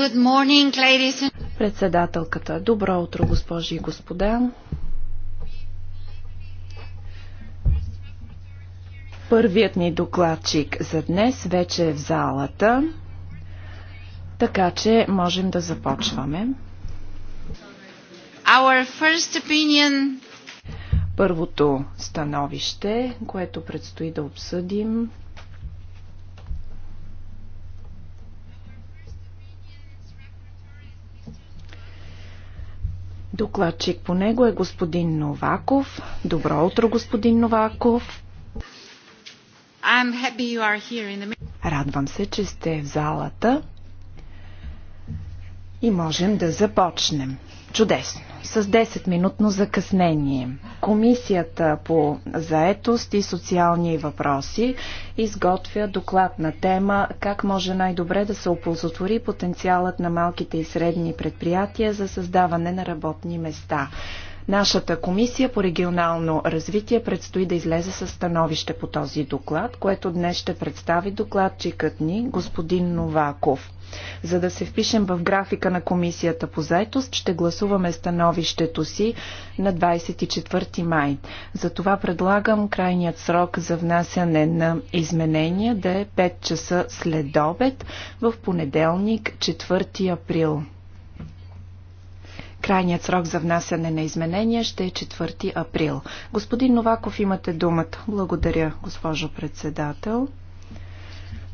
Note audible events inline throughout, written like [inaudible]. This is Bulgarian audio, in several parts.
Good morning, ladies and... Председателката. Добро утро, госпожи и господа. Първият ни докладчик за днес вече е в залата, така че можем да започваме. Our first opinion... Първото становище, което предстои да обсъдим, Докладчик по него е господин Новаков. Добро утро, господин Новаков. The... Радвам се, че сте в залата и можем да започнем. Чудесно. С 10-минутно закъснение. Комисията по заетост и социални въпроси изготвя доклад на тема как може най-добре да се оползотвори потенциалът на малките и средни предприятия за създаване на работни места. Нашата комисия по регионално развитие предстои да излезе със становище по този доклад, което днес ще представи докладчикът ни, господин Новаков. За да се впишем в графика на комисията по заетост, ще гласуваме становището си на 24 май. Затова предлагам крайният срок за внасяне на изменения да е 5 часа след обед в понеделник 4 април. Крайният срок за внасяне на изменения ще е 4 април. Господин Новаков, имате думата. Благодаря, госпожо председател.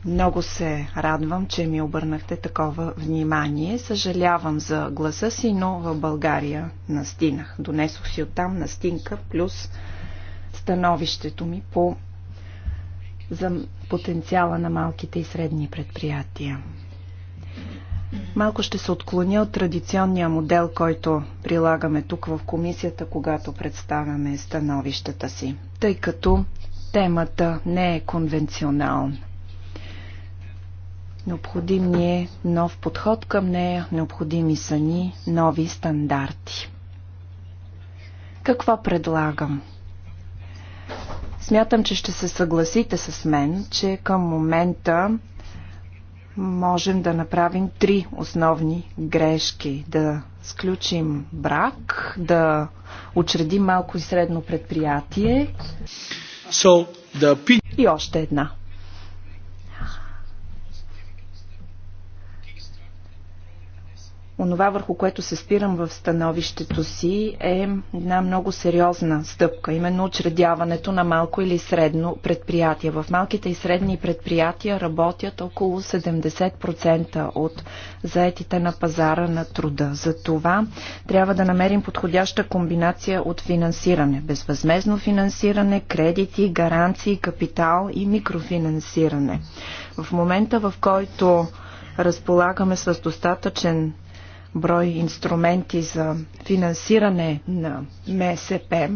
Много се радвам, че ми обърнахте такова внимание. Съжалявам за гласа си, но в България настинах. Донесох си оттам настинка плюс становището ми по за потенциала на малките и средни предприятия. Малко ще се отклоня от традиционния модел, който прилагаме тук в комисията, когато представяме становищата си, тъй като темата не е конвенционална. Необходим ни е нов подход към нея, необходими са ни нови стандарти. Какво предлагам? Смятам, че ще се съгласите с мен, че към момента можем да направим три основни грешки. Да сключим брак, да учредим малко и средно предприятие so, the... и още една – Онова, върху което се спирам в становището си, е една много сериозна стъпка, именно учредяването на малко или средно предприятие. В малките и средни предприятия работят около 70% от заетите на пазара на труда. За това трябва да намерим подходяща комбинация от финансиране. Безвъзмезно финансиране, кредити, гаранции, капитал и микрофинансиране. В момента, в който разполагаме с достатъчен брой инструменти за финансиране на МСП,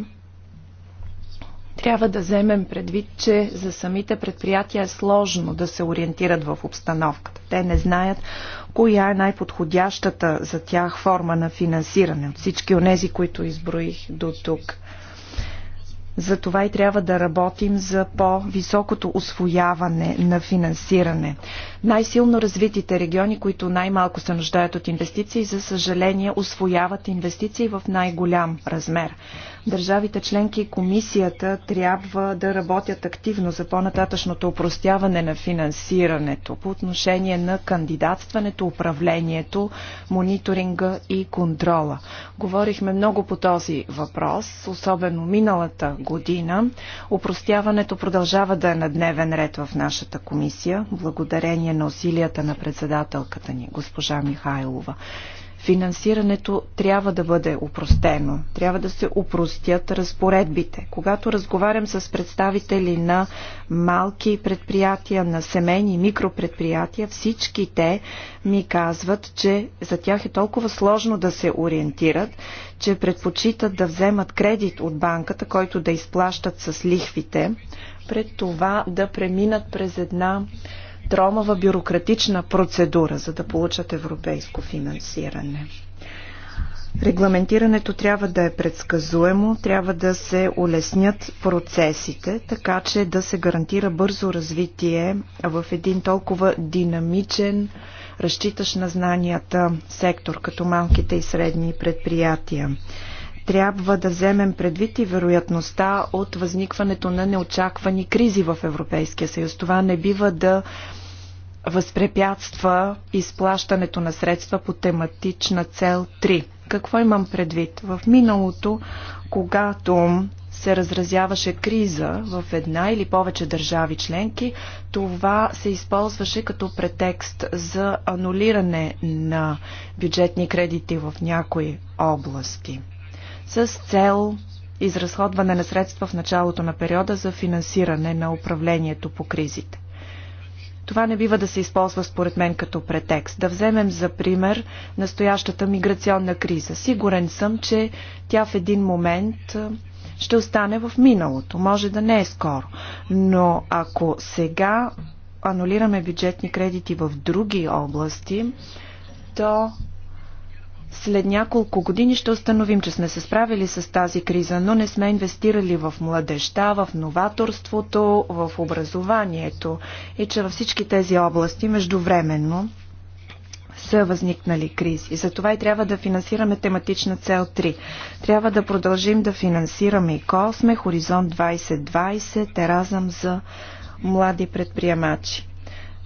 трябва да вземем предвид, че за самите предприятия е сложно да се ориентират в обстановката. Те не знаят коя е най-подходящата за тях форма на финансиране от всички от тези, които изброих до тук. Затова и трябва да работим за по-високото освояване на финансиране. Най-силно развитите региони, които най-малко се нуждаят от инвестиции, за съжаление освояват инвестиции в най-голям размер. Държавите членки и комисията трябва да работят активно за по-нататъчното упростяване на финансирането по отношение на кандидатстването, управлението, мониторинга и контрола. Говорихме много по този въпрос, особено миналата година. Упростяването продължава да е на дневен ред в нашата комисия, благодарение на усилията на председателката ни, госпожа Михайлова финансирането трябва да бъде упростено. Трябва да се упростят разпоредбите. Когато разговарям с представители на малки предприятия, на семейни микропредприятия, всички те ми казват, че за тях е толкова сложно да се ориентират, че предпочитат да вземат кредит от банката, който да изплащат с лихвите, пред това да преминат през една тромава бюрократична процедура, за да получат европейско финансиране. Регламентирането трябва да е предсказуемо, трябва да се улеснят процесите, така че да се гарантира бързо развитие в един толкова динамичен, разчиташ на знанията сектор, като малките и средни предприятия. Трябва да вземем предвид и вероятността от възникването на неочаквани кризи в Европейския съюз. Това не бива да възпрепятства изплащането на средства по тематична цел 3. Какво имам предвид? В миналото, когато се разразяваше криза в една или повече държави членки, това се използваше като претекст за анулиране на бюджетни кредити в някои области с цел изразходване на средства в началото на периода за финансиране на управлението по кризите. Това не бива да се използва според мен като претекст. Да вземем за пример настоящата миграционна криза. Сигурен съм, че тя в един момент ще остане в миналото. Може да не е скоро. Но ако сега анулираме бюджетни кредити в други области, то след няколко години ще установим, че сме се справили с тази криза, но не сме инвестирали в младеща, в новаторството, в образованието и че във всички тези области междувременно са възникнали кризи. Затова и трябва да финансираме тематична цел 3. Трябва да продължим да финансираме и Косме, Хоризонт 2020, Еразъм за млади предприемачи.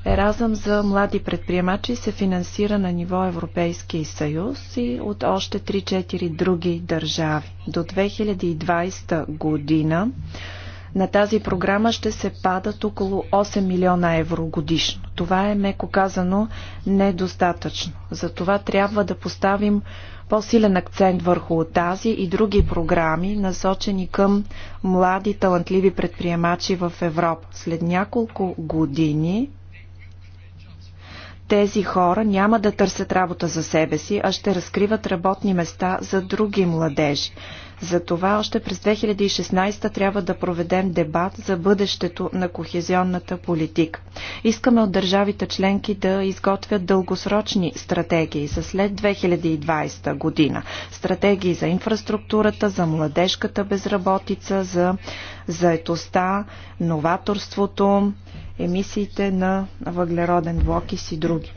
Еразъм за млади предприемачи се финансира на ниво Европейски съюз и от още 3-4 други държави. До 2020 година на тази програма ще се падат около 8 милиона евро годишно. Това е, меко казано, недостатъчно. Затова трябва да поставим по-силен акцент върху тази и други програми, насочени към млади талантливи предприемачи в Европа. След няколко години тези хора няма да търсят работа за себе си, а ще разкриват работни места за други младежи. Затова още през 2016 трябва да проведем дебат за бъдещето на кохезионната политика. Искаме от държавите членки да изготвят дългосрочни стратегии за след 2020 година. Стратегии за инфраструктурата, за младежката безработица, за заетостта, новаторството, емисиите на въглероден двуокис и други.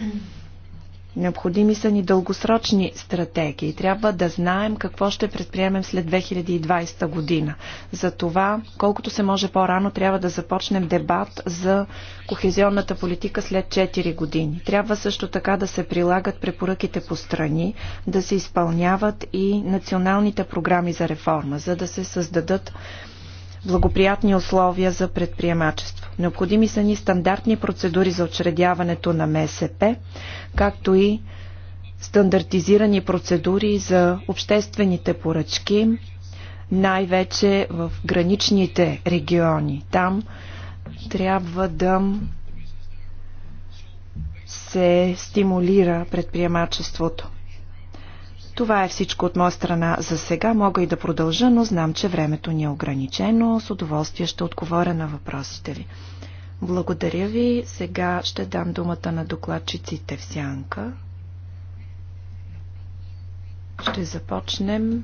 Необходими са ни дългосрочни стратегии. Трябва да знаем какво ще предприемем след 2020 година. За това, колкото се може по-рано, трябва да започнем дебат за кохезионната политика след 4 години. Трябва също така да се прилагат препоръките по страни, да се изпълняват и националните програми за реформа, за да се създадат благоприятни условия за предприемачество. Необходими са ни стандартни процедури за учредяването на МСП, както и стандартизирани процедури за обществените поръчки, най-вече в граничните региони. Там трябва да се стимулира предприемачеството. Това е всичко от моя страна за сега. Мога и да продължа, но знам, че времето ни е ограничено. С удоволствие ще отговоря на въпросите ви. Благодаря ви. Сега ще дам думата на докладчиците в сянка. Ще започнем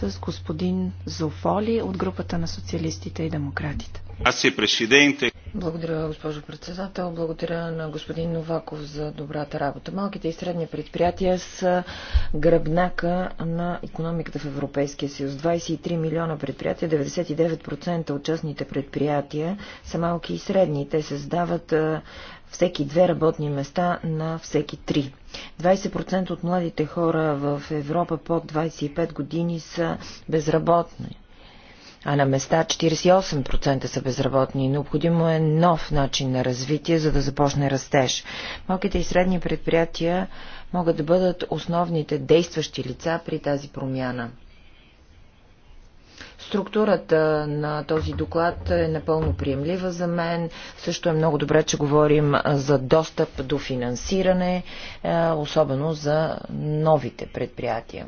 с господин Зофоли от групата на социалистите и демократите. Аз си президенте. Благодаря, госпожо председател. Благодаря на господин Новаков за добрата работа. Малките и средни предприятия са гръбнака на економиката в Европейския съюз. 23 милиона предприятия, 99% от частните предприятия са малки и средни. Те създават всеки две работни места на всеки три. 20% от младите хора в Европа под 25 години са безработни а на места 48% са безработни. Необходимо е нов начин на развитие, за да започне растеж. Малките и средни предприятия могат да бъдат основните действащи лица при тази промяна. Структурата на този доклад е напълно приемлива за мен. Също е много добре, че говорим за достъп до финансиране, е, особено за новите предприятия.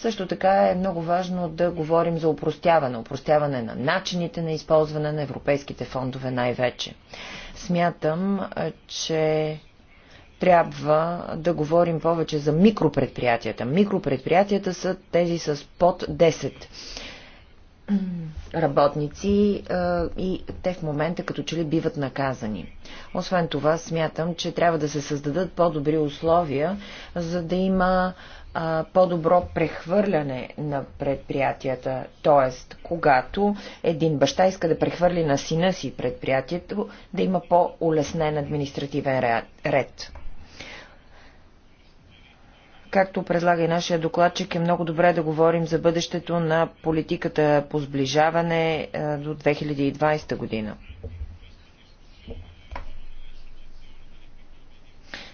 Също така е много важно да говорим за упростяване, упростяване на начините на използване на европейските фондове най-вече. Смятам, е, че трябва да говорим повече за микропредприятията. Микропредприятията са тези с под 10 работници е, и те в момента като че ли биват наказани. Освен това, смятам, че трябва да се създадат по-добри условия, за да има по-добро прехвърляне на предприятията. Тоест, когато един баща иска да прехвърли на сина си предприятието, да има по-улеснен административен ред. Както предлага и нашия докладчик, е много добре да говорим за бъдещето на политиката по сближаване до 2020 година.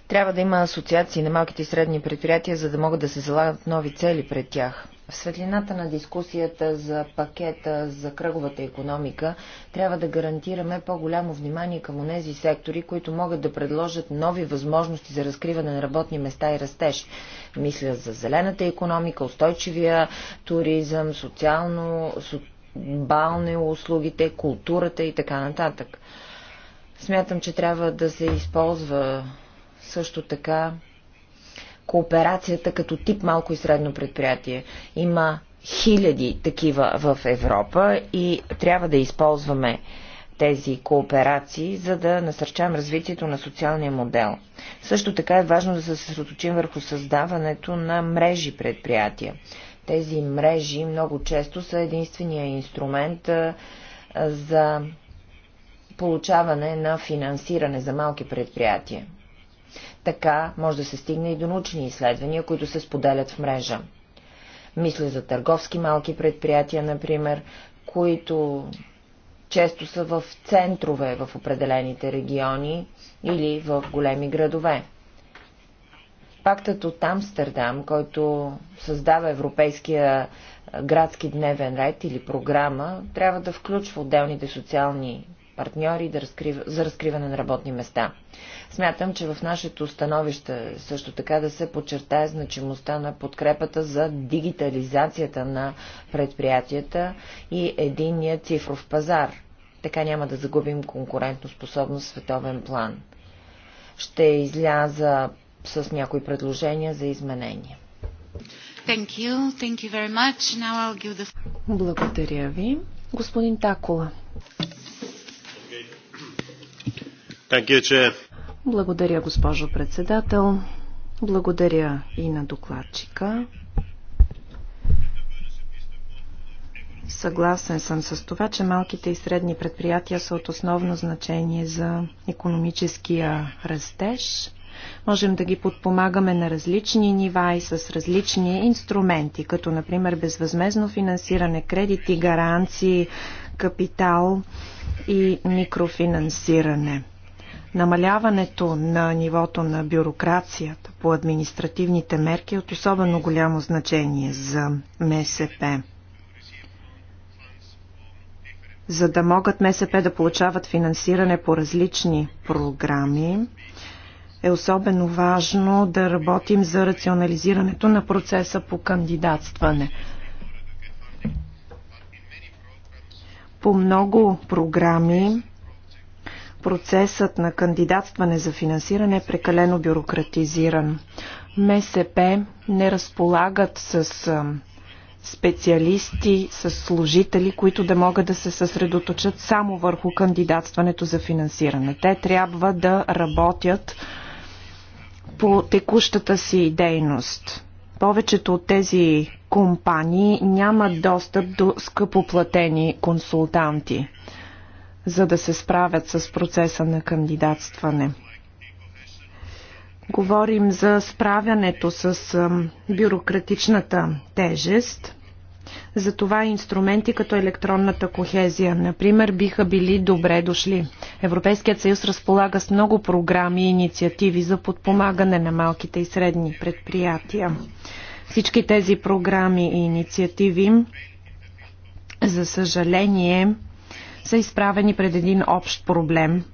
Трябва да има асоциации на малките и средни предприятия, за да могат да се залагат нови цели пред тях. В светлината на дискусията за пакета за кръговата економика трябва да гарантираме по-голямо внимание към онези сектори, които могат да предложат нови възможности за разкриване на работни места и растеж. Мисля за зелената економика, устойчивия туризъм, социално, бални услугите, културата и така нататък. Смятам, че трябва да се използва също така кооперацията като тип малко и средно предприятие. Има хиляди такива в Европа и трябва да използваме тези кооперации, за да насърчам развитието на социалния модел. Също така е важно да се съсредоточим върху създаването на мрежи предприятия. Тези мрежи много често са единствения инструмент за получаване на финансиране за малки предприятия. Така може да се стигне и до научни изследвания, които се споделят в мрежа. Мисля за търговски малки предприятия, например, които често са в центрове в определените региони или в големи градове. Пактът от Амстердам, който създава Европейския градски дневен ред или програма, трябва да включва отделните социални партньори да разкрив... за разкриване на работни места. Смятам, че в нашето становище също така да се подчертае значимостта на подкрепата за дигитализацията на предприятията и единния цифров пазар. Така няма да загубим конкурентоспособност в световен план. Ще изляза с някои предложения за изменения. Thank you. Thank you very much. Now I'll give the... Благодаря ви. Господин Такола. Thank you, Chair. Благодаря, госпожо председател. Благодаря и на докладчика. Съгласен съм с това, че малките и средни предприятия са от основно значение за економическия растеж. Можем да ги подпомагаме на различни нива и с различни инструменти, като например безвъзмезно финансиране, кредити, гаранции, капитал и микрофинансиране. Намаляването на нивото на бюрокрацията по административните мерки е от особено голямо значение за МСП. За да могат МСП да получават финансиране по различни програми, е особено важно да работим за рационализирането на процеса по кандидатстване. По много програми Процесът на кандидатстване за финансиране е прекалено бюрократизиран. МСП не разполагат с специалисти, с служители, които да могат да се съсредоточат само върху кандидатстването за финансиране. Те трябва да работят по текущата си дейност. Повечето от тези компании нямат достъп до скъпоплатени консултанти за да се справят с процеса на кандидатстване. Говорим за справянето с бюрократичната тежест. Затова инструменти като електронната кохезия, например, биха били добре дошли. Европейският съюз разполага с много програми и инициативи за подпомагане на малките и средни предприятия. Всички тези програми и инициативи, за съжаление, са изправени пред един общ проблем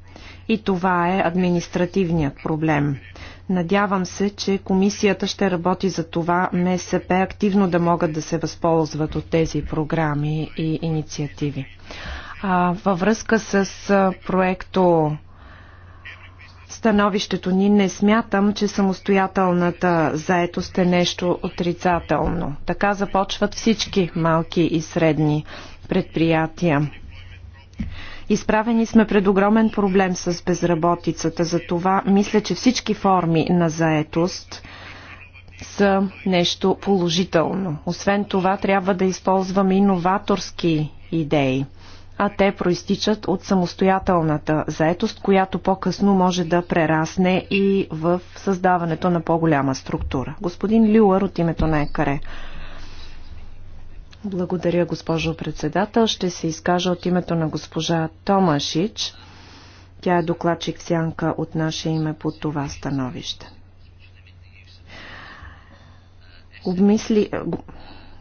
и това е административният проблем. Надявам се, че комисията ще работи за това МСП активно да могат да се възползват от тези програми и инициативи. А, във връзка с проекто становището ни не смятам, че самостоятелната заетост е нещо отрицателно. Така започват всички малки и средни предприятия. Изправени сме пред огромен проблем с безработицата. Затова мисля, че всички форми на заетост са нещо положително. Освен това, трябва да използваме иноваторски идеи, а те проистичат от самостоятелната заетост, която по-късно може да прерасне и в създаването на по-голяма структура. Господин Люър от името на ЕКАРЕ. Благодаря, госпожо председател. Ще се изкажа от името на госпожа Томашич. Тя е докладчик сянка от наше име по това становище. Обмисли...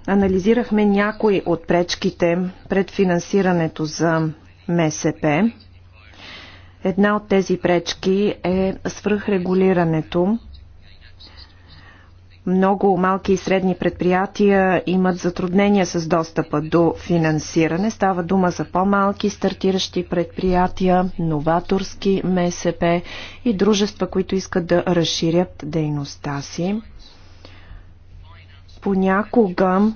Анализирахме някои от пречките пред финансирането за МСП. Една от тези пречки е свръхрегулирането много малки и средни предприятия имат затруднения с достъпа до финансиране. Става дума за по-малки стартиращи предприятия, новаторски МСП и дружества, които искат да разширят дейността си. Понякога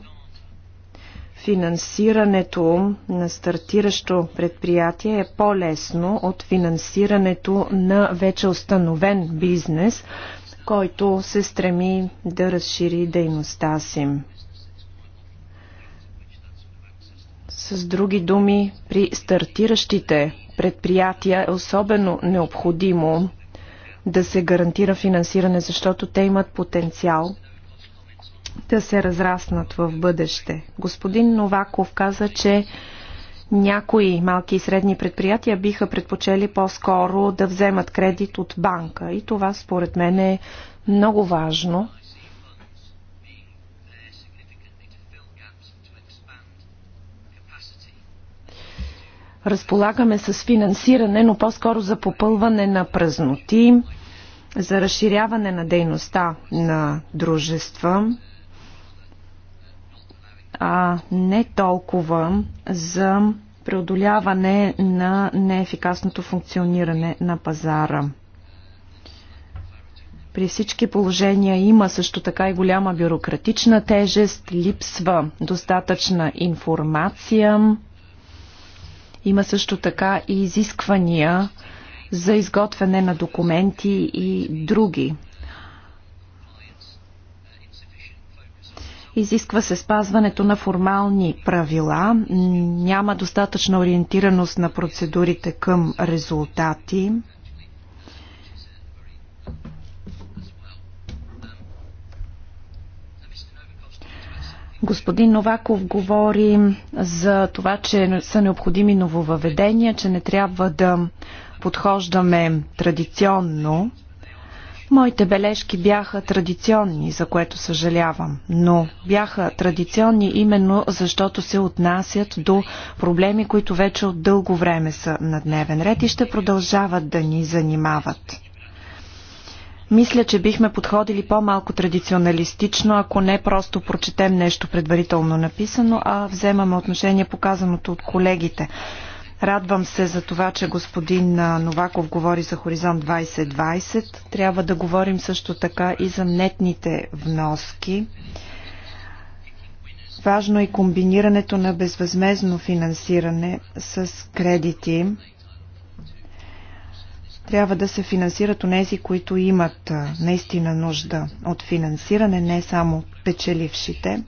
финансирането на стартиращо предприятие е по-лесно от финансирането на вече установен бизнес – който се стреми да разшири дейността си. С други думи, при стартиращите предприятия е особено необходимо да се гарантира финансиране, защото те имат потенциал да се разраснат в бъдеще. Господин Новаков каза, че някои малки и средни предприятия биха предпочели по-скоро да вземат кредит от банка и това според мен е много важно. Разполагаме с финансиране, но по-скоро за попълване на празноти, за разширяване на дейността на дружества а не толкова за преодоляване на неефикасното функциониране на пазара. При всички положения има също така и голяма бюрократична тежест, липсва достатъчна информация, има също така и изисквания за изготвяне на документи и други Изисква се спазването на формални правила. Няма достатъчна ориентираност на процедурите към резултати. Господин Новаков говори за това, че са необходими нововъведения, че не трябва да подхождаме традиционно. Моите бележки бяха традиционни, за което съжалявам, но бяха традиционни именно защото се отнасят до проблеми, които вече от дълго време са на дневен ред и ще продължават да ни занимават. Мисля, че бихме подходили по-малко традиционалистично, ако не просто прочетем нещо предварително написано, а вземаме отношение показаното от колегите. Радвам се за това, че господин Новаков говори за Хоризонт 2020. Трябва да говорим също така и за нетните вноски. Важно е комбинирането на безвъзмезно финансиране с кредити. Трябва да се финансират у нези, които имат наистина нужда от финансиране, не само печелившите.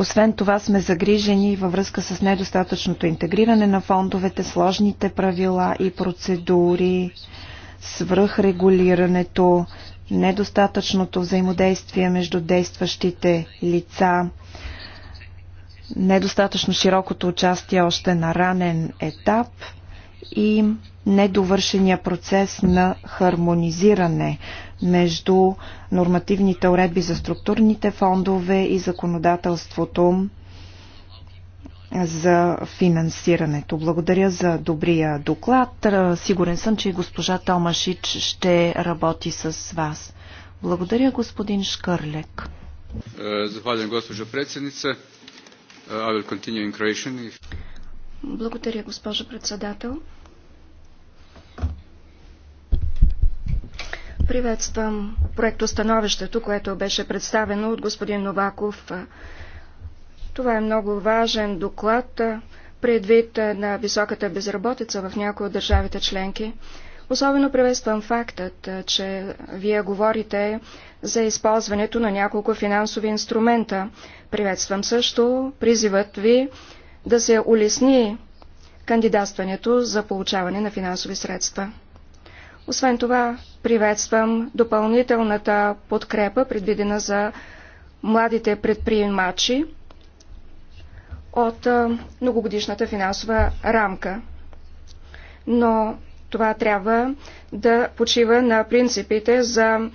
Освен това сме загрижени във връзка с недостатъчното интегриране на фондовете, сложните правила и процедури, свръхрегулирането, недостатъчното взаимодействие между действащите лица, недостатъчно широкото участие още на ранен етап и недовършения процес на хармонизиране между нормативните уредби за структурните фондове и законодателството за финансирането. Благодаря за добрия доклад. Сигурен съм, че и госпожа Томашич ще работи с вас. Благодаря, господин Шкърлек. Е, Захвален госпожа председница. Е, Благодаря, госпожо председател. Приветствам становището, което беше представено от господин Новаков. Това е много важен доклад предвид на високата безработица в някои от държавите членки. Особено приветствам фактът, че вие говорите за използването на няколко финансови инструмента. Приветствам също призивът ви да се улесни кандидатстването за получаване на финансови средства. Освен това, приветствам допълнителната подкрепа, предвидена за младите предприемачи от многогодишната финансова рамка. Но това трябва да почива на принципите за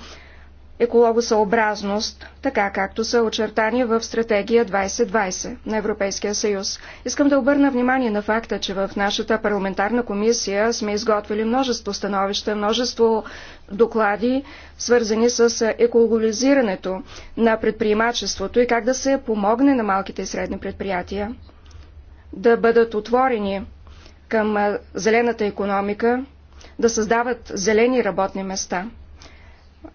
екологосъобразност, така както са очертани в Стратегия 2020 на Европейския съюз. Искам да обърна внимание на факта, че в нашата парламентарна комисия сме изготвили множество становища, множество доклади, свързани с екологизирането на предприемачеството и как да се помогне на малките и средни предприятия да бъдат отворени към зелената економика, да създават зелени работни места –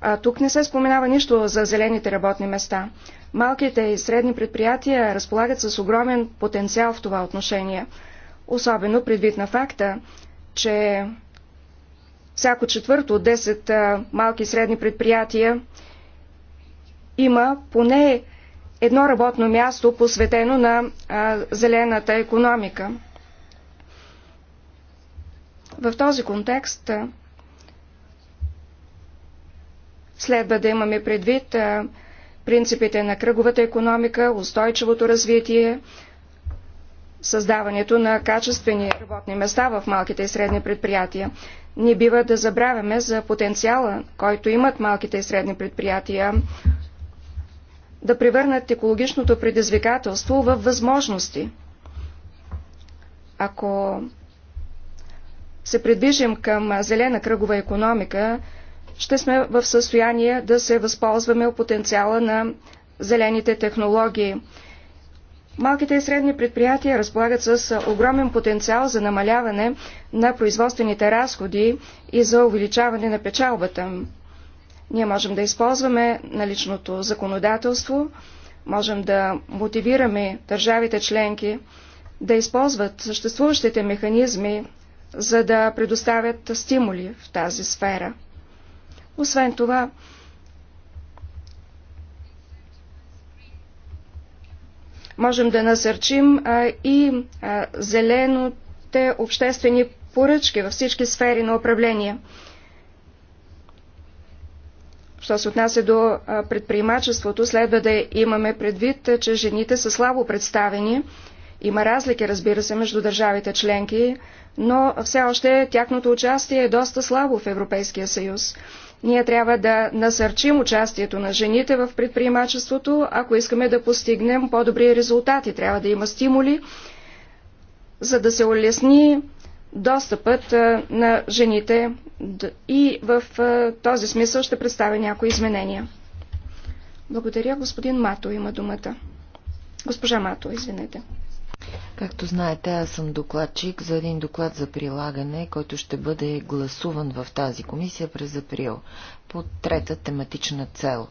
а, тук не се споменава нищо за зелените работни места. Малките и средни предприятия разполагат с огромен потенциал в това отношение. Особено предвид на факта, че всяко четвърто от 10 малки и средни предприятия има поне едно работно място, посветено на а, зелената економика. В този контекст Следва да имаме предвид принципите на кръговата економика, устойчивото развитие, създаването на качествени работни места в малките и средни предприятия. Не бива да забравяме за потенциала, който имат малките и средни предприятия да превърнат екологичното предизвикателство в възможности. Ако се придвижим към зелена кръгова економика, ще сме в състояние да се възползваме от потенциала на зелените технологии. Малките и средни предприятия разполагат с огромен потенциал за намаляване на производствените разходи и за увеличаване на печалбата. Ние можем да използваме наличното законодателство, можем да мотивираме държавите членки да използват съществуващите механизми, за да предоставят стимули в тази сфера. Освен това, можем да насърчим а, и а, зелените обществени поръчки във всички сфери на управление. Що се отнася до предприемачеството, следва да имаме предвид, че жените са слабо представени. Има разлики, разбира се, между държавите членки, но все още тяхното участие е доста слабо в Европейския съюз. Ние трябва да насърчим участието на жените в предприемачеството, ако искаме да постигнем по-добри резултати. Трябва да има стимули, за да се улесни достъпът на жените и в този смисъл ще представя някои изменения. Благодаря, господин Мато има думата. Госпожа Мато, извинете. Както знаете, аз съм докладчик за един доклад за прилагане, който ще бъде гласуван в тази комисия през април по трета тематична цел.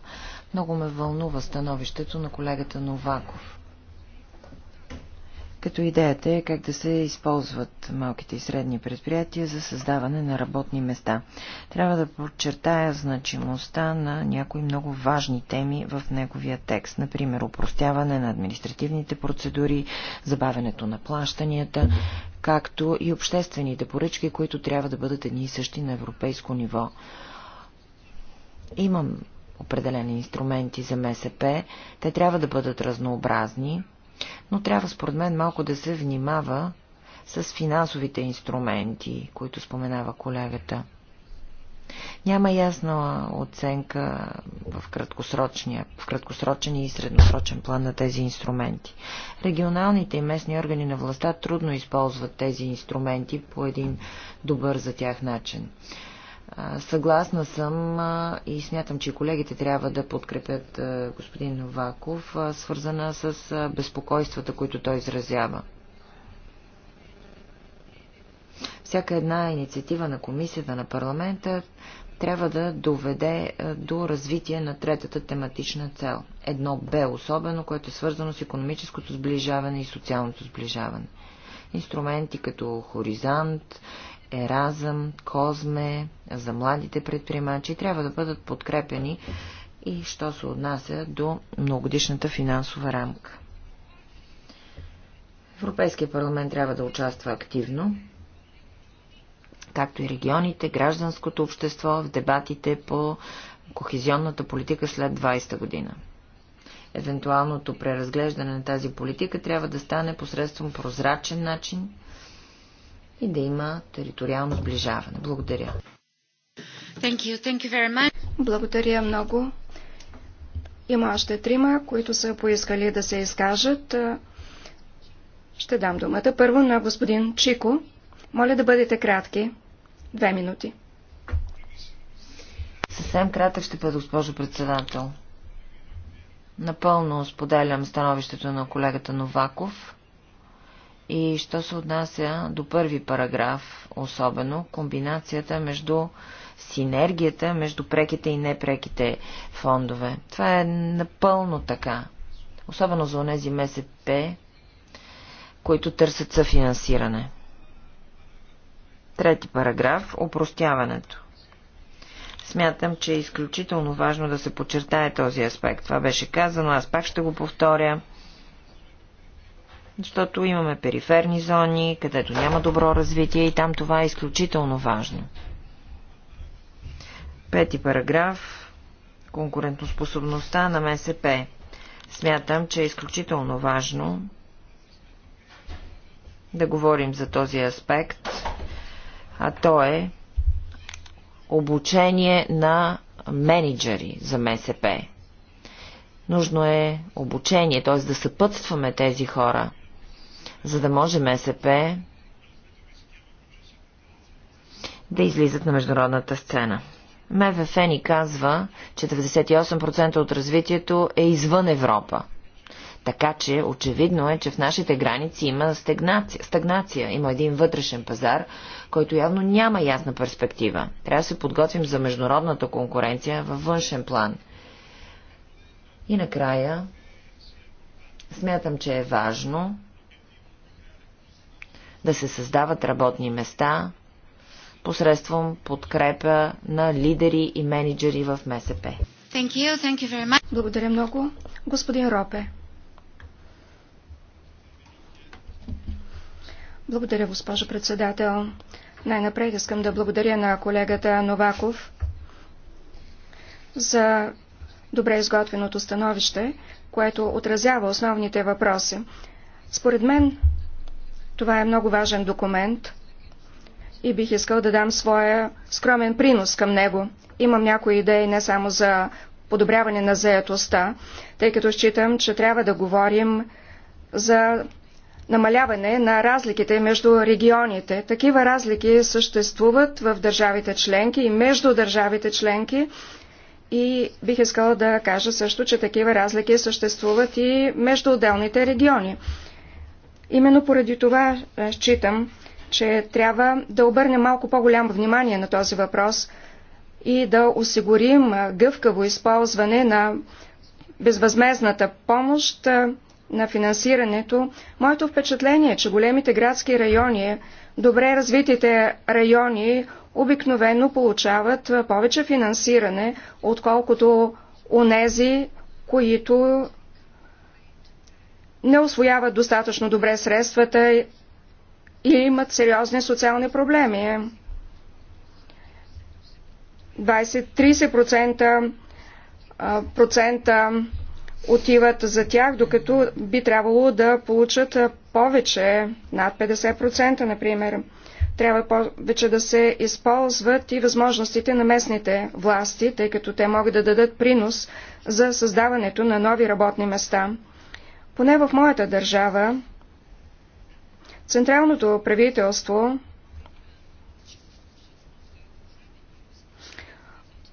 Много ме вълнува становището на колегата Новаков като идеята е как да се използват малките и средни предприятия за създаване на работни места. Трябва да подчертая значимостта на някои много важни теми в неговия текст, например упростяване на административните процедури, забавянето на плащанията, както и обществените поръчки, които трябва да бъдат едни и същи на европейско ниво. Имам определени инструменти за МСП, те трябва да бъдат разнообразни, но трябва според мен малко да се внимава с финансовите инструменти, които споменава колегата. Няма ясна оценка в, краткосрочния, в краткосрочен и средносрочен план на тези инструменти. Регионалните и местни органи на властта трудно използват тези инструменти по един добър за тях начин. Съгласна съм и смятам, че колегите трябва да подкрепят господин Новаков, свързана с безпокойствата, които той изразява. Всяка една инициатива на комисията, на парламента трябва да доведе до развитие на третата тематична цел. Едно Б особено, което е свързано с економическото сближаване и социалното сближаване. Инструменти като хоризонт Еразъм, Козме, за младите предприемачи трябва да бъдат подкрепени и що се отнася до многодишната финансова рамка. Европейския парламент трябва да участва активно, както и регионите, гражданското общество в дебатите по кохезионната политика след 20-та година. Евентуалното преразглеждане на тази политика трябва да стане посредством прозрачен начин, и да има териториално сближаване. Благодаря. Thank you. Thank you very much. Благодаря много. Има още трима, които са поискали да се изкажат. Ще дам думата първо на господин Чико. Моля да бъдете кратки. Две минути. Съвсем кратък ще бъда, госпожо председател. Напълно споделям становището на колегата Новаков. И що се отнася до първи параграф, особено комбинацията между синергията между преките и непреките фондове. Това е напълно така. Особено за онези МСП, които търсят съфинансиране. Трети параграф – опростяването. Смятам, че е изключително важно да се подчертае този аспект. Това беше казано, аз пак ще го повторя – защото имаме периферни зони, където няма добро развитие и там това е изключително важно. Пети параграф. Конкурентоспособността на МСП. Смятам, че е изключително важно да говорим за този аспект, а то е обучение на менеджери за МСП. Нужно е обучение, т.е. да съпътстваме тези хора за да може МСП да излизат на международната сцена. МВФ ни казва, че 98% от развитието е извън Европа. Така че очевидно е, че в нашите граници има стагнация. стагнация. Има един вътрешен пазар, който явно няма ясна перспектива. Трябва да се подготвим за международната конкуренция във външен план. И накрая смятам, че е важно да се създават работни места посредством подкрепа на лидери и менеджери в МСП. Thank you. Thank you very much. Благодаря много. Господин Ропе. Благодаря, госпожо председател. Най-напред искам да благодаря на колегата Новаков за добре изготвеното становище, което отразява основните въпроси. Според мен това е много важен документ и бих искал да дам своя скромен принос към него. Имам някои идеи не само за подобряване на заетостта, тъй като считам, че трябва да говорим за намаляване на разликите между регионите. Такива разлики съществуват в държавите членки и между държавите членки. И бих искала да кажа също, че такива разлики съществуват и между отделните региони. Именно поради това е, считам, че трябва да обърнем малко по-голямо внимание на този въпрос и да осигурим е, гъвкаво използване на безвъзмезната помощ е, на финансирането. Моето впечатление е, че големите градски райони, добре развитите райони, обикновено получават повече финансиране, отколкото у нези, които не освояват достатъчно добре средствата и имат сериозни социални проблеми. 20-30% процента отиват за тях, докато би трябвало да получат повече, над 50%, например. Трябва повече да се използват и възможностите на местните власти, тъй като те могат да дадат принос за създаването на нови работни места. Поне в моята държава Централното правителство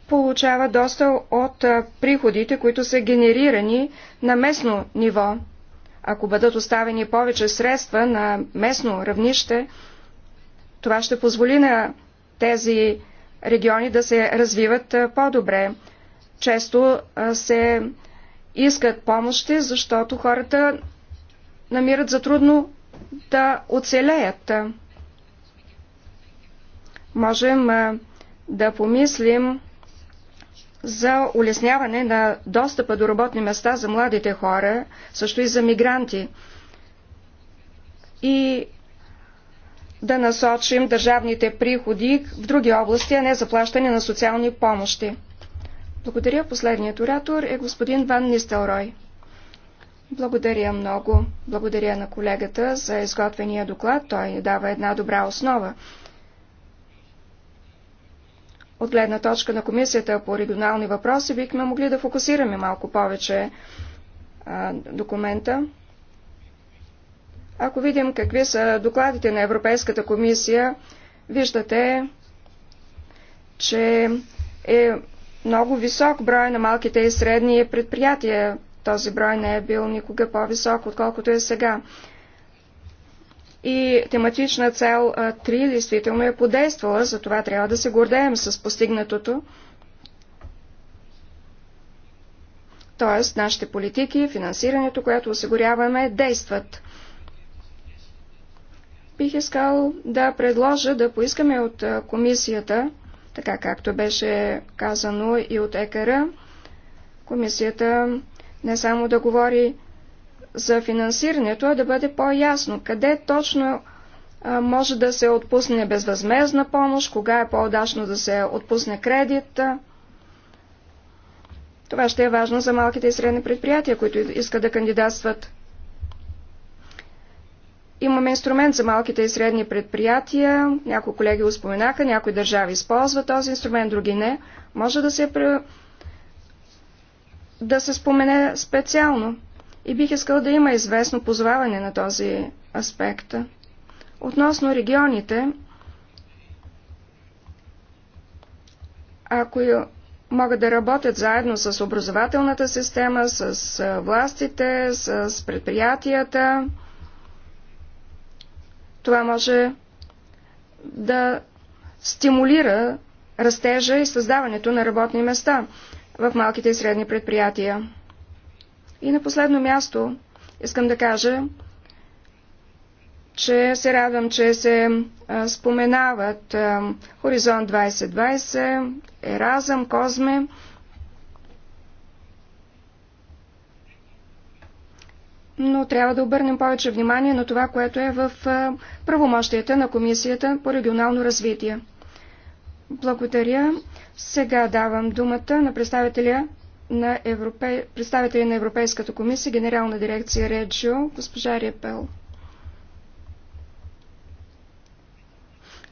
получава доста от приходите, които са генерирани на местно ниво. Ако бъдат оставени повече средства на местно равнище, това ще позволи на тези региони да се развиват по-добре. Често се искат помощи, защото хората намират за трудно да оцелеят. Можем да помислим за улесняване на достъпа до работни места за младите хора, също и за мигранти. И да насочим държавните приходи в други области, а не заплащане на социални помощи. Благодаря. Последният оратор е господин Ван Нистелрой. Благодаря много. Благодаря на колегата за изготвения доклад. Той ни дава една добра основа. От гледна точка на Комисията по регионални въпроси бихме могли да фокусираме малко повече а, документа. Ако видим какви са докладите на Европейската комисия, виждате, че е много висок брой на малките и средни предприятия. Този брой не е бил никога по-висок, отколкото е сега. И тематична цел 3 действително е подействала, затова трябва да се гордеем с постигнатото. Тоест, нашите политики, финансирането, което осигуряваме, действат. Бих искал да предложа да поискаме от комисията така както беше казано и от екара, комисията не само да говори за финансирането, а да бъде по-ясно къде точно може да се отпусне безвъзмезна помощ, кога е по-удачно да се отпусне кредит. Това ще е важно за малките и средни предприятия, които искат да кандидатстват. Имаме инструмент за малките и средни предприятия. Някои колеги го споменаха, някои държави използват този инструмент, други не. Може да се, да се спомене специално. И бих искал да има известно позваване на този аспект. Относно регионите, ако могат да работят заедно с образователната система, с властите, с предприятията, това може да стимулира растежа и създаването на работни места в малките и средни предприятия. И на последно място искам да кажа, че се радвам, че се споменават Хоризонт 2020, Еразъм, Козме. но трябва да обърнем повече внимание на това, което е в правомощията на Комисията по регионално развитие. Благодаря. Сега давам думата на представителя на Европе... представителя на Европейската комисия, генерална дирекция Реджио, госпожа Репел.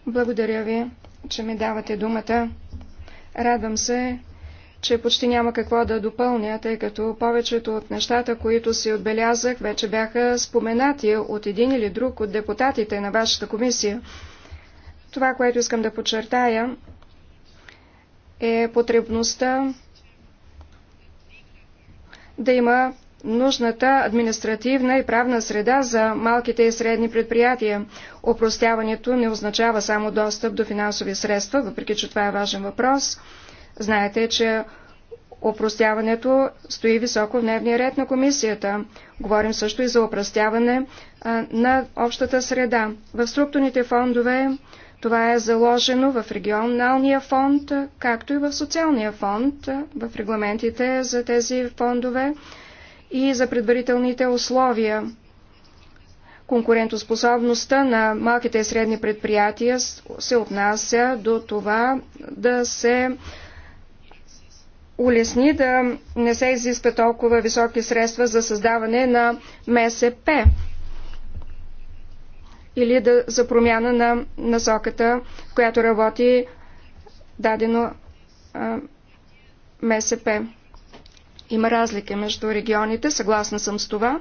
Благодаря ви, че ми давате думата. Радвам се, че почти няма какво да допълня, тъй като повечето от нещата, които си отбелязах, вече бяха споменати от един или друг от депутатите на вашата комисия. Това, което искам да подчертая, е потребността да има нужната административна и правна среда за малките и средни предприятия. Опростяването не означава само достъп до финансови средства, въпреки че това е важен въпрос – Знаете, че Опростяването стои високо в дневния ред на комисията. Говорим също и за опростяване на общата среда. В структурните фондове това е заложено в регионалния фонд, както и в социалния фонд, в регламентите за тези фондове и за предварителните условия. Конкурентоспособността на малките и средни предприятия се отнася до това да се улесни да не се изисква толкова високи средства за създаване на МСП или да, за промяна на насоката, в която работи дадено а, МСП. Има разлика между регионите, съгласна съм с това.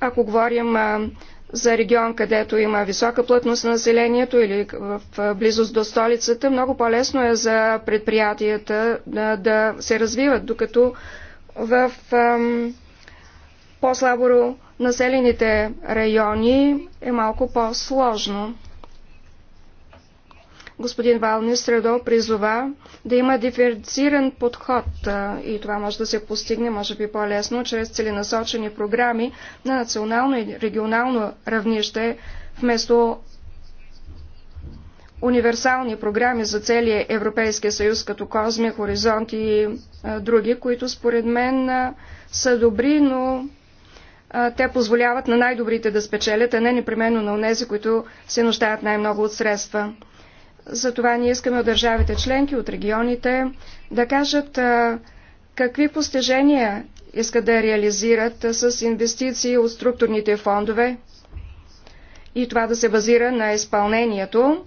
Ако говорим а, за регион, където има висока плътност на населението или в близост до столицата, много по-лесно е за предприятията да, да се развиват, докато в по-слабо населените райони е малко по-сложно господин Вални Средо призова да има диференциран подход и това може да се постигне, може би по-лесно, чрез целенасочени програми на национално и регионално равнище, вместо универсални програми за целия Европейския съюз, като Козми, Хоризонт и други, които според мен са добри, но те позволяват на най-добрите да спечелят, а не непременно на тези, които се нуждаят най-много от средства. Затова ние искаме от държавите членки, от регионите да кажат какви постижения искат да реализират с инвестиции от структурните фондове и това да се базира на изпълнението.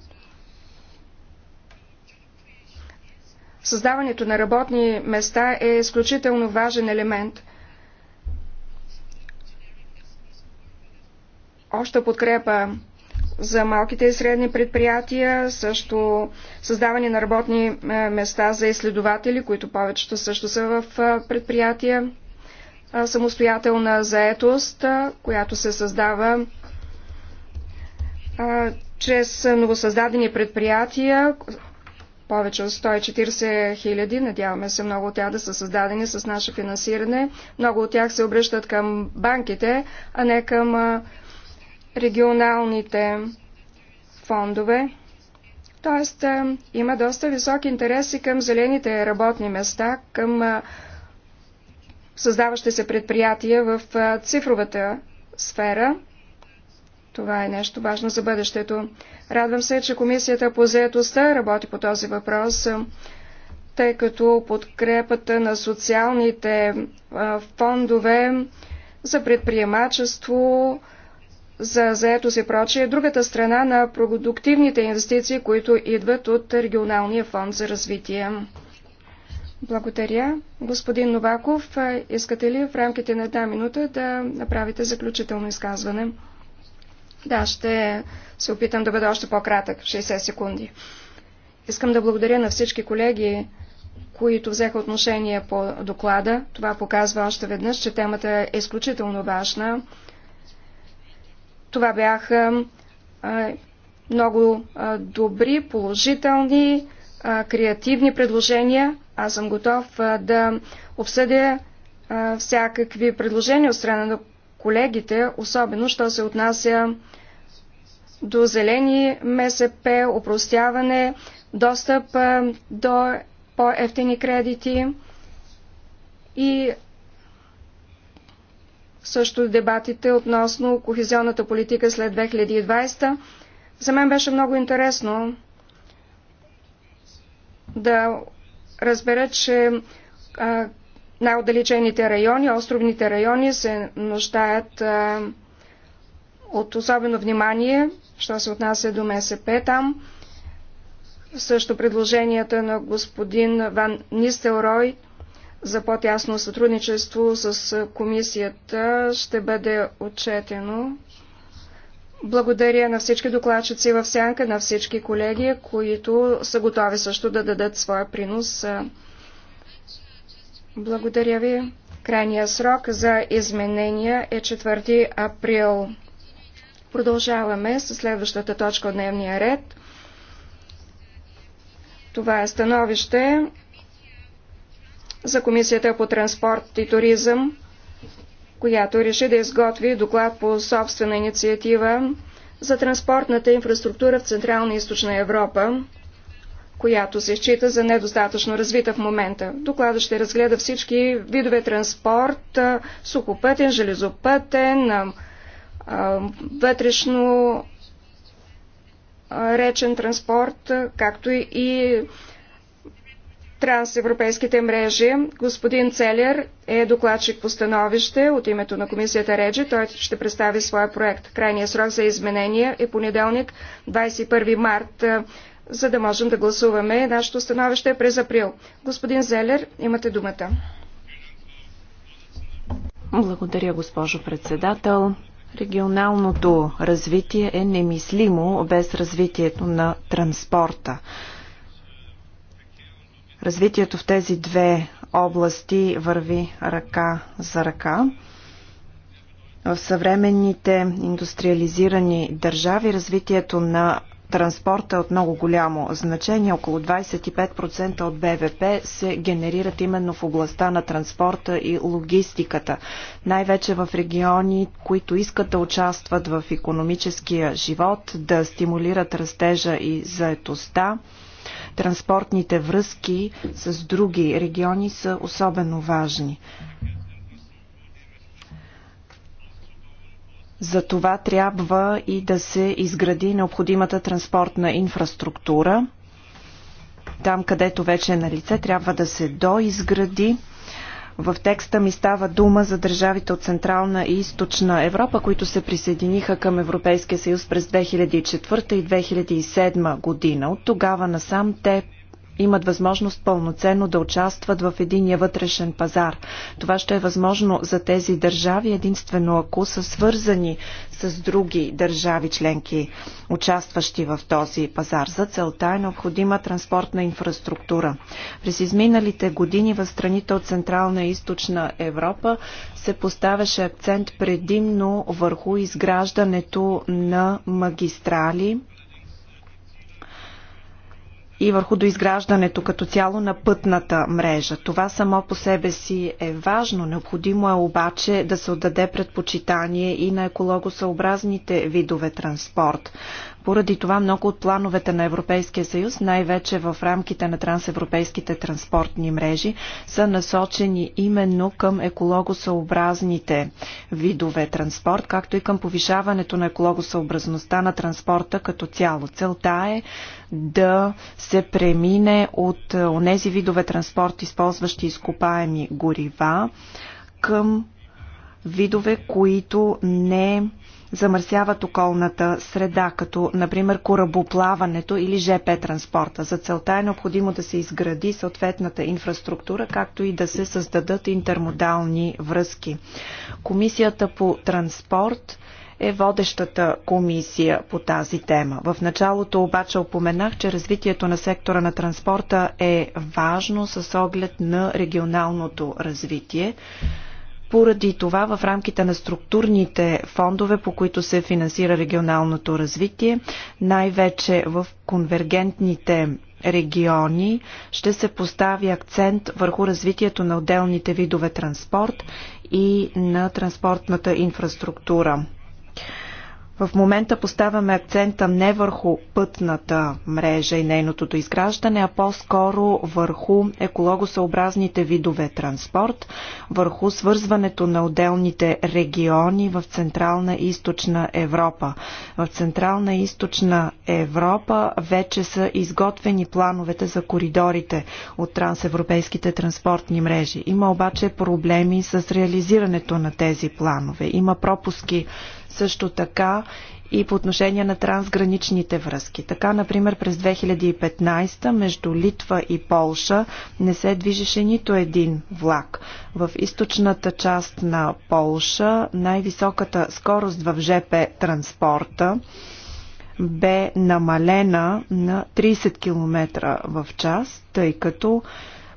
Създаването на работни места е изключително важен елемент. Още подкрепа за малките и средни предприятия, също създаване на работни е, места за изследователи, които повечето също са в е, предприятия, е, самостоятелна заетост, която се създава чрез новосъздадени предприятия, повече от 140 хиляди, надяваме се много от тях да са създадени с наше финансиране. Много от тях се обръщат към банките, а не към регионалните фондове. Тоест, има доста висок интерес и към зелените работни места, към създаващи се предприятия в цифровата сфера. Това е нещо важно за бъдещето. Радвам се, че Комисията по заедостта работи по този въпрос, тъй като подкрепата на социалните фондове за предприемачество, за заетост и прочие другата страна на продуктивните инвестиции, които идват от Регионалния фонд за развитие. Благодаря. Господин Новаков, искате ли в рамките на една минута да направите заключително изказване? Да, ще се опитам да бъда още по-кратък, 60 секунди. Искам да благодаря на всички колеги, които взеха отношение по доклада. Това показва още веднъж, че темата е изключително важна. Това бяха много добри, положителни, креативни предложения. Аз съм готов да обсъдя всякакви предложения от страна на колегите, особено що се отнася до зелени МСП, упростяване, достъп до по-ефтини кредити и също дебатите относно кохезионната политика след 2020. За мен беше много интересно да разбера, че най-отдалечените райони, островните райони се нуждаят а, от особено внимание, що се отнася до МСП там. Също предложенията на господин Ван Нистелрой – за по-тясно сътрудничество с комисията ще бъде отчетено. Благодаря на всички докладчици в сянка, на всички колеги, които са готови също да дадат своя принос. Благодаря ви. Крайния срок за изменения е 4 април. Продължаваме с следващата точка от дневния ред. Това е становище за Комисията по транспорт и туризъм, която реши да изготви доклад по собствена инициатива за транспортната инфраструктура в Централна и Източна Европа, която се счита за недостатъчно развита в момента. Докладът ще разгледа всички видове транспорт, сухопътен, железопътен, вътрешно речен транспорт, както и трансевропейските мрежи. Господин Целер е докладчик по становище от името на комисията Реджи. Той ще представи своя проект. Крайният срок за изменения е понеделник, 21 март, за да можем да гласуваме нашето становище е през април. Господин Зелер, имате думата. Благодаря, госпожо председател. Регионалното развитие е немислимо без развитието на транспорта. Развитието в тези две области върви ръка за ръка. В съвременните индустриализирани държави развитието на транспорта е от много голямо значение. Около 25% от БВП се генерират именно в областта на транспорта и логистиката. Най-вече в региони, които искат да участват в економическия живот, да стимулират растежа и заетостта транспортните връзки с други региони са особено важни. За това трябва и да се изгради необходимата транспортна инфраструктура. Там, където вече е на лице, трябва да се доизгради в текста ми става дума за държавите от Централна и Източна Европа, които се присъединиха към Европейския съюз през 2004 и 2007 година. От тогава насам те имат възможност пълноценно да участват в единия вътрешен пазар. Това ще е възможно за тези държави единствено ако са свързани с други държави членки, участващи в този пазар. За целта е необходима транспортна инфраструктура. През изминалите години в страните от Централна и Източна Европа се поставяше акцент предимно върху изграждането на магистрали, и върху доизграждането като цяло на пътната мрежа. Това само по себе си е важно. Необходимо е обаче да се отдаде предпочитание и на екологосъобразните видове транспорт. Поради това много от плановете на Европейския съюз, най-вече в рамките на трансевропейските транспортни мрежи, са насочени именно към екологосъобразните видове транспорт, както и към повишаването на екологосъобразността на транспорта като цяло. Целта е да се премине от е, онези видове транспорт, използващи изкопаеми горива, към видове, които не замърсяват околната среда, като например корабоплаването или ЖП транспорта. За целта е необходимо да се изгради съответната инфраструктура, както и да се създадат интермодални връзки. Комисията по транспорт е водещата комисия по тази тема. В началото обаче опоменах, че развитието на сектора на транспорта е важно с оглед на регионалното развитие. Поради това в рамките на структурните фондове, по които се финансира регионалното развитие, най-вече в конвергентните региони ще се постави акцент върху развитието на отделните видове транспорт и на транспортната инфраструктура. В момента поставяме акцента не върху пътната мрежа и нейното изграждане, а по-скоро върху екологосъобразните видове транспорт, върху свързването на отделните региони в Централна и Източна Европа. В Централна и Източна Европа вече са изготвени плановете за коридорите от трансевропейските транспортни мрежи. Има обаче проблеми с реализирането на тези планове. Има пропуски също така и по отношение на трансграничните връзки. Така, например, през 2015 между Литва и Полша не се движеше нито един влак. В източната част на Полша най-високата скорост в ЖП транспорта бе намалена на 30 км в час, тъй като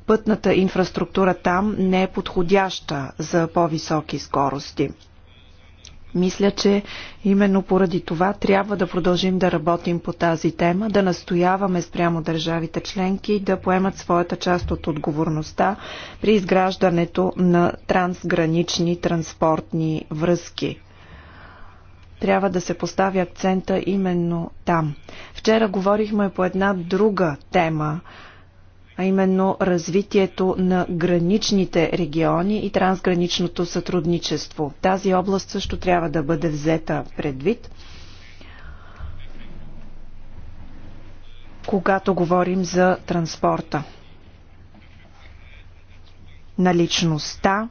пътната инфраструктура там не е подходяща за по-високи скорости. Мисля, че именно поради това трябва да продължим да работим по тази тема, да настояваме спрямо държавите членки да поемат своята част от отговорността при изграждането на трансгранични транспортни връзки. Трябва да се постави акцента именно там. Вчера говорихме по една друга тема а именно развитието на граничните региони и трансграничното сътрудничество. Тази област също трябва да бъде взета предвид. когато говорим за транспорта. Наличността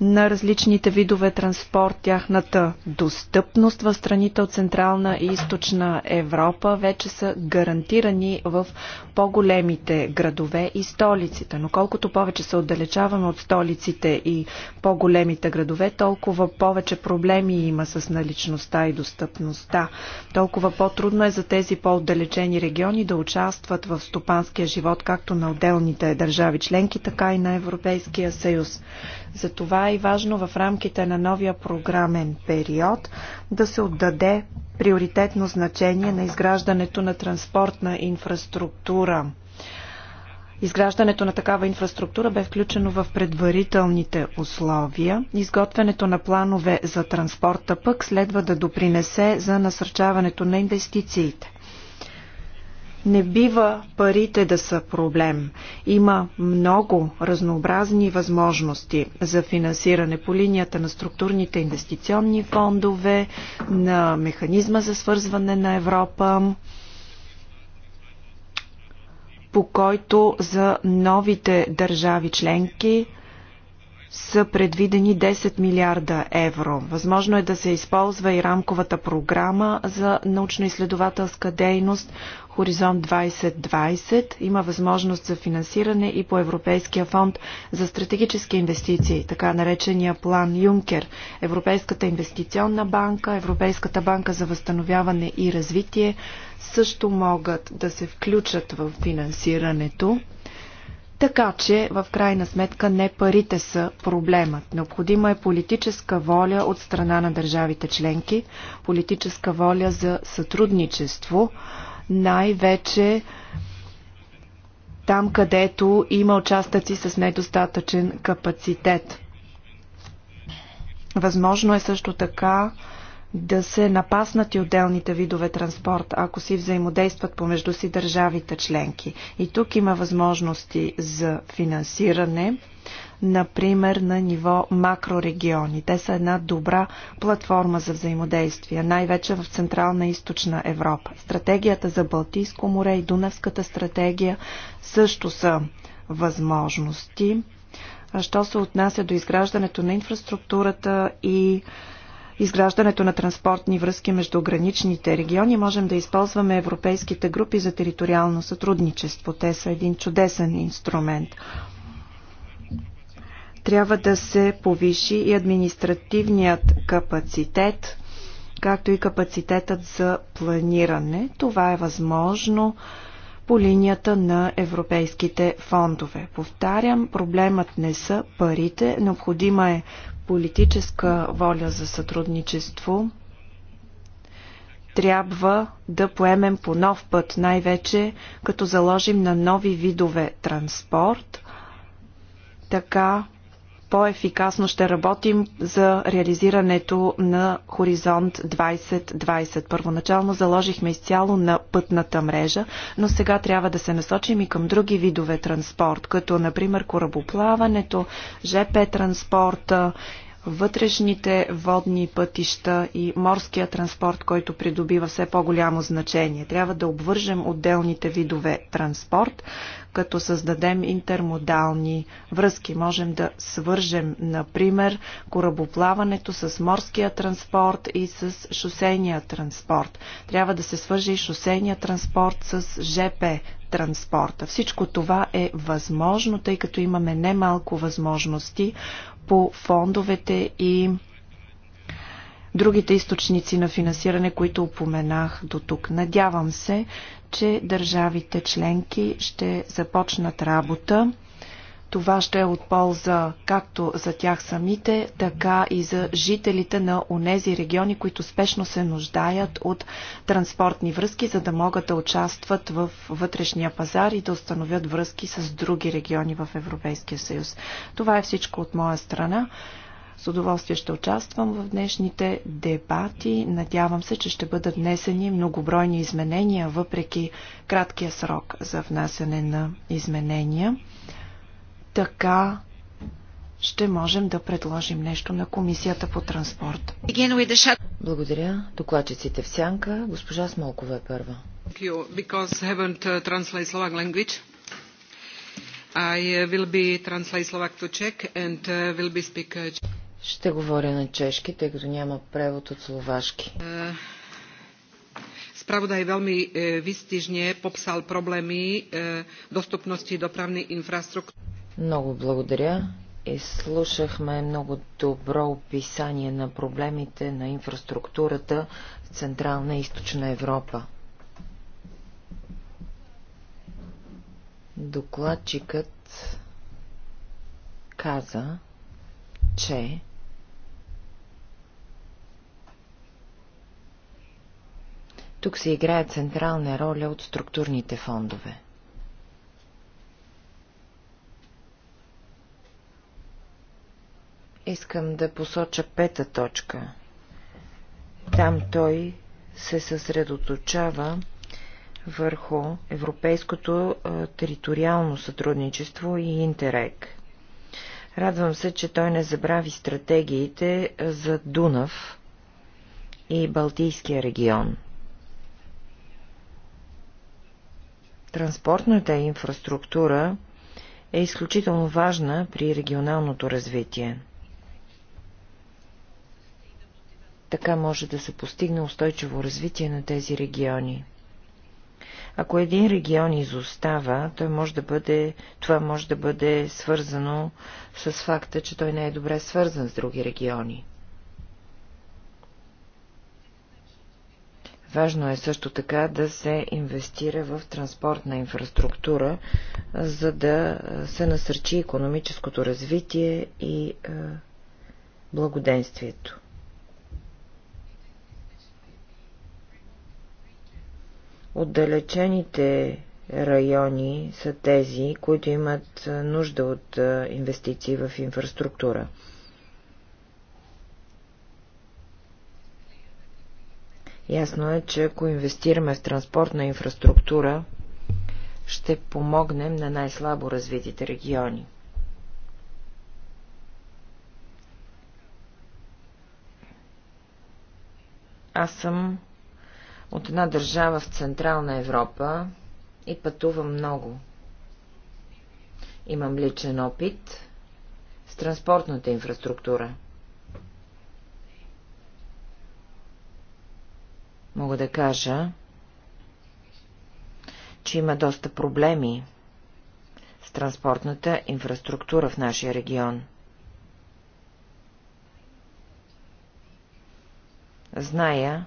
на различните видове транспорт, тяхната достъпност в страните от Централна и Източна Европа вече са гарантирани в по-големите градове и столиците. Но колкото повече се отдалечаваме от столиците и по-големите градове, толкова повече проблеми има с наличността и достъпността. Толкова по-трудно е за тези по-отдалечени региони да участват в стопанския живот както на отделните държави членки, така и на Европейския съюз. Затова е важно в рамките на новия програмен период да се отдаде приоритетно значение на изграждането на транспортна инфраструктура. Изграждането на такава инфраструктура бе включено в предварителните условия. Изготвянето на планове за транспорта пък следва да допринесе за насърчаването на инвестициите. Не бива парите да са проблем. Има много разнообразни възможности за финансиране по линията на структурните инвестиционни фондове, на механизма за свързване на Европа по който за новите държави членки са предвидени 10 милиарда евро. Възможно е да се използва и рамковата програма за научно-изследователска дейност Хоризонт 2020. Има възможност за финансиране и по Европейския фонд за стратегически инвестиции, така наречения план Юнкер, Европейската инвестиционна банка, Европейската банка за възстановяване и развитие също могат да се включат в финансирането. Така че, в крайна сметка, не парите са проблемът. Необходима е политическа воля от страна на държавите членки, политическа воля за сътрудничество, най-вече там, където има участъци с недостатъчен капацитет. Възможно е също така да се напаснат и отделните видове транспорт, ако си взаимодействат помежду си държавите членки. И тук има възможности за финансиране, например на ниво макрорегиони. Те са една добра платформа за взаимодействие, най-вече в Централна и Източна Европа. Стратегията за Балтийско море и Дунавската стратегия също са възможности. Що се отнася до изграждането на инфраструктурата и изграждането на транспортни връзки между граничните региони можем да използваме европейските групи за териториално сътрудничество. Те са един чудесен инструмент. Трябва да се повиши и административният капацитет, както и капацитетът за планиране. Това е възможно по линията на европейските фондове. Повтарям, проблемът не са парите, необходима е политическа воля за сътрудничество, трябва да поемем по нов път, най-вече като заложим на нови видове транспорт, така по-ефикасно ще работим за реализирането на Хоризонт 2020. Първоначално заложихме изцяло на пътната мрежа, но сега трябва да се насочим и към други видове транспорт, като например корабоплаването, ЖП транспорта, вътрешните водни пътища и морския транспорт, който придобива все по-голямо значение. Трябва да обвържем отделните видове транспорт, като създадем интермодални връзки. Можем да свържем, например, корабоплаването с морския транспорт и с шосейния транспорт. Трябва да се свържи и шосейния транспорт с ЖП транспорта. Всичко това е възможно, тъй като имаме немалко възможности по фондовете и другите източници на финансиране, които упоменах до тук. Надявам се, че държавите членки ще започнат работа. Това ще е от полза както за тях самите, така и за жителите на онези региони, които спешно се нуждаят от транспортни връзки, за да могат да участват в вътрешния пазар и да установят връзки с други региони в Европейския съюз. Това е всичко от моя страна. С удоволствие ще участвам в днешните дебати. Надявам се, че ще бъдат внесени многобройни изменения, въпреки краткия срок за внасяне на изменения. Така ще можем да предложим нещо на Комисията по транспорт. Благодаря. Докладчиците в сянка. Госпожа Смолкова е първа. Uh, I uh, will be translate Slovak to Czech and uh, will be speak ще говоря на чешки, тъй като няма превод от словашки. Е, Spravodaj veľmi е, výstižne popsal problémy е, dostupnosti dopravnej infraštruktúry. Много благодаря. И слушахме много добро описание на проблемите на инфраструктурата в Централна и Източна Европа. Докладчикът каза, че Тук се играе централна роля от структурните фондове. Искам да посоча пета точка. Там той се съсредоточава върху европейското териториално сътрудничество и интерек. Радвам се, че той не забрави стратегиите за Дунав и Балтийския регион. Транспортната инфраструктура е изключително важна при регионалното развитие. Така може да се постигне устойчиво развитие на тези региони. Ако един регион изостава, той може да бъде, това може да бъде свързано с факта, че той не е добре свързан с други региони. Важно е също така да се инвестира в транспортна инфраструктура, за да се насърчи економическото развитие и благоденствието. Отдалечените райони са тези, които имат нужда от инвестиции в инфраструктура. Ясно е, че ако инвестираме в транспортна инфраструктура, ще помогнем на най-слабо развитите региони. Аз съм от една държава в Централна Европа и пътувам много. Имам личен опит с транспортната инфраструктура – мога да кажа, че има доста проблеми с транспортната инфраструктура в нашия регион. Зная,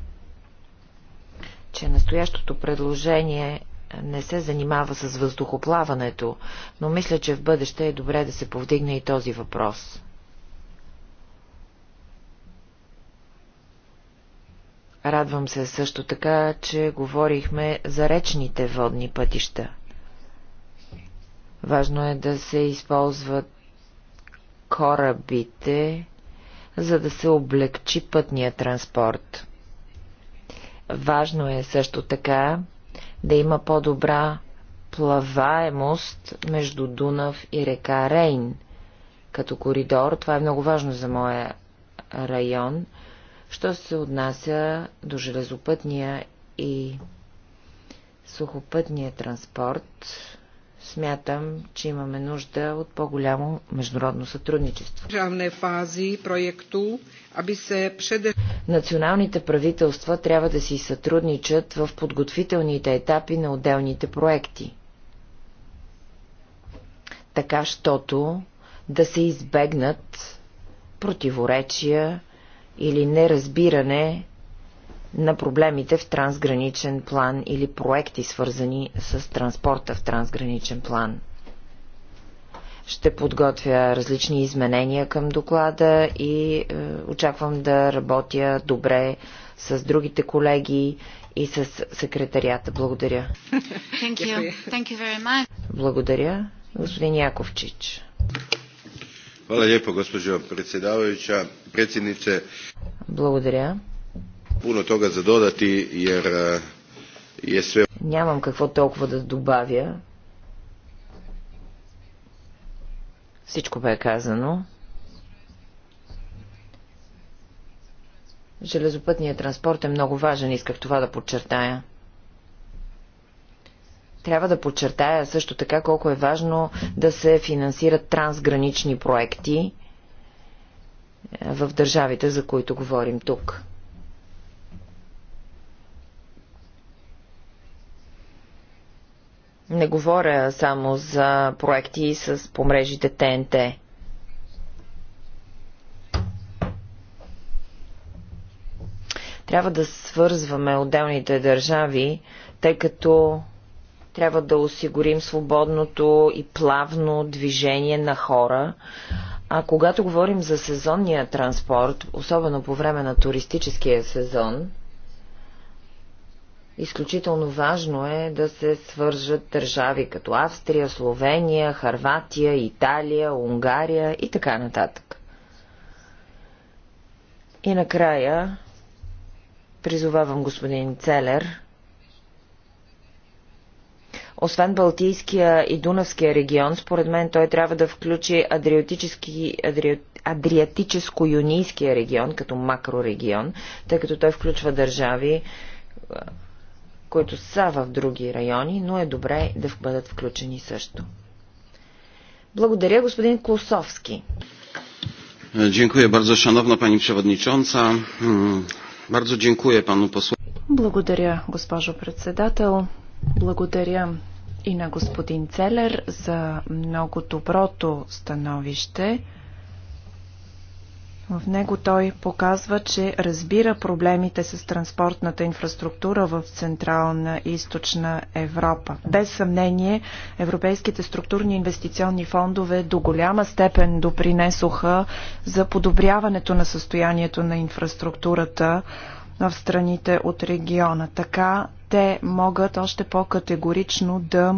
че настоящото предложение не се занимава с въздухоплаването, но мисля, че в бъдеще е добре да се повдигне и този въпрос. Радвам се също така, че говорихме за речните водни пътища. Важно е да се използват корабите, за да се облегчи пътния транспорт. Важно е също така да има по-добра плаваемост между Дунав и река Рейн. Като коридор това е много важно за моя район – Що се отнася до железопътния и сухопътния транспорт, смятам, че имаме нужда от по-голямо международно сътрудничество. фази проекту, аби се преде... Националните правителства трябва да си сътрудничат в подготвителните етапи на отделните проекти. Така, щото да се избегнат противоречия или неразбиране на проблемите в трансграничен план или проекти, свързани с транспорта в трансграничен план. Ще подготвя различни изменения към доклада и е, очаквам да работя добре с другите колеги и с секретарията. Благодаря. Thank you. Thank you Благодаря, господин Яковчич. Hvala lijepo, gospođo predsjedavajuća, predsjednice. Благодаря. Puno toga za dodati, jer е, je sve... Нямам какво толкова да добавя. Всичко бе казано. Железопътният транспорт е много важен, исках това да подчертая. Трябва да подчертая също така колко е важно да се финансират трансгранични проекти е, в държавите, за които говорим тук. Не говоря само за проекти с помрежите ТНТ. Трябва да свързваме отделните държави, тъй като трябва да осигурим свободното и плавно движение на хора. А когато говорим за сезонния транспорт, особено по време на туристическия сезон, изключително важно е да се свържат държави като Австрия, Словения, Харватия, Италия, Унгария и така нататък. И накрая призовавам господин Целер освен Балтийския и Дунавския регион, според мен той трябва да включи Адриотически, Адриот, Адриатическо-юнийския регион като макрорегион, тъй като той включва държави, които са в други райони, но е добре да бъдат включени също. Благодаря, господин Клусовски. Благодаря, госпожо председател. Благодаря и на господин Целер за много доброто становище. В него той показва, че разбира проблемите с транспортната инфраструктура в Централна и Източна Европа. Без съмнение, европейските структурни инвестиционни фондове до голяма степен допринесоха за подобряването на състоянието на инфраструктурата в страните от региона. Така те могат още по-категорично да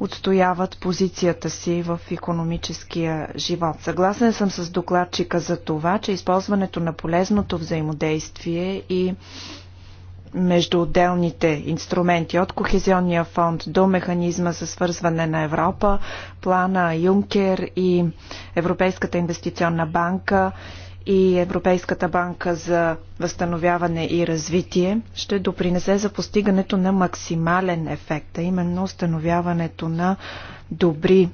отстояват позицията си в економическия живот. Съгласен съм с докладчика за това, че използването на полезното взаимодействие и между отделните инструменти от Кохезионния фонд до механизма за свързване на Европа, плана Юнкер и Европейската инвестиционна банка и Европейската банка за възстановяване и развитие ще допринесе за постигането на максимален ефект, а именно установяването на добри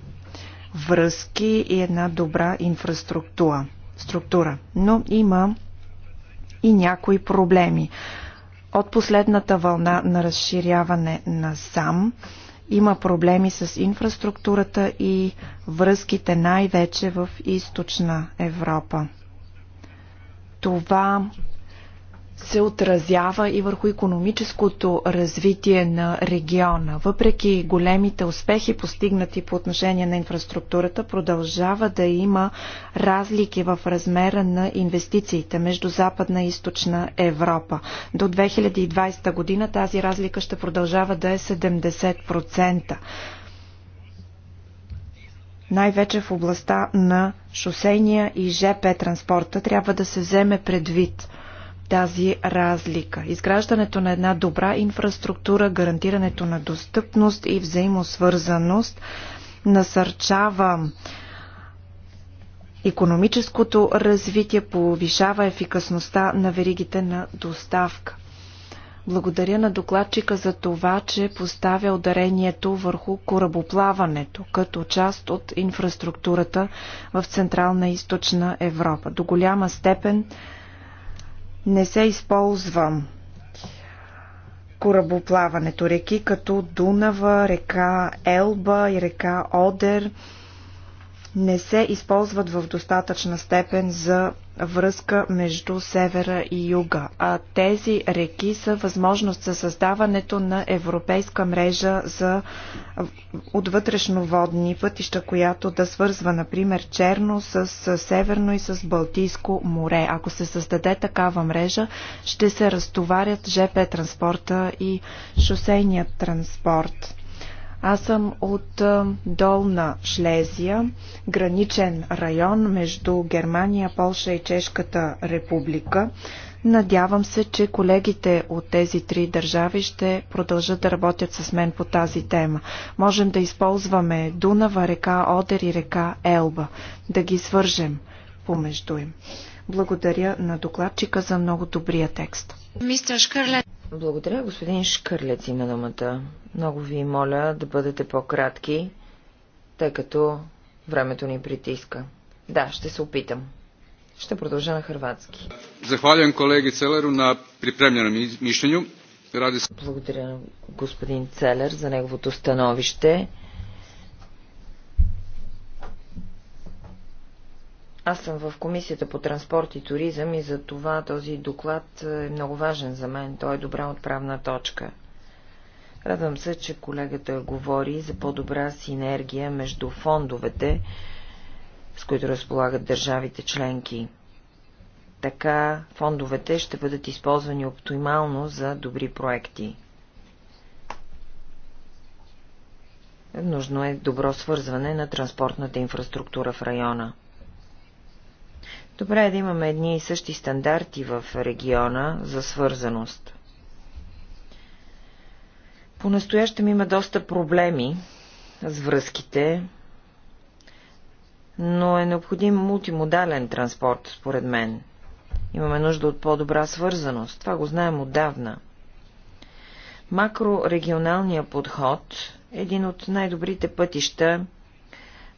връзки и една добра инфраструктура. Структура. Но има и някои проблеми. От последната вълна на разширяване на сам има проблеми с инфраструктурата и връзките най-вече в източна Европа. Това се отразява и върху економическото развитие на региона. Въпреки големите успехи, постигнати по отношение на инфраструктурата, продължава да има разлики в размера на инвестициите между Западна и Източна Европа. До 2020 година тази разлика ще продължава да е 70% най-вече в областта на шосения и ЖП транспорта, трябва да се вземе предвид тази разлика. Изграждането на една добра инфраструктура, гарантирането на достъпност и взаимосвързаност насърчава економическото развитие повишава ефикасността на веригите на доставка. Благодаря на докладчика за това, че поставя ударението върху корабоплаването като част от инфраструктурата в Централна и Източна Европа. До голяма степен не се използва корабоплаването. Реки като Дунава, река Елба и река Одер не се използват в достатъчна степен за връзка между севера и юга. А тези реки са възможност за създаването на европейска мрежа за отвътрешноводни пътища, която да свързва, например, Черно с Северно и с Балтийско море. Ако се създаде такава мрежа, ще се разтоварят ЖП транспорта и шосейният транспорт. Аз съм от Долна Шлезия, граничен район между Германия, Полша и Чешката република. Надявам се, че колегите от тези три държави ще продължат да работят с мен по тази тема. Можем да използваме Дунава, река Одер и река Елба, да ги свържем помежду им. Благодаря на докладчика за много добрия текст. Мистер Шкърлен. Благодаря. Господин Шкърлец има думата. Много ви моля да бъдете по-кратки, тъй като времето ни притиска. Да, ще се опитам. Ще продължа на хрватски. Захвалям колеги Целеру на припремнено мишленju. Ради... Благодаря господин Целер за неговото становище. Аз съм в Комисията по транспорт и туризъм и за това този доклад е много важен за мен. Той е добра отправна точка. Радвам се, че колегата говори за по-добра синергия между фондовете, с които разполагат държавите членки. Така фондовете ще бъдат използвани оптимално за добри проекти. Нужно е добро свързване на транспортната инфраструктура в района. Добре е да имаме едни и същи стандарти в региона за свързаност. По-настоящем има доста проблеми с връзките, но е необходим мултимодален транспорт, според мен. Имаме нужда от по-добра свързаност. Това го знаем отдавна. Макрорегионалният подход е един от най-добрите пътища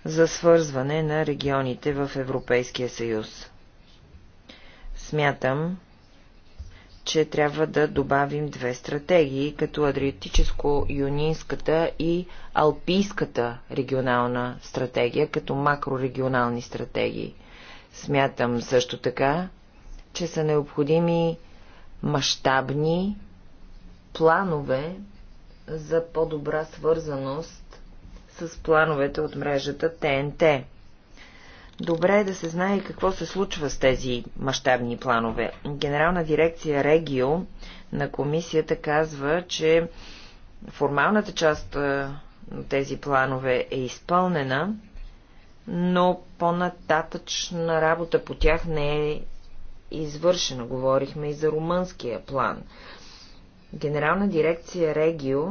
за свързване на регионите в Европейския съюз. Смятам, че трябва да добавим две стратегии, като Адриатическо-юнинската и Алпийската регионална стратегия, като макрорегионални стратегии. Смятам също така, че са необходими мащабни планове за по-добра свързаност с плановете от мрежата ТНТ. Добре е да се знае какво се случва с тези мащабни планове. Генерална дирекция Регио на комисията казва, че формалната част на тези планове е изпълнена, но по-нататъчна работа по тях не е извършена. Говорихме и за румънския план. Генерална дирекция Регио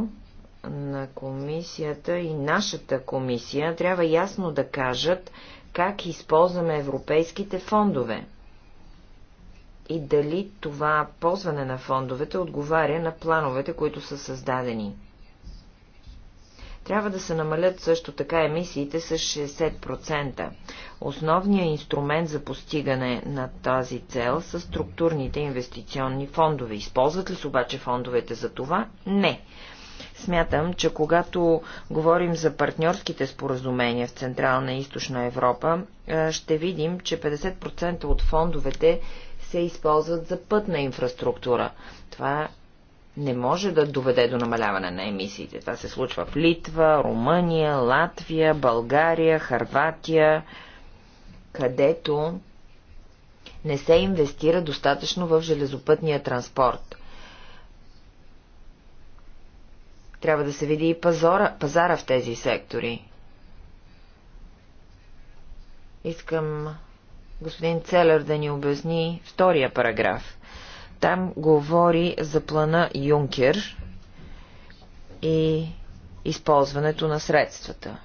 на комисията и нашата комисия трябва ясно да кажат как използваме европейските фондове и дали това ползване на фондовете отговаря на плановете, които са създадени. Трябва да се намалят също така емисиите с 60%. Основният инструмент за постигане на тази цел са структурните инвестиционни фондове. Използват ли се обаче фондовете за това? Не. Смятам, че когато говорим за партньорските споразумения в Централна и Източна Европа, ще видим, че 50% от фондовете се използват за пътна инфраструктура. Това не може да доведе до намаляване на емисиите. Това се случва в Литва, Румъния, Латвия, България, Харватия, където не се инвестира достатъчно в железопътния транспорт. Трябва да се види и пазора, пазара в тези сектори. Искам господин Целер да ни обясни втория параграф. Там говори за плана Юнкер и използването на средствата.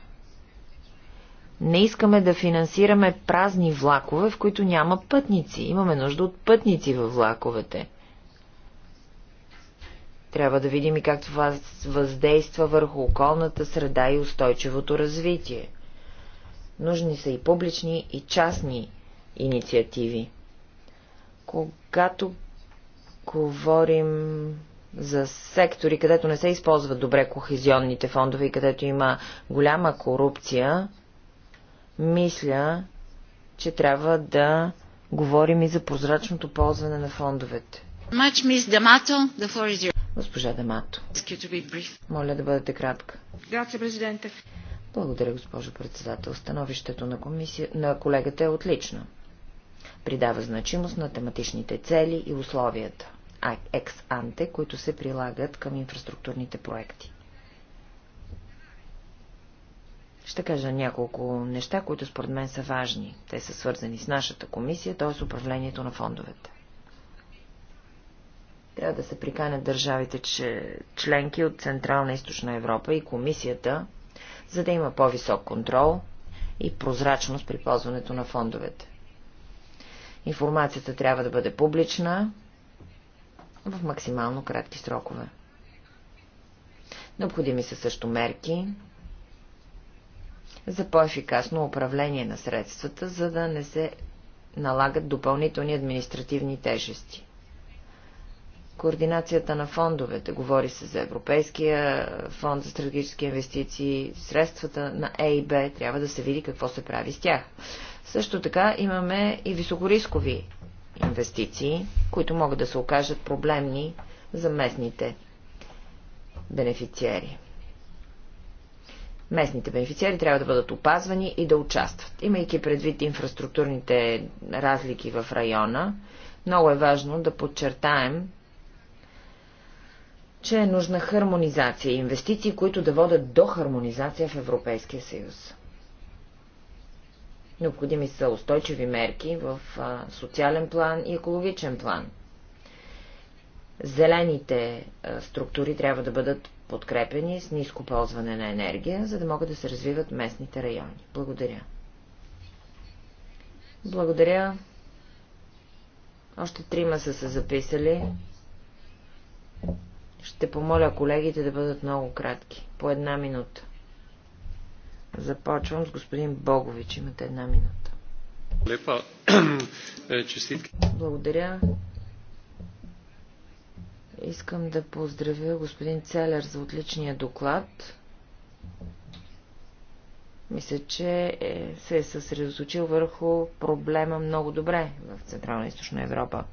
Не искаме да финансираме празни влакове, в които няма пътници. Имаме нужда от пътници във влаковете. Трябва да видим и как това въздейства върху околната среда и устойчивото развитие. Нужни са и публични, и частни инициативи. Когато говорим за сектори, където не се използват добре кохезионните фондове и където има голяма корупция, мисля, че трябва да говорим и за прозрачното ползване на фондовете. Much, Miss D'Amato, the floor is yours. Госпожа Демато. Моля да бъдете кратка. Благодаря, госпожо председател. Становището на, комисия... на колегата е отлично. Придава значимост на тематичните цели и условията, а екс-анте, които се прилагат към инфраструктурните проекти. Ще кажа няколко неща, които според мен са важни. Те са свързани с нашата комисия, т.е. управлението на фондовете. Трябва да се приканят държавите че, членки от Централна Източна Европа и комисията, за да има по-висок контрол и прозрачност при ползването на фондовете. Информацията трябва да бъде публична в максимално кратки срокове. Необходими са също мерки за по-ефикасно управление на средствата, за да не се налагат допълнителни административни тежести координацията на фондовете. Говори се за Европейския фонд за стратегически инвестиции, средствата на ЕИБ, трябва да се види какво се прави с тях. Също така имаме и високорискови инвестиции, които могат да се окажат проблемни за местните бенефициери. Местните бенефициери трябва да бъдат опазвани и да участват. Имайки предвид инфраструктурните разлики в района, много е важно да подчертаем че е нужна хармонизация и инвестиции, които да водят до хармонизация в Европейския съюз. Необходими са устойчиви мерки в социален план и екологичен план. Зелените структури трябва да бъдат подкрепени с ниско ползване на енергия, за да могат да се развиват местните райони. Благодаря. Благодаря. Още трима са се записали. Ще помоля колегите да бъдат много кратки. По една минута. Започвам с господин Богович. Имате една минута. Лепа. [clears throat] Е, честитки. Благодаря. Искам да поздравя господин Целер за отличния доклад. Мисля, че е, се е съсредоточил върху проблема много добре в Централна и Източна Европа.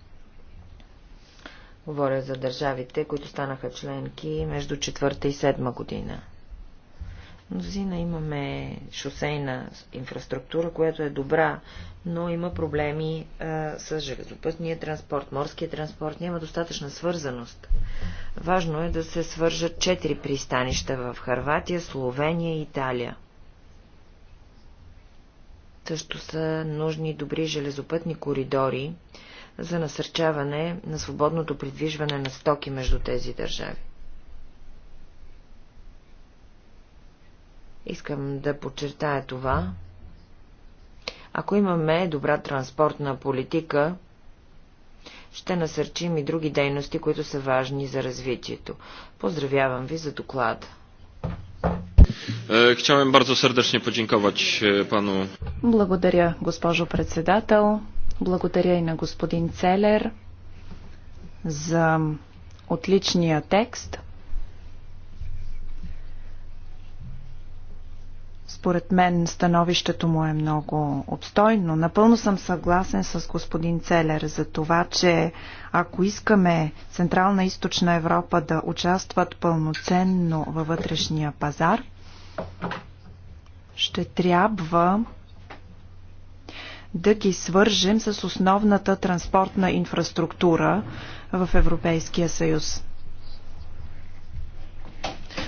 Говоря за държавите, които станаха членки между четвърта и седма година. Мнозина имаме шосейна инфраструктура, която е добра, но има проблеми а, с железопътния транспорт, морския транспорт, няма достатъчна свързаност. Важно е да се свържат четири пристанища в Харватия, Словения и Италия. Също са нужни добри железопътни коридори, за насърчаване на свободното придвижване на стоки между тези държави. Искам да подчертая това. Ако имаме добра транспортна политика, ще насърчим и други дейности, които са важни за развитието. Поздравявам ви за доклада. Е, Chciałem bardzo serdecznie podziękować е, panu. Благодаря, госпожо председател. Благодаря и на господин Целер за отличния текст. Според мен становището му е много обстойно. Напълно съм съгласен с господин Целер за това, че ако искаме Централна и Източна Европа да участват пълноценно във вътрешния пазар, ще трябва да ги свържем с основната транспортна инфраструктура в Европейския съюз.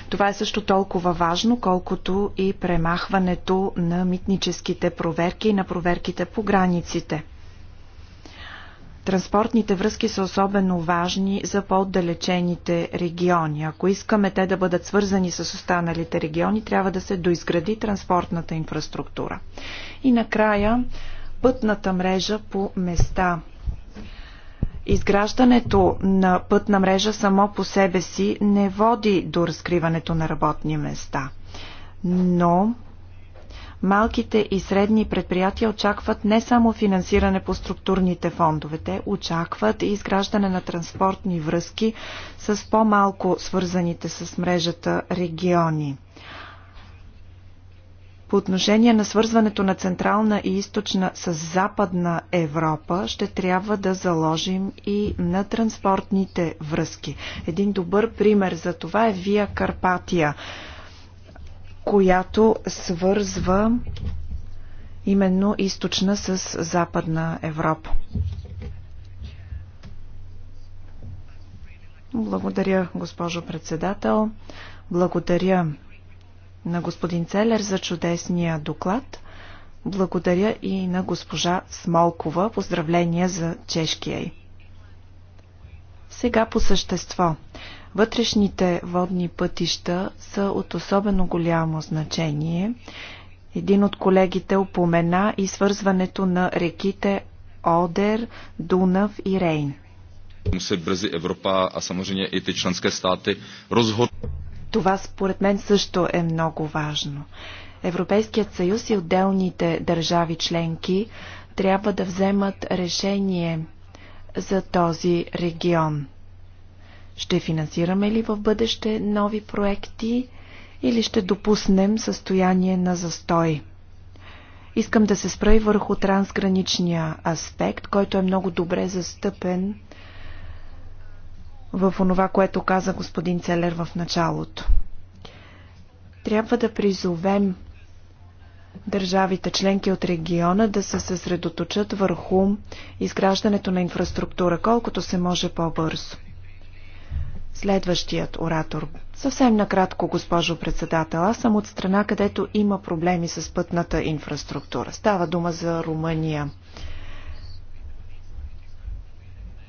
Това е също толкова важно, колкото и премахването на митническите проверки и на проверките по границите. Транспортните връзки са особено важни за по-отдалечените региони. Ако искаме те да бъдат свързани с останалите региони, трябва да се доизгради транспортната инфраструктура. И накрая пътната мрежа по места. Изграждането на пътна мрежа само по себе си не води до разкриването на работни места. Но малките и средни предприятия очакват не само финансиране по структурните фондове, те очакват и изграждане на транспортни връзки с по-малко свързаните с мрежата региони. По отношение на свързването на Централна и Източна с Западна Европа, ще трябва да заложим и на транспортните връзки. Един добър пример за това е Вия Карпатия, която свързва именно източна с Западна Европа. Благодаря, госпожо председател. Благодаря на господин Целер за чудесния доклад. Благодаря и на госпожа Смолкова. Поздравления за чешкия й. Сега по същество. Вътрешните водни пътища са от особено голямо значение. Един от колегите упомена и свързването на реките Одер, Дунав и Рейн. Musí brzy Evropa a samozřejmě това според мен също е много важно. Европейският съюз и отделните държави членки трябва да вземат решение за този регион. Ще финансираме ли в бъдеще нови проекти или ще допуснем състояние на застой? Искам да се спра и върху трансграничния аспект, който е много добре застъпен в онова, което каза господин Целер в началото. Трябва да призовем държавите членки от региона да се съсредоточат върху изграждането на инфраструктура, колкото се може по-бързо. Следващият оратор. Съвсем накратко, госпожо председател, аз съм от страна, където има проблеми с пътната инфраструктура. Става дума за Румъния.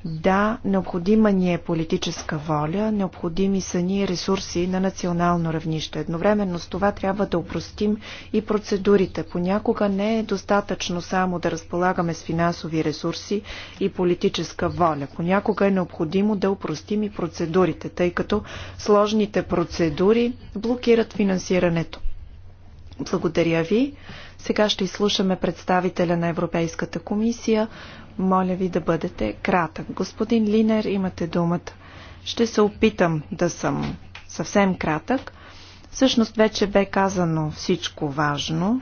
Да, необходима ни е политическа воля, необходими са ни ресурси на национално равнище. Едновременно с това трябва да упростим и процедурите. Понякога не е достатъчно само да разполагаме с финансови ресурси и политическа воля. Понякога е необходимо да упростим и процедурите, тъй като сложните процедури блокират финансирането. Благодаря ви. Сега ще изслушаме представителя на Европейската комисия. Моля ви да бъдете кратък. Господин Линер, имате думата. Ще се опитам да съм съвсем кратък. Всъщност вече бе казано всичко важно.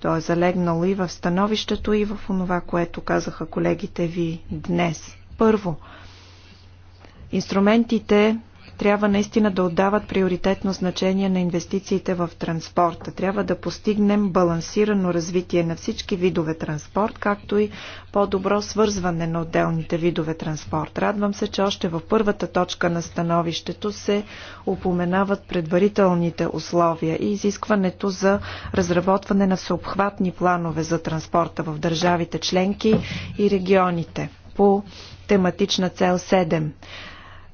То е залегнало и в становището, и в онова, което казаха колегите ви днес. Първо, инструментите трябва наистина да отдават приоритетно значение на инвестициите в транспорта. Трябва да постигнем балансирано развитие на всички видове транспорт, както и по-добро свързване на отделните видове транспорт. Радвам се, че още в първата точка на становището се упоменават предварителните условия и изискването за разработване на съобхватни планове за транспорта в държавите членки и регионите по тематична цел 7.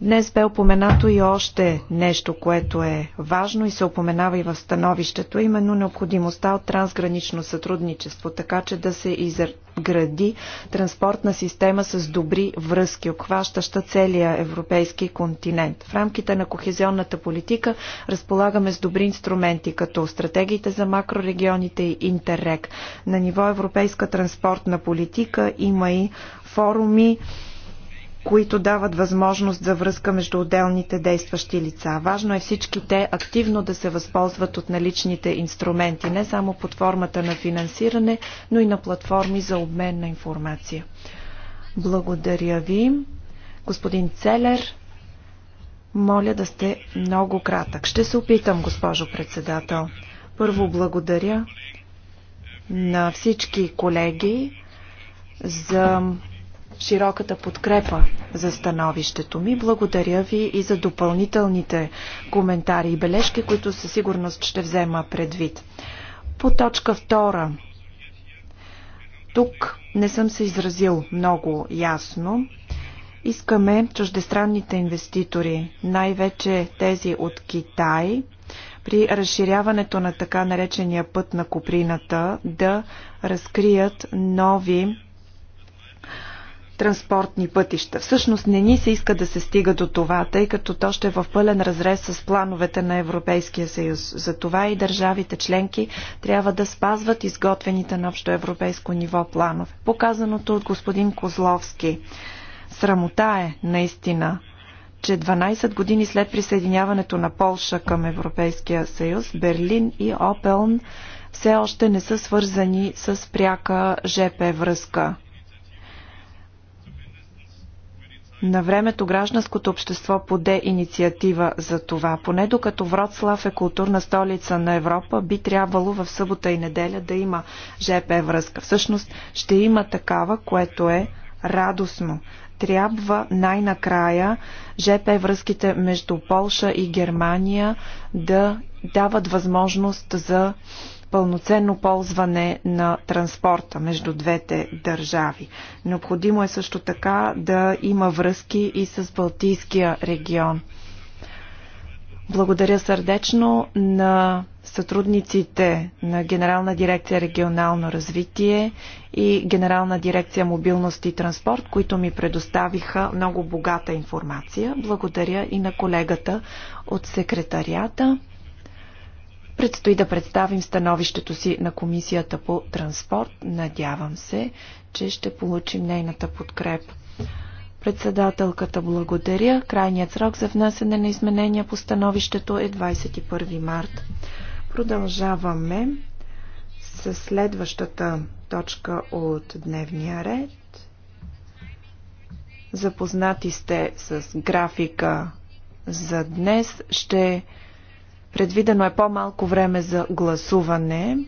Днес бе упоменато и още нещо, което е важно и се упоменава и в становището, именно необходимостта от трансгранично сътрудничество, така че да се изгради транспортна система с добри връзки, обхващаща целия европейски континент. В рамките на кохезионната политика разполагаме с добри инструменти, като стратегиите за макрорегионите и Интеррек. На ниво европейска транспортна политика има и форуми, които дават възможност за връзка между отделните действащи лица. Важно е всички те активно да се възползват от наличните инструменти, не само под формата на финансиране, но и на платформи за обмен на информация. Благодаря ви. Господин Целер, моля да сте много кратък. Ще се опитам, госпожо председател. Първо благодаря на всички колеги за широката подкрепа за становището ми. Благодаря ви и за допълнителните коментари и бележки, които със сигурност ще взема предвид. По точка втора. Тук не съм се изразил много ясно. Искаме чуждестранните инвеститори, най-вече тези от Китай, при разширяването на така наречения път на Куприната да разкрият нови транспортни пътища. Всъщност не ни се иска да се стига до това, тъй като то ще е в пълен разрез с плановете на Европейския съюз. Затова и държавите членки трябва да спазват изготвените на общо европейско ниво планове. Показаното от господин Козловски. Срамота е, наистина, че 12 години след присъединяването на Полша към Европейския съюз, Берлин и Опелн все още не са свързани с пряка ЖП връзка. На времето гражданското общество поде инициатива за това. Поне докато Вроцлав е културна столица на Европа, би трябвало в събота и неделя да има ЖП връзка. Всъщност ще има такава, което е радостно. Трябва най-накрая ЖП връзките между Полша и Германия да дават възможност за пълноценно ползване на транспорта между двете държави. Необходимо е също така да има връзки и с Балтийския регион. Благодаря сърдечно на сътрудниците на Генерална дирекция регионално развитие и Генерална дирекция мобилност и транспорт, които ми предоставиха много богата информация. Благодаря и на колегата от секретарията. Предстои да представим становището си на Комисията по транспорт. Надявам се, че ще получим нейната подкрепа. Председателката благодаря. Крайният срок за внасене на изменения по становището е 21 март. Продължаваме с следващата точка от дневния ред. Запознати сте с графика за днес. Ще Предвидено е по-малко време за гласуване.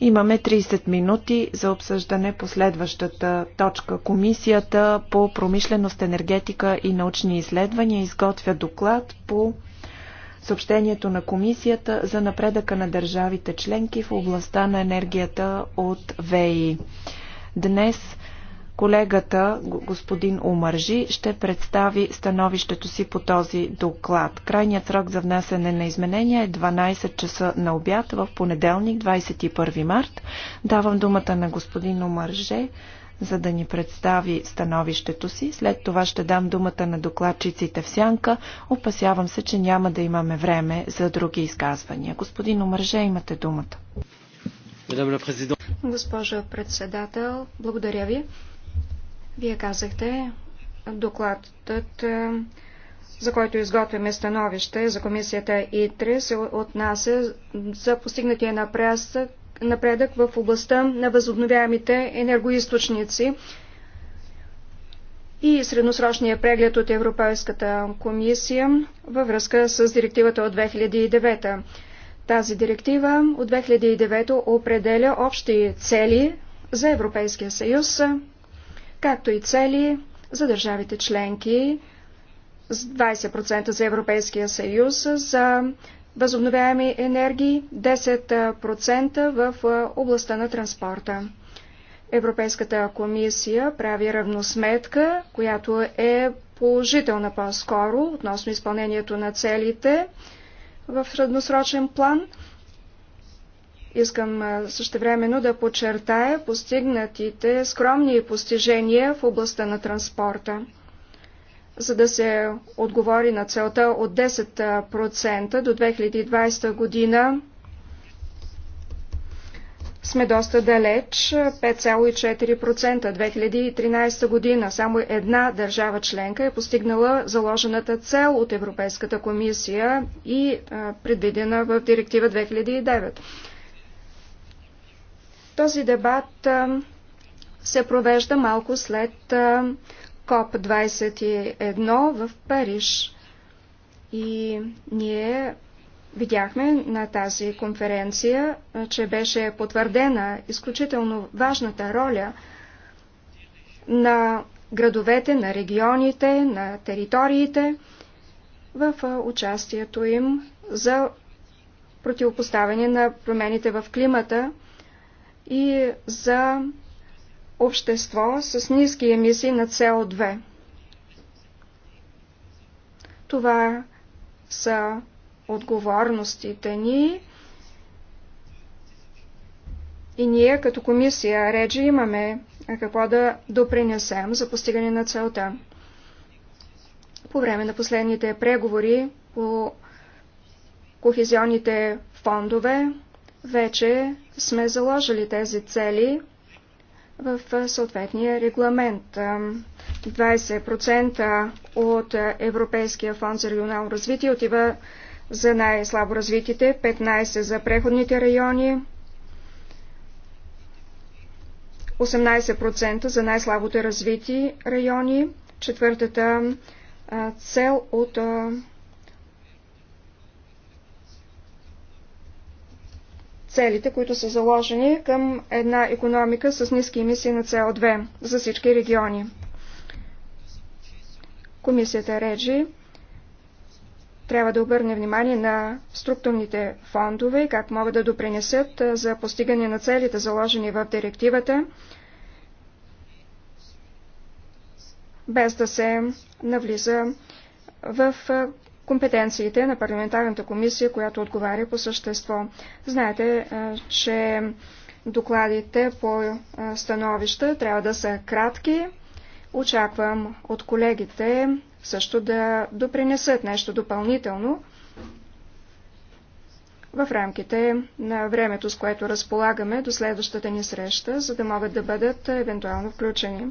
Имаме 30 минути за обсъждане по следващата точка. Комисията по промишленост, енергетика и научни изследвания изготвя доклад по съобщението на комисията за напредъка на държавите членки в областта на енергията от ВЕИ. Днес Колегата, господин Умържи, ще представи становището си по този доклад. Крайният срок за внасяне на изменения е 12 часа на обяд в понеделник, 21 март. Давам думата на господин Умърже, за да ни представи становището си. След това ще дам думата на докладчиците в сянка. Опасявам се, че няма да имаме време за други изказвания. Господин Омърже, имате думата. Госпожо председател, благодаря ви. Вие казахте, докладът, е, за който изготвяме становище за комисията ИТРИ, се отнася за постигнатия напредък, напредък в областта на възобновяемите енергоисточници и средносрочния преглед от Европейската комисия във връзка с директивата от 2009. Тази директива от 2009 определя общи цели за Европейския съюз както и цели за държавите членки, 20% за Европейския съюз, за възобновяеми енергии, 10% в областта на транспорта. Европейската комисия прави равносметка, която е положителна по-скоро относно изпълнението на целите в средносрочен план – Искам същевременно да подчертая постигнатите скромни постижения в областта на транспорта. За да се отговори на целта от 10% до 2020 година, сме доста далеч, 5,4% 2013 година. Само една държава членка е постигнала заложената цел от Европейската комисия и предвидена в директива 2009. Този дебат се провежда малко след КОП-21 в Париж. И ние видяхме на тази конференция, че беше потвърдена изключително важната роля на градовете, на регионите, на териториите в участието им за противопоставяне на промените в климата и за общество с ниски емисии на СО2. Това са отговорностите ни и ние като комисия Реджи имаме какво да допринесем за постигане на целта. По време на последните преговори по кохезионните фондове вече сме заложили тези цели в съответния регламент. 20% от Европейския фонд за регионално развитие отива за най-слабо развитите, 15% за преходните райони, 18% за най-слабото развити райони. Четвъртата цел от целите, които са заложени към една економика с ниски емисии на СО2 за всички региони. Комисията Реджи трябва да обърне внимание на структурните фондове и как могат да допринесат за постигане на целите, заложени в директивата, без да се навлиза в компетенциите на парламентарната комисия, която отговаря по същество. Знаете, е, че докладите по е, становища трябва да са кратки. Очаквам от колегите също да допринесат нещо допълнително в рамките на времето, с което разполагаме до следващата ни среща, за да могат да бъдат евентуално включени.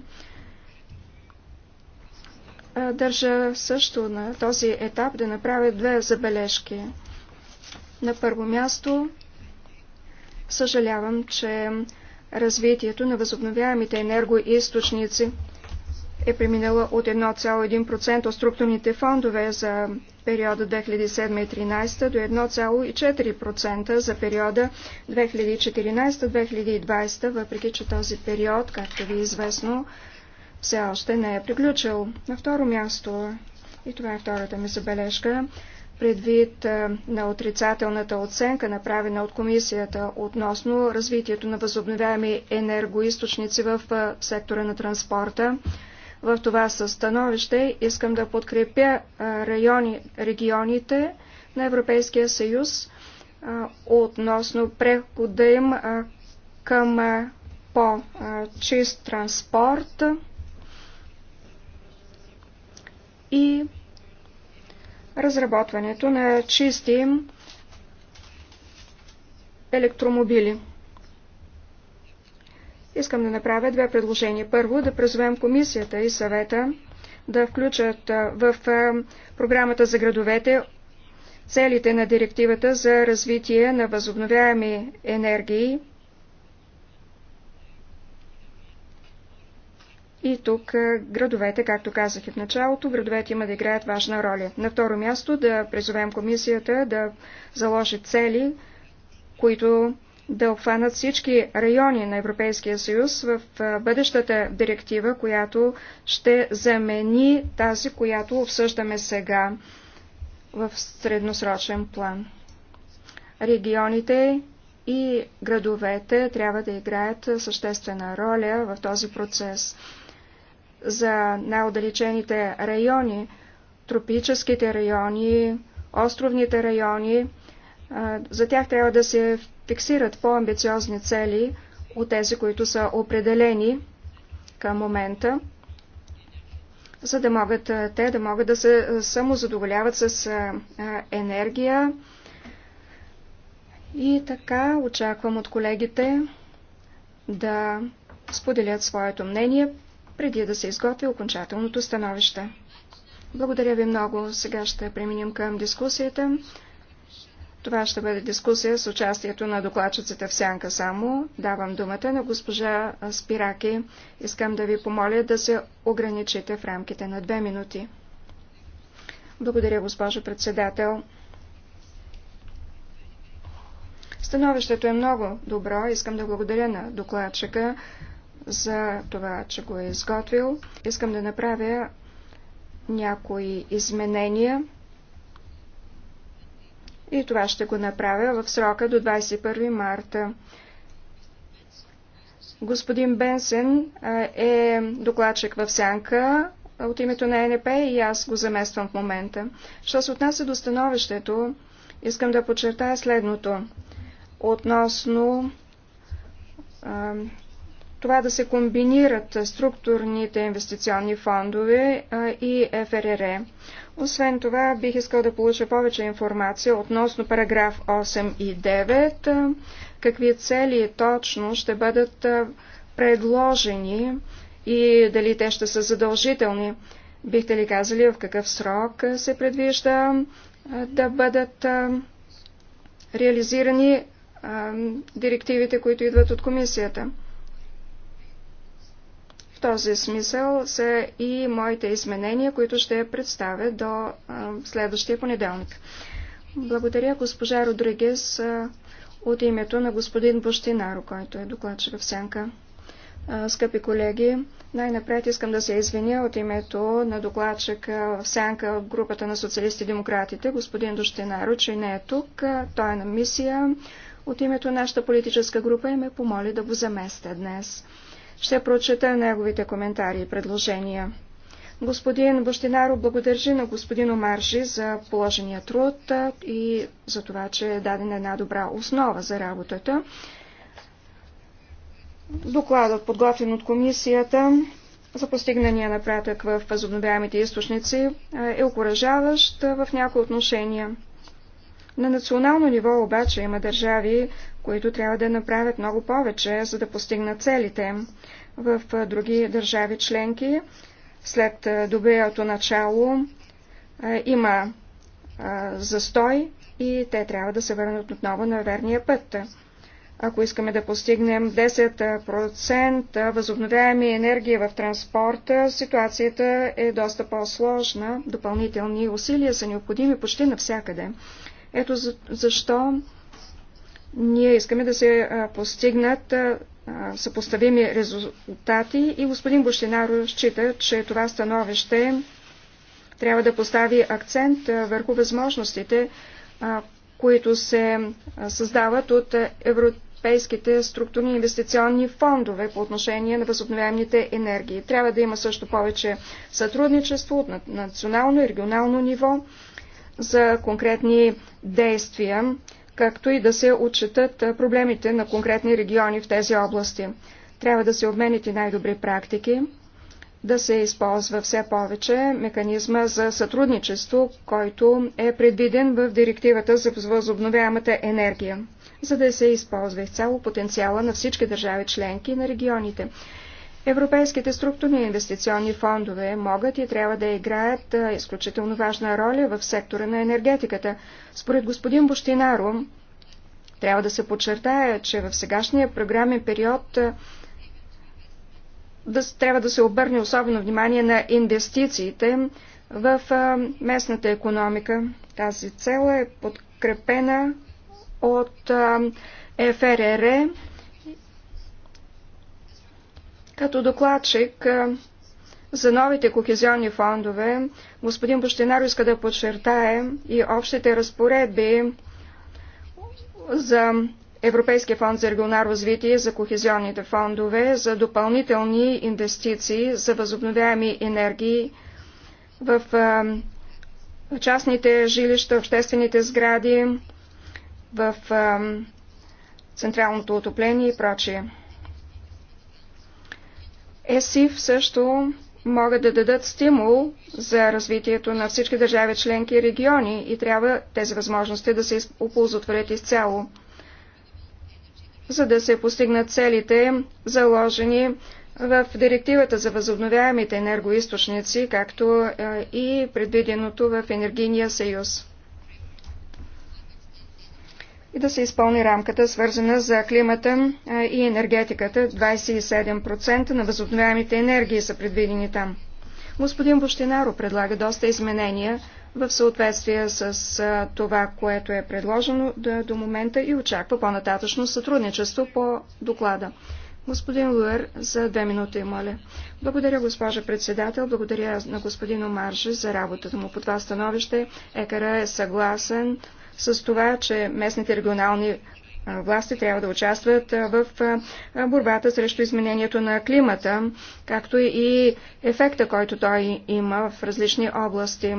Държа също на този етап да направя две забележки. На първо място, съжалявам, че развитието на възобновяемите енергоисточници е преминала от 1,1% от структурните фондове за периода 2007-2013 до 1,4% за периода 2014-2020, въпреки че този период, както ви е известно, все още не е приключил. На второ място, и това е втората ми забележка, предвид на отрицателната оценка, направена от комисията относно развитието на възобновяеми енергоисточници в сектора на транспорта. В това състановище искам да подкрепя райони, регионите на Европейския съюз относно прехода им към по-чист транспорт и разработването на чисти електромобили. Искам да направя две предложения. Първо, да призовем комисията и съвета да включат в програмата за градовете целите на директивата за развитие на възобновяеми енергии И тук е, градовете, както казах и в началото, градовете има да играят важна роля. На второ място да призовем комисията да заложи цели, които да обхванат всички райони на Европейския съюз в е, бъдещата директива, която ще замени тази, която обсъждаме сега в средносрочен план. Регионите и градовете трябва да играят съществена роля в този процес за най-отдалечените райони, тропическите райони, островните райони. За тях трябва да се фиксират по-амбициозни цели от тези, които са определени към момента, за да могат те да могат да се самозадоволяват с енергия. И така очаквам от колегите да споделят своето мнение преди да се изготви окончателното становище. Благодаря ви много. Сега ще преминем към дискусията. Това ще бъде дискусия с участието на докладчицата в сянка само. Давам думата на госпожа Спираки. Искам да ви помоля да се ограничите в рамките на две минути. Благодаря, госпожо председател. Становището е много добро. Искам да благодаря на докладчика за това, че го е изготвил. Искам да направя някои изменения и това ще го направя в срока до 21 марта. Господин Бенсен е докладчик в Сянка от името на НП и аз го замествам в момента. Що се отнася до становището, искам да подчертая следното относно това да се комбинират структурните инвестиционни фондове и ФРР. Освен това, бих искал да получа повече информация относно параграф 8 и 9, какви цели точно ще бъдат предложени и дали те ще са задължителни. Бихте ли казали в какъв срок се предвижда да бъдат реализирани директивите, които идват от комисията? този смисъл са и моите изменения, които ще представя до следващия понеделник. Благодаря госпожа Родригес от името на господин Бощинаро, който е докладчик в Сянка. Скъпи колеги, най-напред искам да се извиня от името на докладчик в сянка в групата на социалисти и демократите, господин Дощинаро, че не е тук. Той е на мисия. От името на нашата политическа група и ме помоли да го заместя днес. Ще прочета неговите коментари и предложения. Господин Бощинаро благодържи на господин Омаржи за положения труд и за това, че е дадена една добра основа за работата. Докладът, подготвен от комисията за постигнания напредък в възобновяемите източници, е окоръжаващ в някои отношения. На национално ниво обаче има държави, които трябва да направят много повече, за да постигнат целите. В други държави членки, след доброто начало, има застой и те трябва да се върнат отново на верния път. Ако искаме да постигнем 10% възобновяеми енергии в транспорта, ситуацията е доста по-сложна. Допълнителни усилия са необходими почти навсякъде. Ето защо ние искаме да се постигнат съпоставими резултати и господин Бощинаро счита, че това становище трябва да постави акцент върху възможностите, които се създават от европейските структурни инвестиционни фондове по отношение на възобновяемите енергии. Трябва да има също повече сътрудничество от национално и регионално ниво за конкретни действия както и да се отчетат проблемите на конкретни региони в тези области. Трябва да се обменят и най-добри практики, да се използва все повече механизма за сътрудничество, който е предвиден в директивата за възобновяемата енергия, за да се използва изцяло потенциала на всички държави членки на регионите. Европейските структурни инвестиционни фондове могат и трябва да играят изключително важна роля в сектора на енергетиката. Според господин Бощинаро, трябва да се подчертая, че в сегашния програмен период да, трябва да се обърне особено внимание на инвестициите в местната економика. Тази цел е подкрепена от ФРР като докладчик за новите кохезионни фондове, господин Бощинаро иска да подчертае и общите разпоредби за Европейския фонд за регионално развитие, за кохезионните фондове, за допълнителни инвестиции, за възобновяеми енергии в частните жилища, обществените сгради, в централното отопление и прочие. ЕСИФ също могат да дадат стимул за развитието на всички държави членки и региони и трябва тези възможности да се оползотворят изцяло, за да се постигнат целите, заложени в директивата за възобновяемите енергоисточници, както е, и предвиденото в Енергийния съюз и да се изпълни рамката, свързана за климата и енергетиката. 27% на възобновяемите енергии са предвидени там. Господин Бощинаро предлага доста изменения в съответствие с това, което е предложено до момента и очаква по-нататъчно сътрудничество по доклада. Господин Луер, за две минути, моля. Благодаря, госпожа председател, благодаря на господин Омарже за работата му по това становище. Екара е съгласен с това, че местните регионални власти трябва да участват в борбата срещу изменението на климата, както и ефекта, който той има в различни области.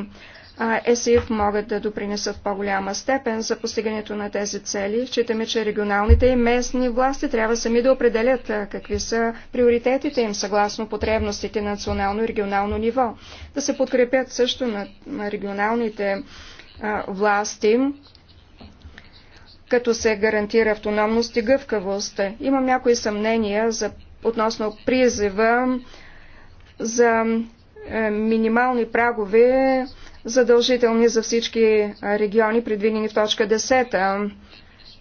ЕСИФ могат да допринесат в по-голяма степен за постигането на тези цели. Считаме, че регионалните и местни власти трябва сами да определят какви са приоритетите им съгласно потребностите на национално и регионално ниво. Да се подкрепят също на регионалните власти, като се гарантира автономност и гъвкавост. Имам някои съмнения за, относно призива за е, минимални прагове, задължителни за всички региони, предвидени в точка 10.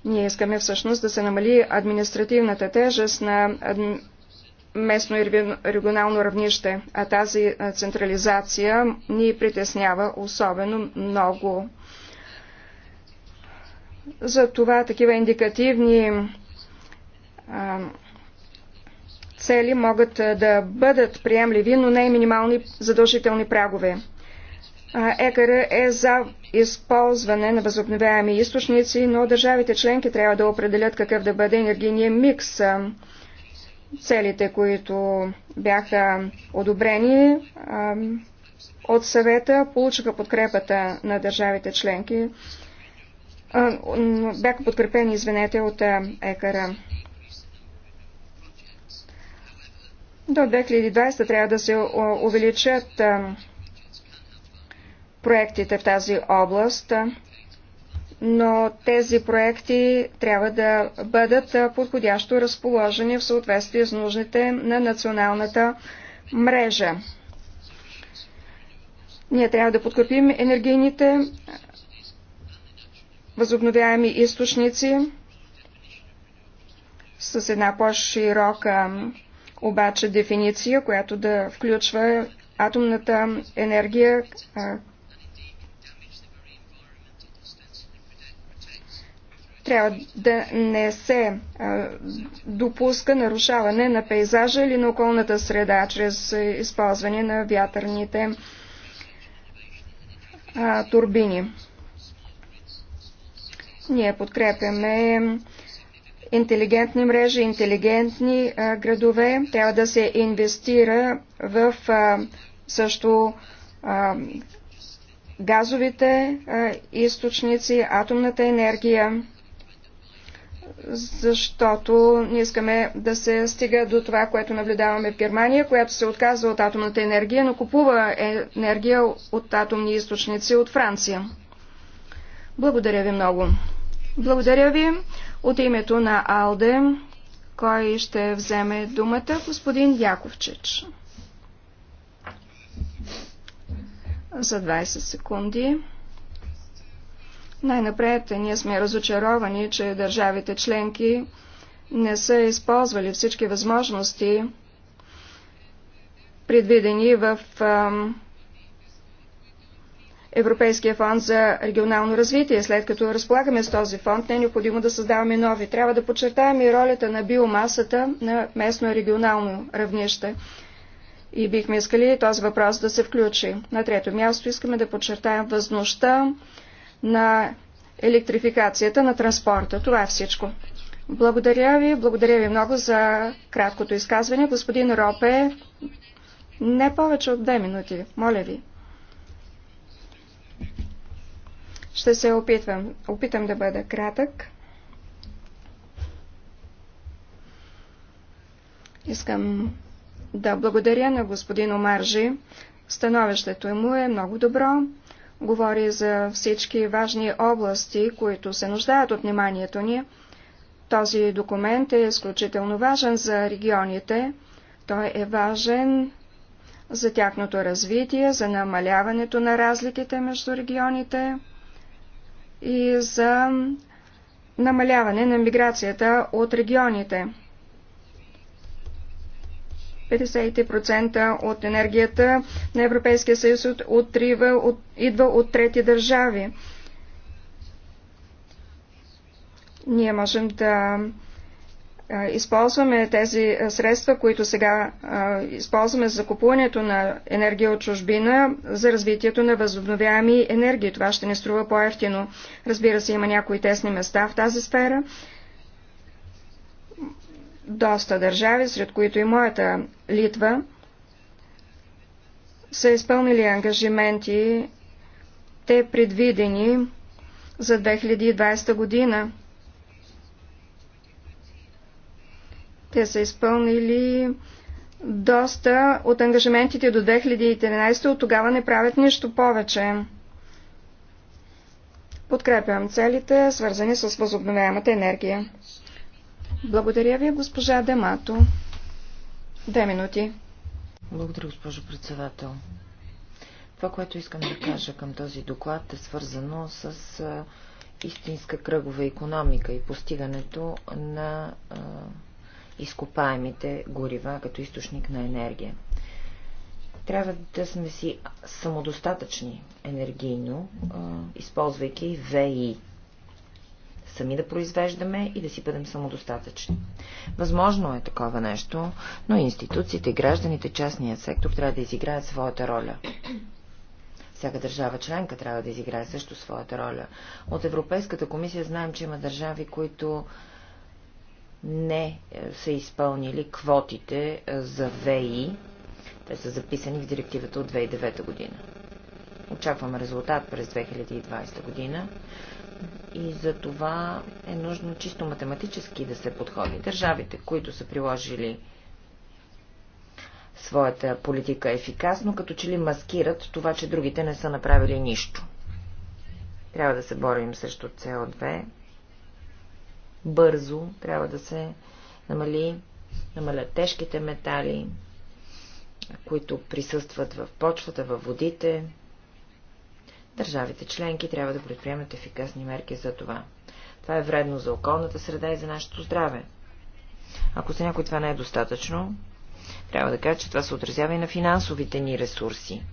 Ние искаме всъщност да се намали административната тежест на местно и регионално равнище, а тази централизация ни притеснява особено много. За това такива индикативни а, цели могат да бъдат приемливи, но не и минимални задължителни прагове. ЕКР е за използване на възобновяеми източници, но държавите членки трябва да определят какъв да бъде енергийния микс целите, които бяха одобрени от съвета, получиха подкрепата на държавите членки. Бяха подкрепени, извинете, от ЕКАРА. До 2020 трябва да се увеличат проектите в тази област но тези проекти трябва да бъдат подходящо разположени в съответствие с нужните на националната мрежа. Ние трябва да подкрепим енергийните възобновяеми източници с една по-широка обаче дефиниция, която да включва атомната енергия трябва да не се допуска нарушаване на пейзажа или на околната среда чрез използване на вятърните турбини. Ние подкрепяме интелигентни мрежи, интелигентни градове. Трябва да се инвестира в също газовите източници, атомната енергия защото не искаме да се стига до това, което наблюдаваме в Германия, която се отказва от атомната енергия, но купува енергия от атомни източници от Франция. Благодаря ви много. Благодаря ви от името на Алде. Кой ще вземе думата? Господин Яковчич. За 20 секунди. Най-напред ние сме разочаровани, че държавите членки не са използвали всички възможности, предвидени в Европейския фонд за регионално развитие. След като разполагаме с този фонд, не е необходимо да създаваме нови. Трябва да подчертаем и ролята на биомасата на местно и регионално равнище. И бихме искали този въпрос да се включи. На трето място искаме да подчертаем възможността на електрификацията на транспорта. Това е всичко. Благодаря ви, благодаря ви много за краткото изказване. Господин Ропе, не повече от две минути, моля ви. Ще се опитвам. Опитам да бъда кратък. Искам да благодаря на господин Омаржи. Становището му е много добро говори за всички важни области, които се нуждаят от вниманието ни. Този документ е изключително важен за регионите. Той е важен за тяхното развитие, за намаляването на разликите между регионите и за намаляване на миграцията от регионите. 50% от енергията на Европейския съюз от, от, идва от трети държави. Ние можем да използваме тези средства, които сега използваме за купуването на енергия от чужбина, за развитието на възобновяеми енергии. Това ще не струва по-ефтино. Разбира се, има някои тесни места в тази сфера, доста държави, сред които и моята Литва, са изпълнили ангажименти, те предвидени за 2020 година. Те са изпълнили доста от ангажиментите до 2013, от тогава не правят нищо повече. Подкрепям целите, свързани с възобновяемата енергия. Благодаря ви, госпожа Демато. Две минути. Благодаря, госпожо председател. Това, което искам да кажа към този доклад е свързано с истинска кръгова економика и постигането на изкопаемите горива като източник на енергия. Трябва да сме си самодостатъчни енергийно, използвайки ВИ сами да произвеждаме и да си бъдем самодостатъчни. Възможно е такова нещо, но институциите, гражданите, частния сектор трябва да изиграят своята роля. Всяка държава членка трябва да изиграе също своята роля. От Европейската комисия знаем, че има държави, които не е, са изпълнили квотите е, за ВИ. Те са записани в директивата от 2009 година. Очакваме резултат през 2020 година и за това е нужно чисто математически да се подходи. Държавите, които са приложили своята политика ефикасно, като че ли маскират това, че другите не са направили нищо. Трябва да се борим срещу CO2. Бързо трябва да се намали, намалят тежките метали, които присъстват в почвата, във водите, Държавите членки трябва да предприемат ефикасни мерки за това. Това е вредно за околната среда и за нашето здраве. Ако за някой това не е достатъчно, трябва да кажа, че това се отразява и на финансовите ни ресурси.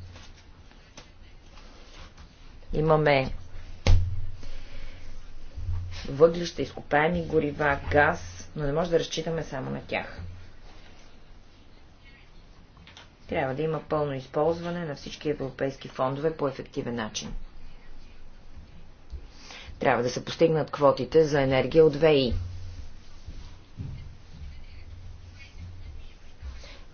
Имаме въглища, изкопаеми горива, газ, но не може да разчитаме само на тях. Трябва да има пълно използване на всички европейски фондове по ефективен начин. Трябва да се постигнат квотите за енергия от ВИ.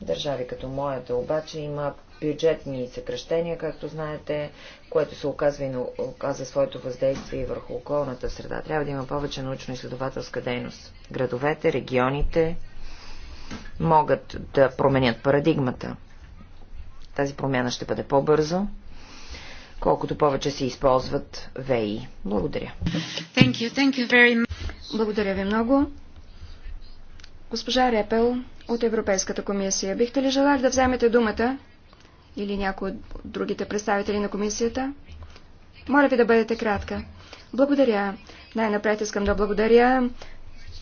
Държави като моята обаче има бюджетни съкръщения, както знаете, което се оказва и на, оказва своето въздействие върху околната среда. Трябва да има повече научно-изследователска дейност. Градовете, регионите могат да променят парадигмата. Тази промяна ще бъде по-бързо, колкото повече се използват ВИ. Благодаря. Thank you. Thank you very much. Благодаря ви много. Госпожа Репел от Европейската комисия, бихте ли желали да вземете думата или някои от другите представители на комисията? Моля ви да бъдете кратка. Благодаря. Най-напред искам да благодаря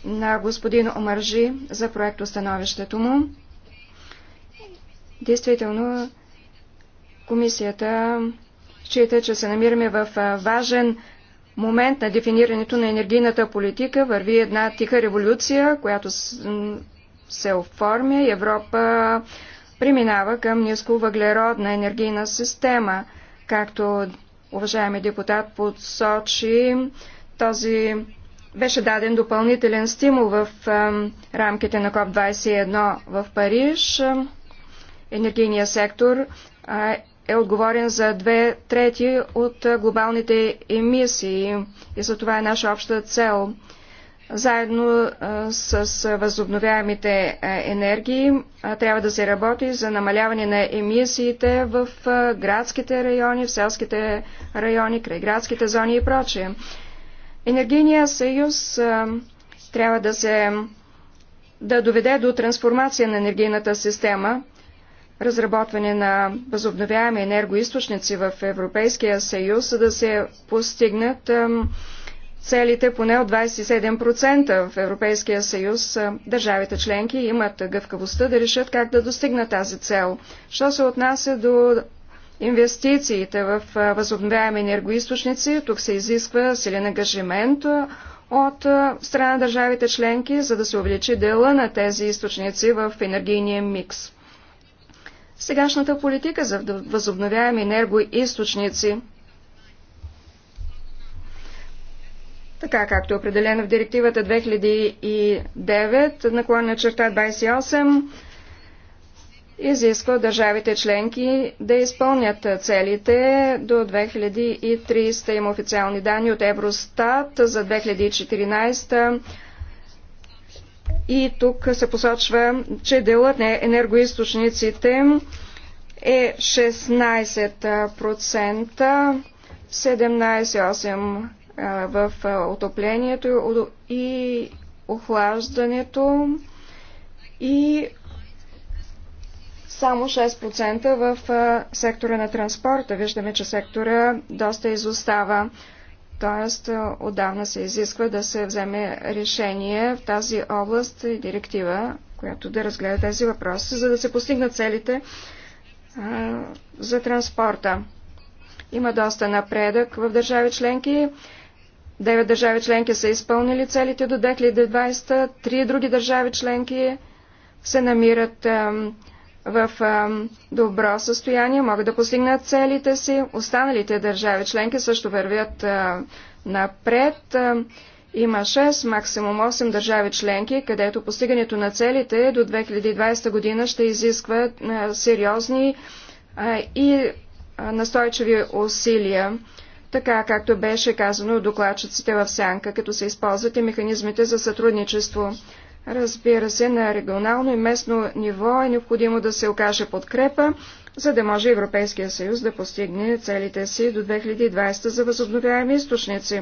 на господин Омържи за проекто становището му. Действително Комисията счита, че се намираме в важен момент на дефинирането на енергийната политика. Върви една тиха революция, която се оформя и Европа преминава към нисковъглеродна енергийна система. Както уважаеми депутат подсочи, този беше даден допълнителен стимул в рамките на КОП-21 в Париж. Енергийният сектор е отговорен за две трети от глобалните емисии и за това е наша обща цел. Заедно с възобновяемите енергии трябва да се работи за намаляване на емисиите в градските райони, в селските райони, край градските зони и прочее. Енергийният съюз трябва да се да доведе до трансформация на енергийната система, разработване на възобновяеми енергоисточници в Европейския съюз, за да се постигнат целите поне от 27% в Европейския съюз. Държавите членки имат гъвкавостта да решат как да достигнат тази цел. Що се отнася до инвестициите в възобновяеми енергоисточници, тук се изисква силен ангажимент от страна на държавите членки, за да се увеличи дела на тези източници в енергийния микс сегашната политика за възобновяеми енергоисточници, така както е определена в директивата 2009 наклонна черта 28, изисква държавите членки да изпълнят целите до 2030. Има официални данни от Евростат за 2014 и тук се посочва, че делът на енергоисточниците е 16%, 17,8% в отоплението и охлаждането и само 6% в сектора на транспорта. Виждаме, че сектора доста изостава. Т.е. отдавна се изисква да се вземе решение в тази област и директива, която да разгледа тези въпроси, за да се постигнат целите а, за транспорта. Има доста напредък в държави членки. Девет държави членки са изпълнили целите до 2020, три други държави членки се намират а, в добро състояние, могат да постигнат целите си. Останалите държави членки също вървят напред. Има 6, максимум 8 държави членки, където постигането на целите до 2020 година ще изисква сериозни и настойчиви усилия, така както беше казано от докладчиците в Сянка, като се използват и механизмите за сътрудничество. Разбира се, на регионално и местно ниво е необходимо да се окаже подкрепа, за да може Европейския съюз да постигне целите си до 2020 за възобновяеми източници.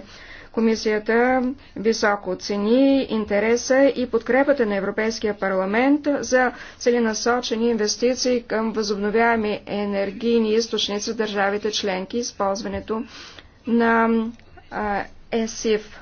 Комисията високо оцени интереса и подкрепата на Европейския парламент за целенасочени инвестиции към възобновяеми енергийни източници в държавите членки, използването на ЕСИФ.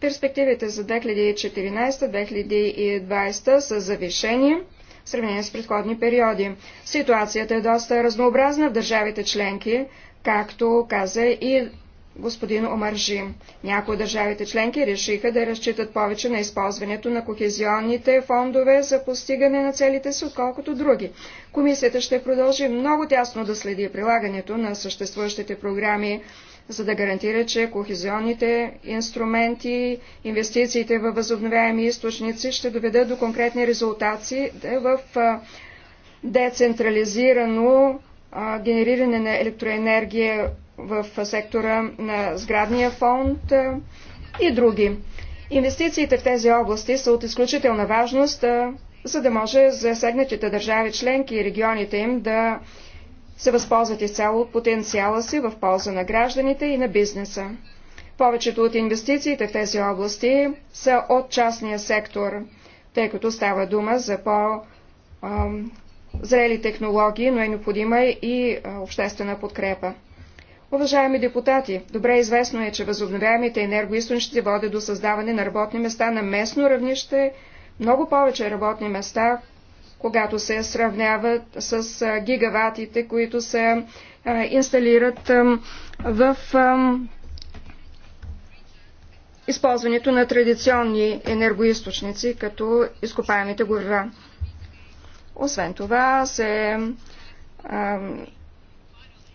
Перспективите за 2014-2020 са завишени в сравнение с предходни периоди. Ситуацията е доста разнообразна в държавите членки, както каза и господин Омаржи. Някои от държавите членки решиха да разчитат повече на използването на кохезионните фондове за постигане на целите си, отколкото други. Комисията ще продължи много тясно да следи прилагането на съществуващите програми за да гарантира, че кохезионните инструменти, инвестициите във възобновяеми източници ще доведат до конкретни резултати в децентрализирано генериране на електроенергия в сектора на сградния фонд и други. Инвестициите в тези области са от изключителна важност, за да може засегнатите държави членки и регионите им да се възползват изцяло от потенциала си в полза на гражданите и на бизнеса. Повечето от инвестициите в тези области са от частния сектор, тъй като става дума за по-зрели технологии, но е необходима и обществена подкрепа. Уважаеми депутати, добре известно е, че възобновяемите енергоисточници водят до създаване на работни места на местно равнище, много повече работни места, когато се сравняват с гигаватите, които се инсталират в използването на традиционни енергоисточници, като изкопаемите горива. Освен това се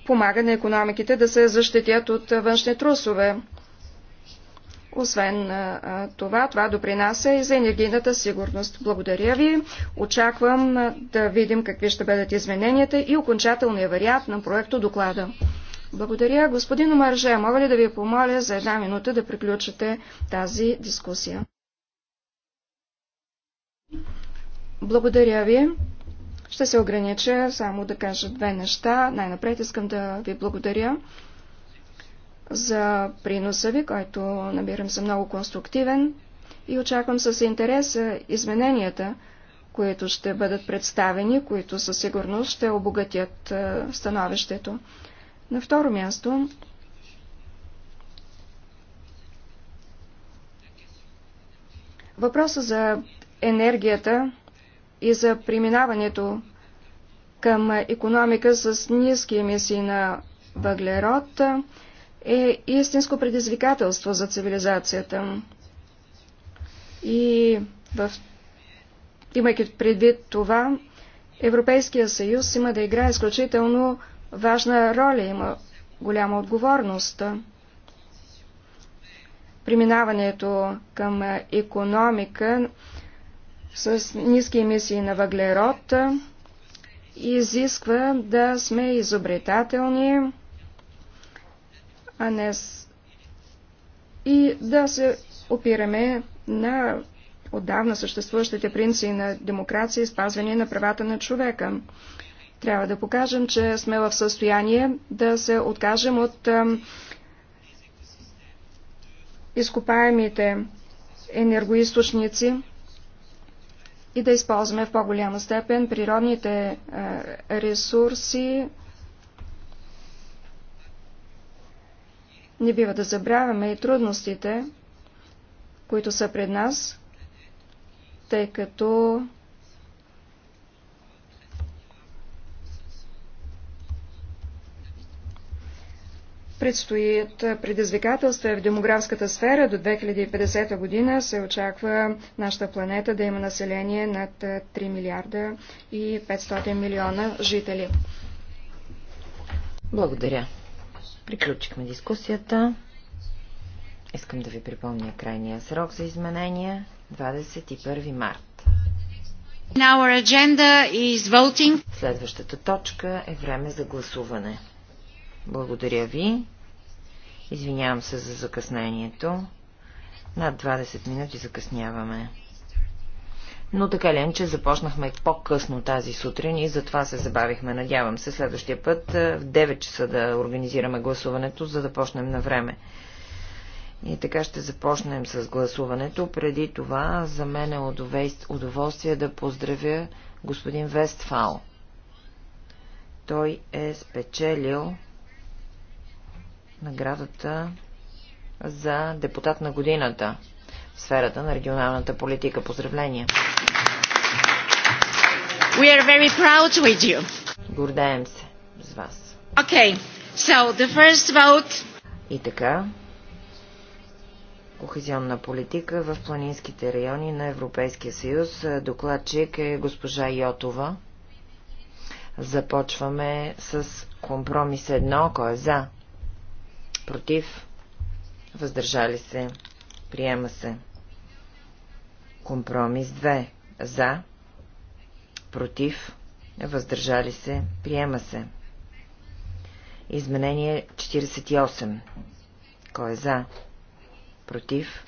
помага на економиките да се защитят от външни трусове. Освен а, това, това допринася и за енергийната сигурност. Благодаря ви. Очаквам а, да видим какви ще бъдат измененията и окончателния вариант на проекто доклада. Благодаря. Господин Омарже, мога ли да ви помоля за една минута да приключите тази дискусия? Благодаря ви. Ще се огранича само да кажа две неща. Най-напред искам да ви благодаря за приноса ви, който намирам за много конструктивен и очаквам с интерес е, измененията, които ще бъдат представени, които със сигурност ще обогатят е, становището. На второ място въпроса за енергията и за преминаването към економика с ниски емисии на въглерод е истинско предизвикателство за цивилизацията. И в... имайки предвид това, Европейския съюз има да играе изключително важна роля, има голяма отговорност. Преминаването към економика с ниски емисии на въглерод изисква да сме изобретателни, а не с... и да се опираме на отдавна съществуващите принципи на демокрация и спазване на правата на човека. Трябва да покажем, че сме в състояние да се откажем от изкопаемите енергоисточници и да използваме в по-голяма степен природните ресурси, Не бива да забравяме и трудностите, които са пред нас, тъй като Предстоят предизвикателства в демографската сфера. До 2050 година се очаква нашата планета да има население над 3 милиарда и 500 милиона жители. Благодаря. Приключихме дискусията. Искам да ви припомня крайния срок за изменения 21 март. Следващата точка е време за гласуване. Благодаря ви. Извинявам се за закъснението. Над 20 минути закъсняваме но така ли, че започнахме по-късно тази сутрин и затова се забавихме. Надявам се следващия път е, в 9 часа да организираме гласуването, за да почнем на време. И така ще започнем с гласуването. Преди това за мен е удоволствие да поздравя господин Вестфал. Той е спечелил наградата за депутат на годината сферата на регионалната политика. Поздравления! We are very proud with you. Гордеем се с вас. Okay. So the first vote... И така, кохезионна политика в планинските райони на Европейския съюз. Докладчик е госпожа Йотова. Започваме с компромис едно. Кой е за? Против? Въздържали се? Приема се. Компромис 2. За. Против. Въздържали се. Приема се. Изменение 48. Кой е за? Против.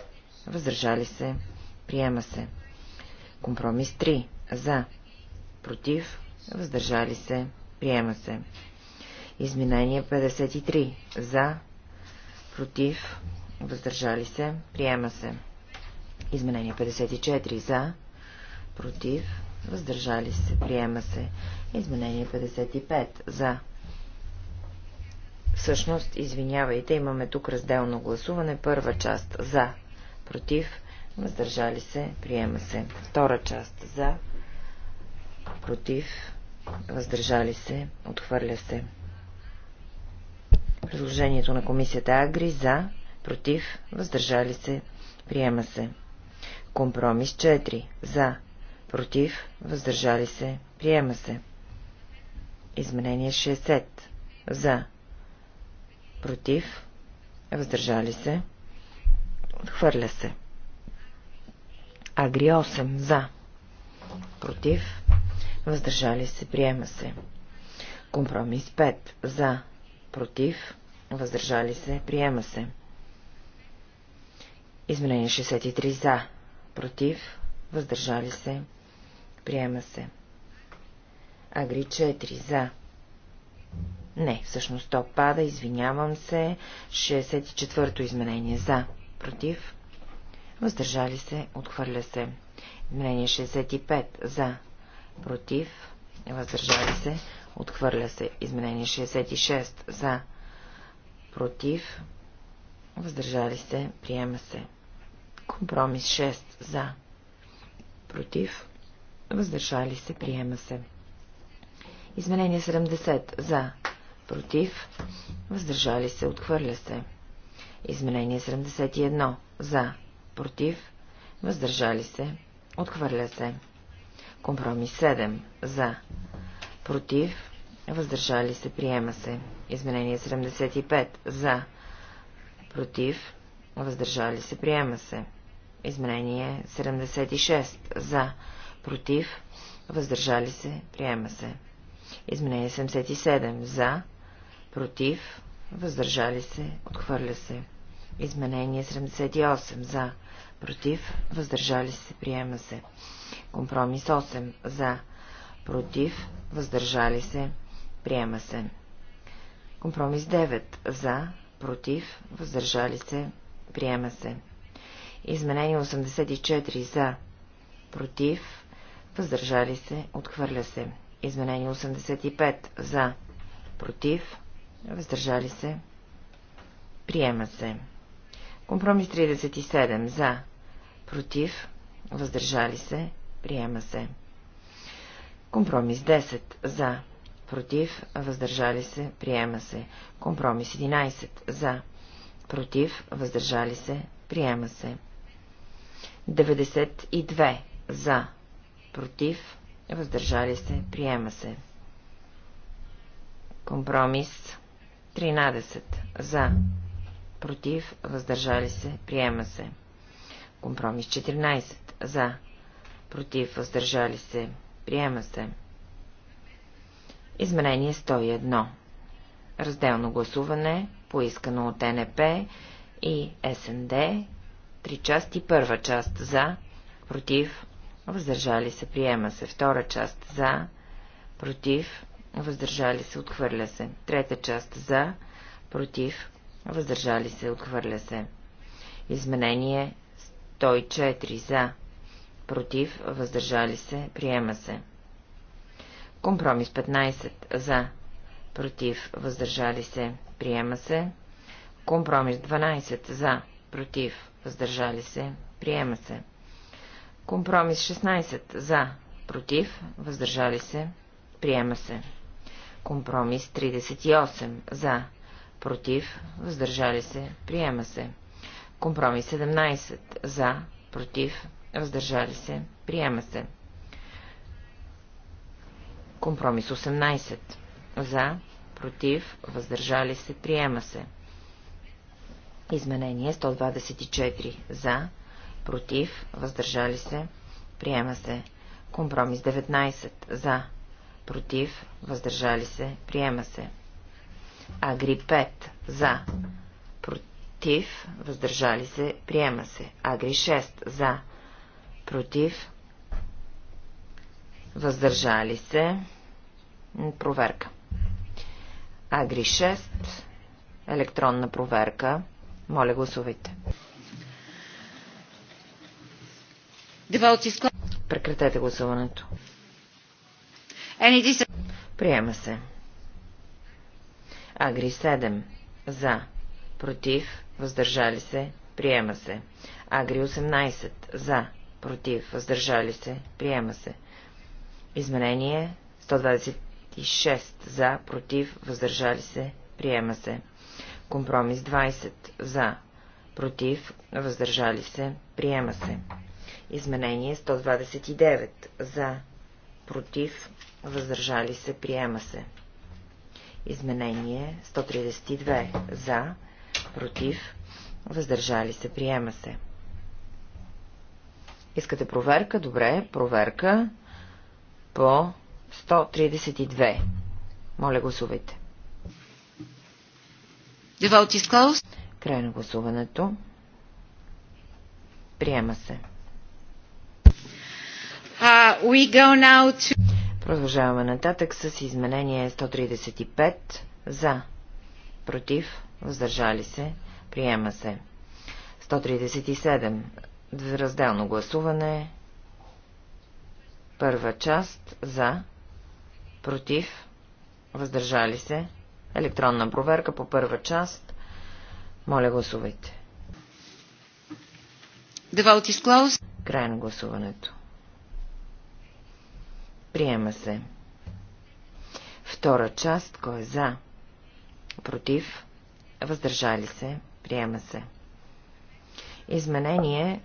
Въздържали се. Приема се. Компромис 3. За. Против. Въздържали се. Приема се. Изменение 53. За. Против. Въздържали се. Приема се. Изменение 54 за, против, въздържали се, приема се. Изменение 55 за. Всъщност, извинявайте, имаме тук разделно гласуване. Първа част за, против, въздържали се, приема се. Втора част за, против, въздържали се, отхвърля се. Предложението на комисията Агри за, против, въздържали се, приема се. Компромис 4. За. Против. Въздържали се. Приема се. Изменение 60. За. Против. Въздържали се. Хвърля се. Агри 8. За. Против. Въздържали се. Приема се. Компромис 5. За. Против. Въздържали се. Приема се. Изменение 63. За против, въздържали се, приема се. Агри 4 за. Не, всъщност то пада, извинявам се, 64-то изменение за, против, въздържали се, отхвърля се. Изменение 65 за, против, въздържали се, отхвърля се. Изменение 66 за, против, въздържали се, приема се. Компромис 6 за. Против. Въздържали се. Приема се. Изменение 70 за. Против. Въздържали се. Отхвърля се. Изменение 71 за. Против. Въздържали се. Отхвърля се. Компромис 7 за. Против. Въздържали се. Приема се. Изменение 75 за. Против. Въздържали се. Приема се. Изменение 76 за, против, въздържали се, приема се. Изменение 77 за, против, въздържали се, отхвърля се. Изменение 78 за, против, въздържали се, приема се. Компромис 8 за, против, въздържали се, приема се. Компромис 9 за, против, въздържали се, приема се. Изменение 84 за, против, въздържали се, отхвърля се. Изменение 85 за, против, въздържали се, приема се. Компромис 37 за, против, въздържали се, приема се. Компромис 10 за, против, въздържали се, приема се. Компромис 11 за, против, въздържали се, приема се. 92 за, против, въздържали се, приема се. Компромис 13 за, против, въздържали се, приема се. Компромис 14 за, против, въздържали се, приема се. Изменение 101 Разделно гласуване, поискано от НП и СНД, Три части. Първа част за, против, въздържали се, приема се. Втора част за, против, въздържали се, отхвърля се. Трета част за, против, въздържали се, отхвърля се. Изменение 104 за, против, въздържали се, приема се. Компромис 15 за, против, въздържали се, приема се. Компромис 12 за, против, въздържали се, приема се. Компромис 16 за, против, въздържали се, приема се. Компромис 38 за, против, въздържали се, приема се. Компромис 17 за, против, въздържали се, приема се. Компромис 18 за, против, въздържали се, приема се. Изменение 124 за, против, въздържали се, приема се. Компромис 19 за, против, въздържали се, приема се. Агри 5 за, против, въздържали се, приема се. Агри 6 за, против, въздържали се, проверка. Агри 6, електронна проверка. Моля, гласувайте. Прекратете гласуването. Приема се. Агри 7. За. Против. Въздържали се. Приема се. Агри 18. За. Против. Въздържали се. Приема се. Изменение 126. За. Против. Въздържали се. Приема се. Компромис 20 за, против, въздържали се, приема се. Изменение 129 за, против, въздържали се, приема се. Изменение 132 за, против, въздържали се, приема се. Искате проверка? Добре, проверка по 132. Моля, гласувайте. The vote is closed. Край на гласуването. Приема се. Uh, we go now to... Продължаваме нататък с изменение 135 за, против, въздържали се, приема се. 137. Разделно гласуване. Първа част за, против, въздържали се, Електронна проверка по първа част. Моля, гласувайте. Девалт изклауз. Край на гласуването. Приема се. Втора част. Кой е за? Против? Въздържали се? Приема се. Изменение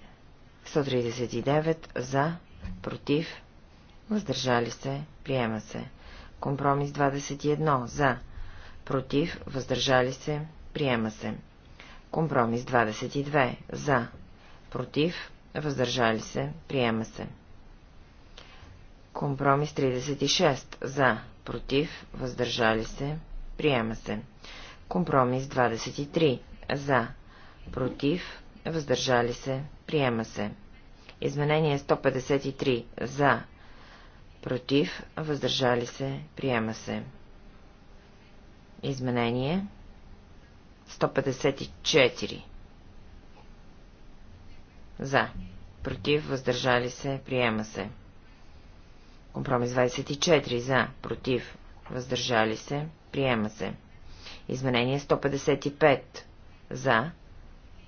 139 за, против, въздържали се, приема се. Компромис 21 за, против, въздържали се, приема се. Компромис 22. За, против, въздържали се, приема се. Компромис 36. За, против, въздържали се, приема се. Компромис 23. За, против, въздържали се, приема се. Изменение 153. За, против, въздържали се, приема се изменение 154. За. Против, въздържали се, приема се. Компромис 24. За. Против, въздържали се, приема се. Изменение 155. За.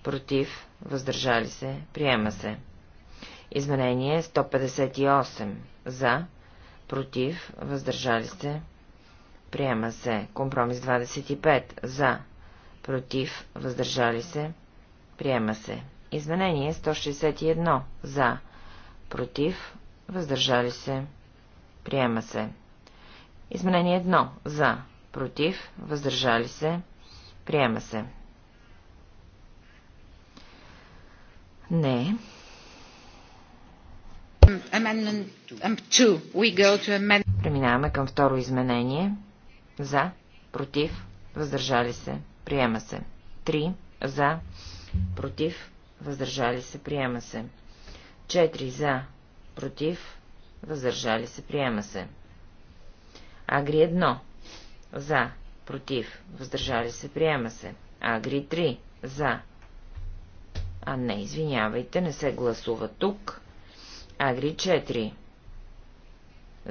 Против, въздържали се, приема се. Изменение 158. За. Против, въздържали се, Приема се. Компромис 25. За. Против. Въздържали се. Приема се. Изменение 161. За. Против. Въздържали се. Приема се. Изменение 1. За. Против. Въздържали се. Приема се. Не. Преминаваме към второ изменение. За. Против. Въздържали се. Приема се. 3. За. Против. Въздържали се. Приема се. 4. За. Против. Въздържали се. Приема се. Агри 1. За. Против. Въздържали се. Приема се. Агри 3. За. А не, извинявайте, не се гласува тук. Агри 4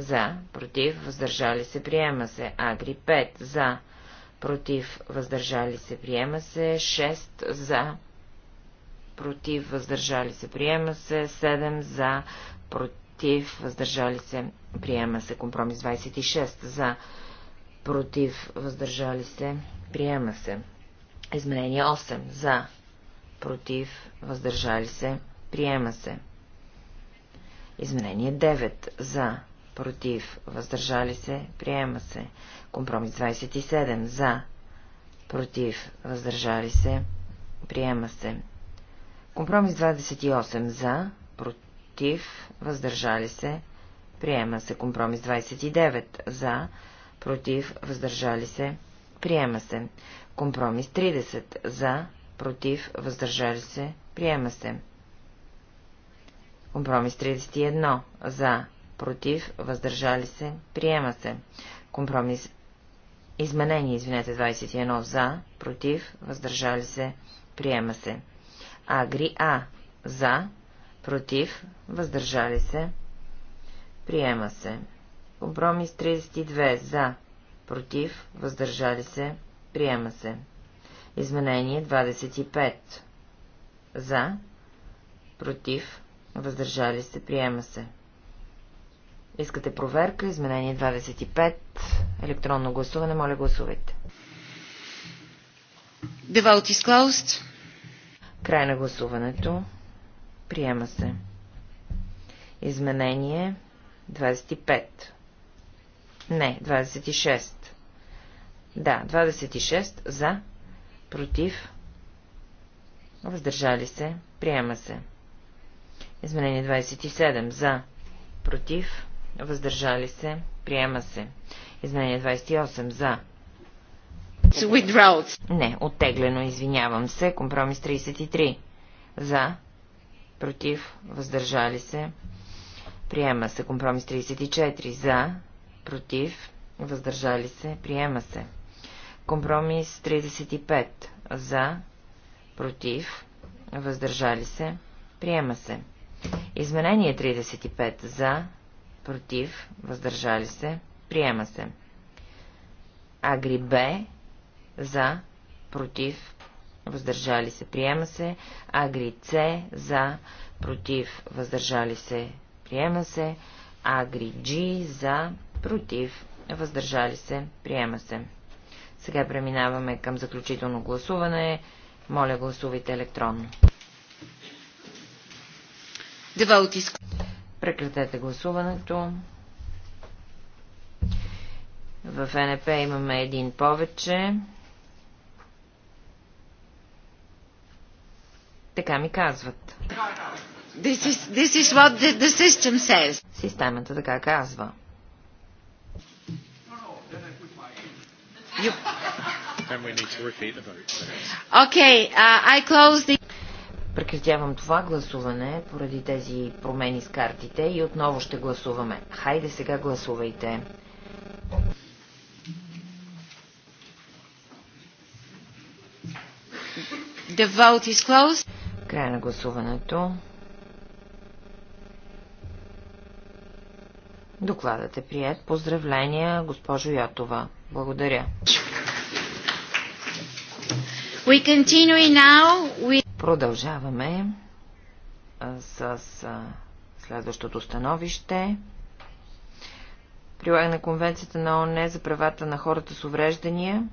за, против, въздържали се, приема се. Агри 5 за, против, въздържали се, приема се. 6 за, против, въздържали се, приема се. 7 за, против, въздържали се, приема се. Компромис 26 за, против, въздържали се, приема се. Изменение 8 за, против, въздържали се, приема се. Изменение 9 за, против, въздържали се, приема се. Компромис 27, за, против, въздържали се, приема се. Компромис 28, за, против, въздържали се, приема се. Компромис 29, за, против, въздържали се, приема се. Компромис 30, за, против, въздържали се, приема се. Компромис 31, за, против, въздържали се, приема се. Компромис Изменение, извинете, 21 за, против, въздържали се, приема се. Агри А за, против, въздържали се, приема се. Компромис 32 за, против, въздържали се, приема се. Изменение 25 за, против, въздържали се, приема се. Искате проверка. Изменение 25. Електронно гласуване. Моля, гласувайте. Девалт изклауст. Край на гласуването. Приема се. Изменение 25. Не, 26. Да, 26 за, против, въздържали се, приема се. Изменение 27 за, против, въздържали се, приема се. Изменение 28 за. Не, оттеглено, извинявам се. Компромис 33. За. Против. Въздържали се. Приема се. Компромис 34. За. Против. Въздържали се. Приема се. Компромис 35. За. Против. Въздържали се. Приема се. Изменение 35. За против, въздържали се, приема се. Агри Б, за, против, въздържали се, приема се. Агри С, за, против, въздържали се, приема се. Агри за, против, въздържали се, приема се. Сега преминаваме към заключително гласуване. Моля, гласувайте електронно. Прекратете гласуването. В НП имаме един повече. Така ми казват. This is, this is what the, the system says. Системата така казва. You... Then we need to repeat the vote. Okay, uh, I close the... Прекратявам това гласуване поради тези промени с картите и отново ще гласуваме. Хайде сега гласувайте. The vote is closed. Край на гласуването. Докладът е прият. Поздравления, госпожо Ятова. Благодаря. Продължаваме с следващото становище. Прилага на Конвенцията на ООН за правата на хората с увреждания.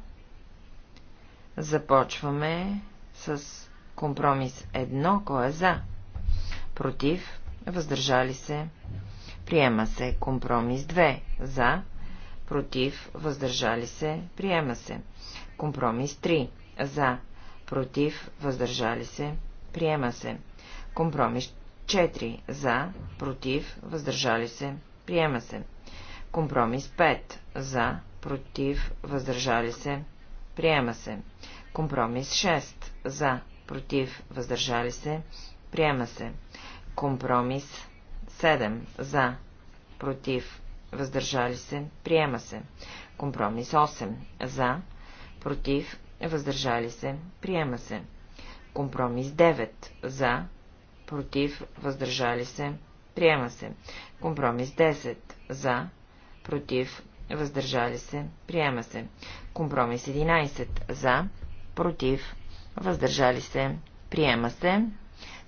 Започваме с компромис 1. Кой е за? Против? Въздържали се? Приема се. Компромис 2. За? Против? Въздържали се? Приема се. Компромис 3. За. Против. Въздържали се. Приема се. Компромис 4. За. Против. Въздържали се. Приема се. Компромис 5. За. Против. Въздържали се. Приема се. Компромис 6. За. Против. Въздържали се. Приема се. Компромис 7. За. Против. Въздържали се. Приема се. Компромис 8. За. Против въздържали се, приема се. Компромис 9 за, против, въздържали се, приема се. Компромис 10 за, против, въздържали се, приема се. Компромис 11 за, против, въздържали се, приема се.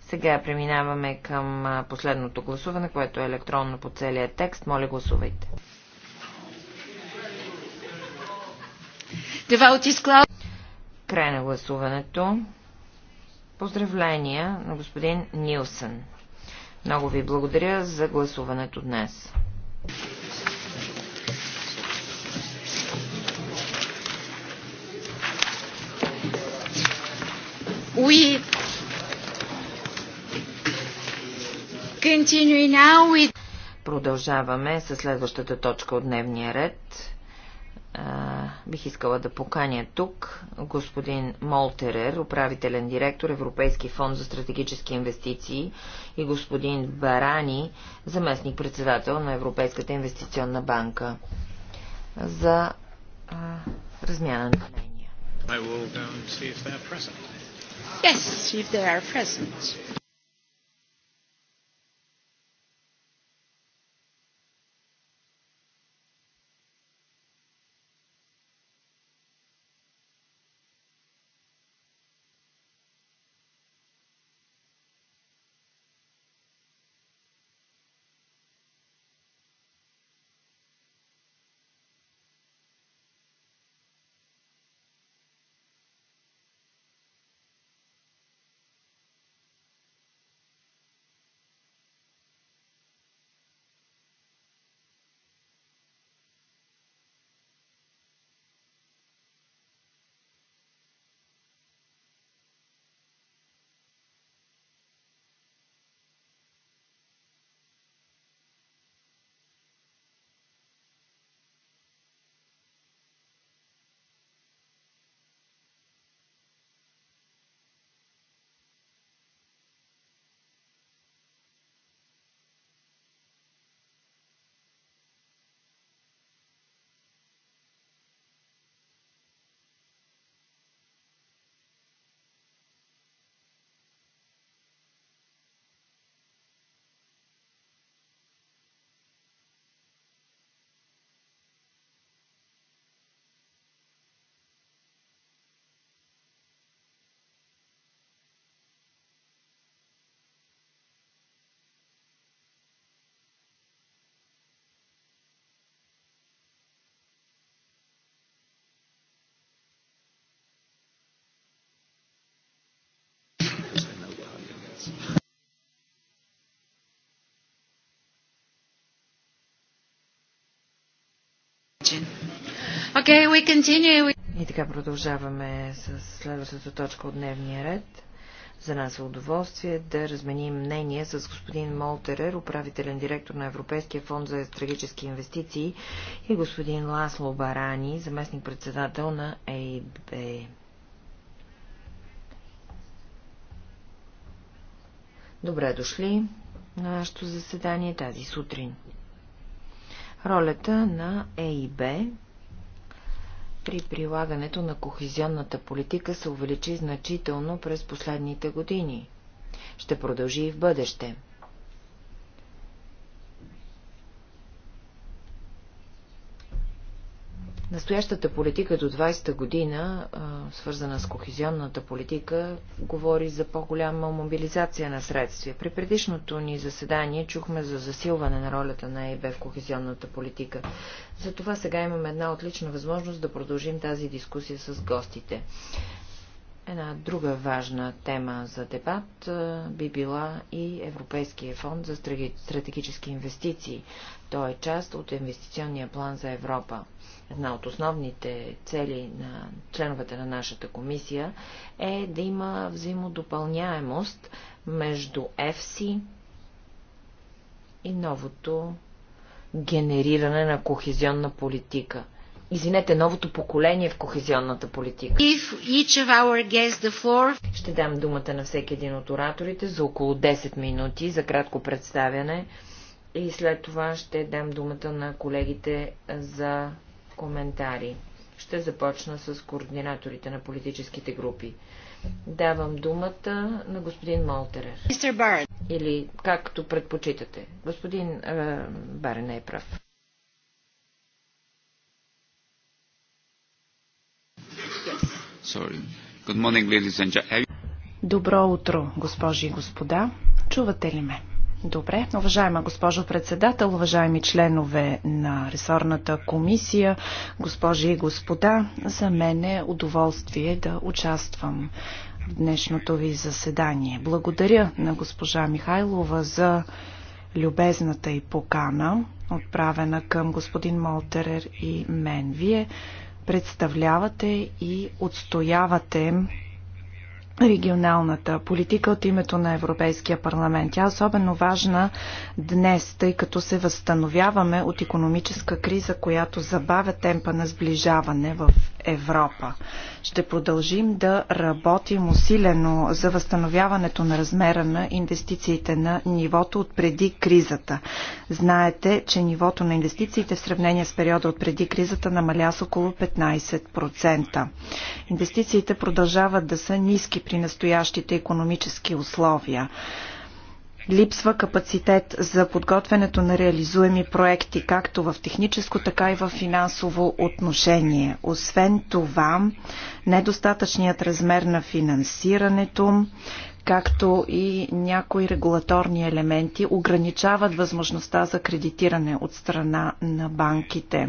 Сега преминаваме към последното гласуване, което е електронно по целия текст. Моля, гласувайте. Край на гласуването. Поздравления на господин Нилсън. Много ви благодаря за гласуването днес. We continue now with... Продължаваме с следващата точка от дневния ред бих искала да поканя тук господин Молтерер, управителен директор Европейски фонд за стратегически инвестиции и господин Барани, заместник председател на Европейската инвестиционна банка за а, размяна на мнения. Yes, if they are present. Okay, we continue. We... И така продължаваме с следващата точка от дневния ред. За нас е удоволствие да разменим мнение с господин Молтерер, управителен директор на Европейския фонд за стратегически инвестиции и господин Ласло Барани, заместник-председател на ЕИБ. Добре дошли на нашето заседание тази сутрин. Ролята на ЕИБ при прилагането на кохезионната политика се увеличи значително през последните години. Ще продължи и в бъдеще. Настоящата политика до 20-та година, свързана с кохезионната политика, говори за по-голяма мобилизация на средствия. При предишното ни заседание чухме за засилване на ролята на ЕБ в кохезионната политика. Затова сега имаме една отлична възможност да продължим тази дискусия с гостите. Една друга важна тема за дебат би била и Европейския фонд за стратегически инвестиции. Той е част от инвестиционния план за Европа. Една от основните цели на членовете на нашата комисия е да има взаимодопълняемост между ЕФСИ и новото генериране на кохезионна политика – извинете, новото поколение в кохезионната политика. Floor... Ще дам думата на всеки един от ораторите за около 10 минути за кратко представяне и след това ще дам думата на колегите за коментари. Ще започна с координаторите на политическите групи. Давам думата на господин Молтерер. Или както предпочитате. Господин uh, Барен е прав. Добро утро, госпожи и господа. Чувате ли ме? Добре. Уважаема госпожо председател, уважаеми членове на ресорната комисия, госпожи и господа, за мен е удоволствие да участвам в днешното ви заседание. Благодаря на госпожа Михайлова за любезната и покана, отправена към господин Молтерер и мен. Вие представлявате и отстоявате регионалната политика от името на Европейския парламент. Тя е особено важна днес, тъй като се възстановяваме от економическа криза, която забавя темпа на сближаване в Европа. Ще продължим да работим усилено за възстановяването на размера на инвестициите на нивото от преди кризата. Знаете, че нивото на инвестициите в сравнение с периода от преди кризата намаля с около 15%. Инвестициите продължават да са ниски при настоящите економически условия. Липсва капацитет за подготвянето на реализуеми проекти, както в техническо, така и в финансово отношение. Освен това, недостатъчният размер на финансирането, както и някои регулаторни елементи ограничават възможността за кредитиране от страна на банките.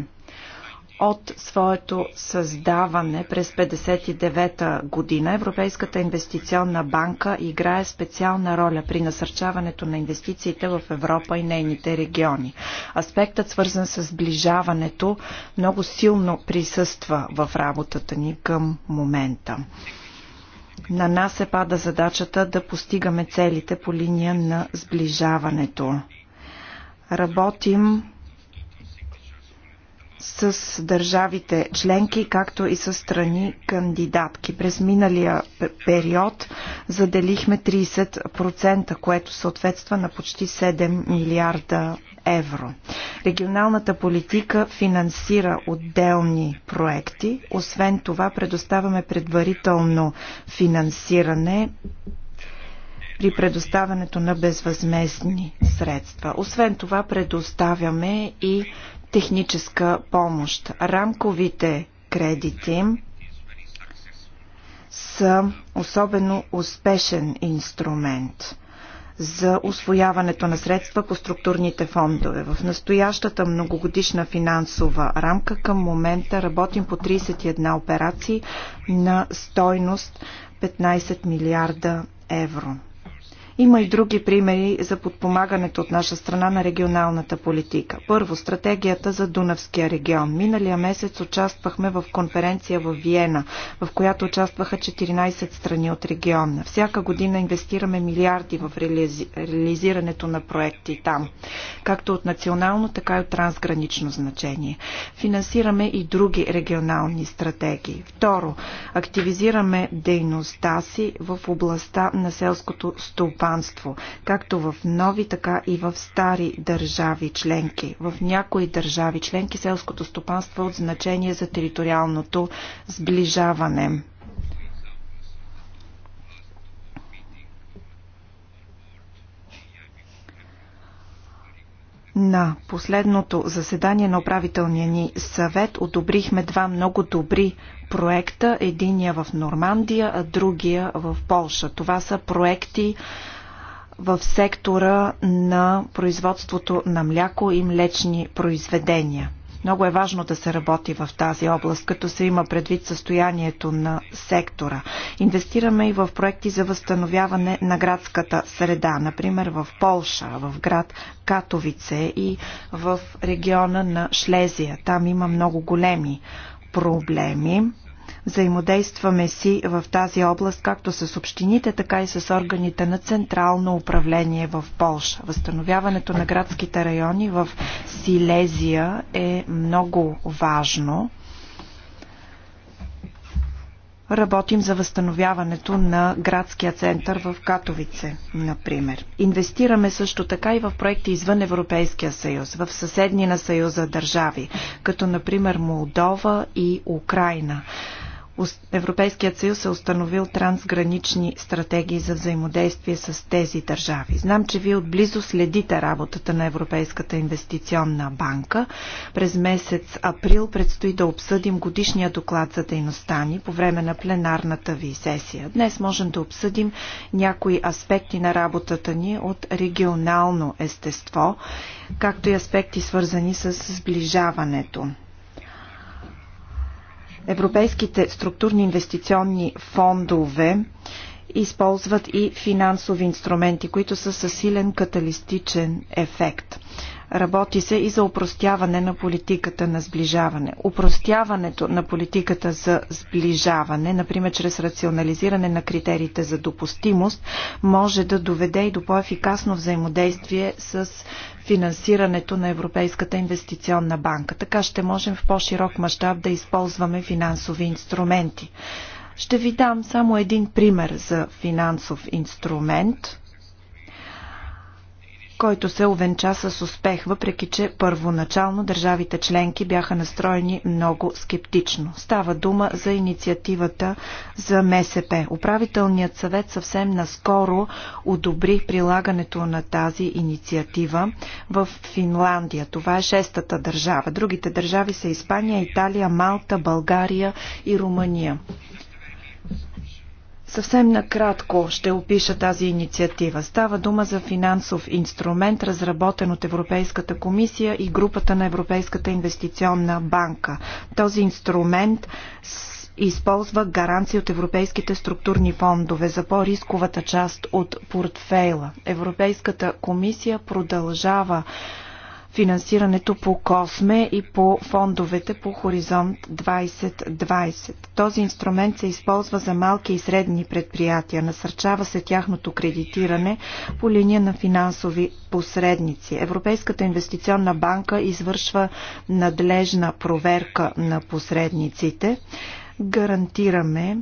От своето създаване през 1959 година Европейската инвестиционна банка играе специална роля при насърчаването на инвестициите в Европа и нейните региони. Аспектът, свързан с сближаването, много силно присъства в работата ни към момента. На нас се пада задачата да постигаме целите по линия на сближаването. Работим с държавите членки, както и с страни кандидатки. През миналия период заделихме 30%, което съответства на почти 7 милиарда евро. Регионалната политика финансира отделни проекти. Освен това, предоставяме предварително финансиране при предоставянето на безвъзместни средства. Освен това предоставяме и техническа помощ. Рамковите кредити са особено успешен инструмент за освояването на средства по структурните фондове. В настоящата многогодишна финансова рамка към момента работим по 31 операции на стойност 15 милиарда евро. Има и други примери за подпомагането от наша страна на регионалната политика. Първо, стратегията за Дунавския регион. Миналия месец участвахме в конференция в Виена, в която участваха 14 страни от региона. Всяка година инвестираме милиарди в реализирането на проекти там, както от национално, така и от трансгранично значение. Финансираме и други регионални стратегии. Второ, активизираме дейността си в областта на селското стопанство стопанство, както в нови, така и в стари държави членки. В някои държави членки селското стопанство е от значение за териториалното сближаване. На последното заседание на управителния ни съвет одобрихме два много добри проекта. Единия в Нормандия, а другия в Полша. Това са проекти в сектора на производството на мляко и млечни произведения. Много е важно да се работи в тази област, като се има предвид състоянието на сектора. Инвестираме и в проекти за възстановяване на градската среда, например в Полша, в град Катовице и в региона на Шлезия. Там има много големи проблеми. Взаимодействаме си в тази област както с общините, така и с органите на централно управление в Полша. Възстановяването на градските райони в Силезия е много важно. Работим за възстановяването на градския център в Катовице, например. Инвестираме също така и в проекти извън Европейския съюз, в съседни на съюза държави, като например Молдова и Украина. Европейският съюз е установил трансгранични стратегии за взаимодействие с тези държави. Знам, че вие отблизо следите работата на Европейската инвестиционна банка. През месец април предстои да обсъдим годишния доклад за дейността ни по време на пленарната ви сесия. Днес можем да обсъдим някои аспекти на работата ни от регионално естество, както и аспекти свързани с сближаването. Европейските структурни инвестиционни фондове използват и финансови инструменти, които са със силен каталистичен ефект. Работи се и за упростяване на политиката на сближаване. Упростяването на политиката за сближаване, например чрез рационализиране на критериите за допустимост, може да доведе и до по-ефикасно взаимодействие с финансирането на Европейската инвестиционна банка. Така ще можем в по-широк мащаб да използваме финансови инструменти. Ще ви дам само един пример за финансов инструмент който се овенча с успех, въпреки че първоначално държавите членки бяха настроени много скептично. Става дума за инициативата за МСП. Управителният съвет съвсем наскоро одобри прилагането на тази инициатива в Финландия. Това е шестата държава. Другите държави са Испания, Италия, Малта, България и Румъния. Съвсем накратко ще опиша тази инициатива. Става дума за финансов инструмент, разработен от Европейската комисия и групата на Европейската инвестиционна банка. Този инструмент използва гаранции от европейските структурни фондове за по-рисковата част от портфейла. Европейската комисия продължава финансирането по Косме и по фондовете по Хоризонт 2020. Този инструмент се използва за малки и средни предприятия. Насърчава се тяхното кредитиране по линия на финансови посредници. Европейската инвестиционна банка извършва надлежна проверка на посредниците. Гарантираме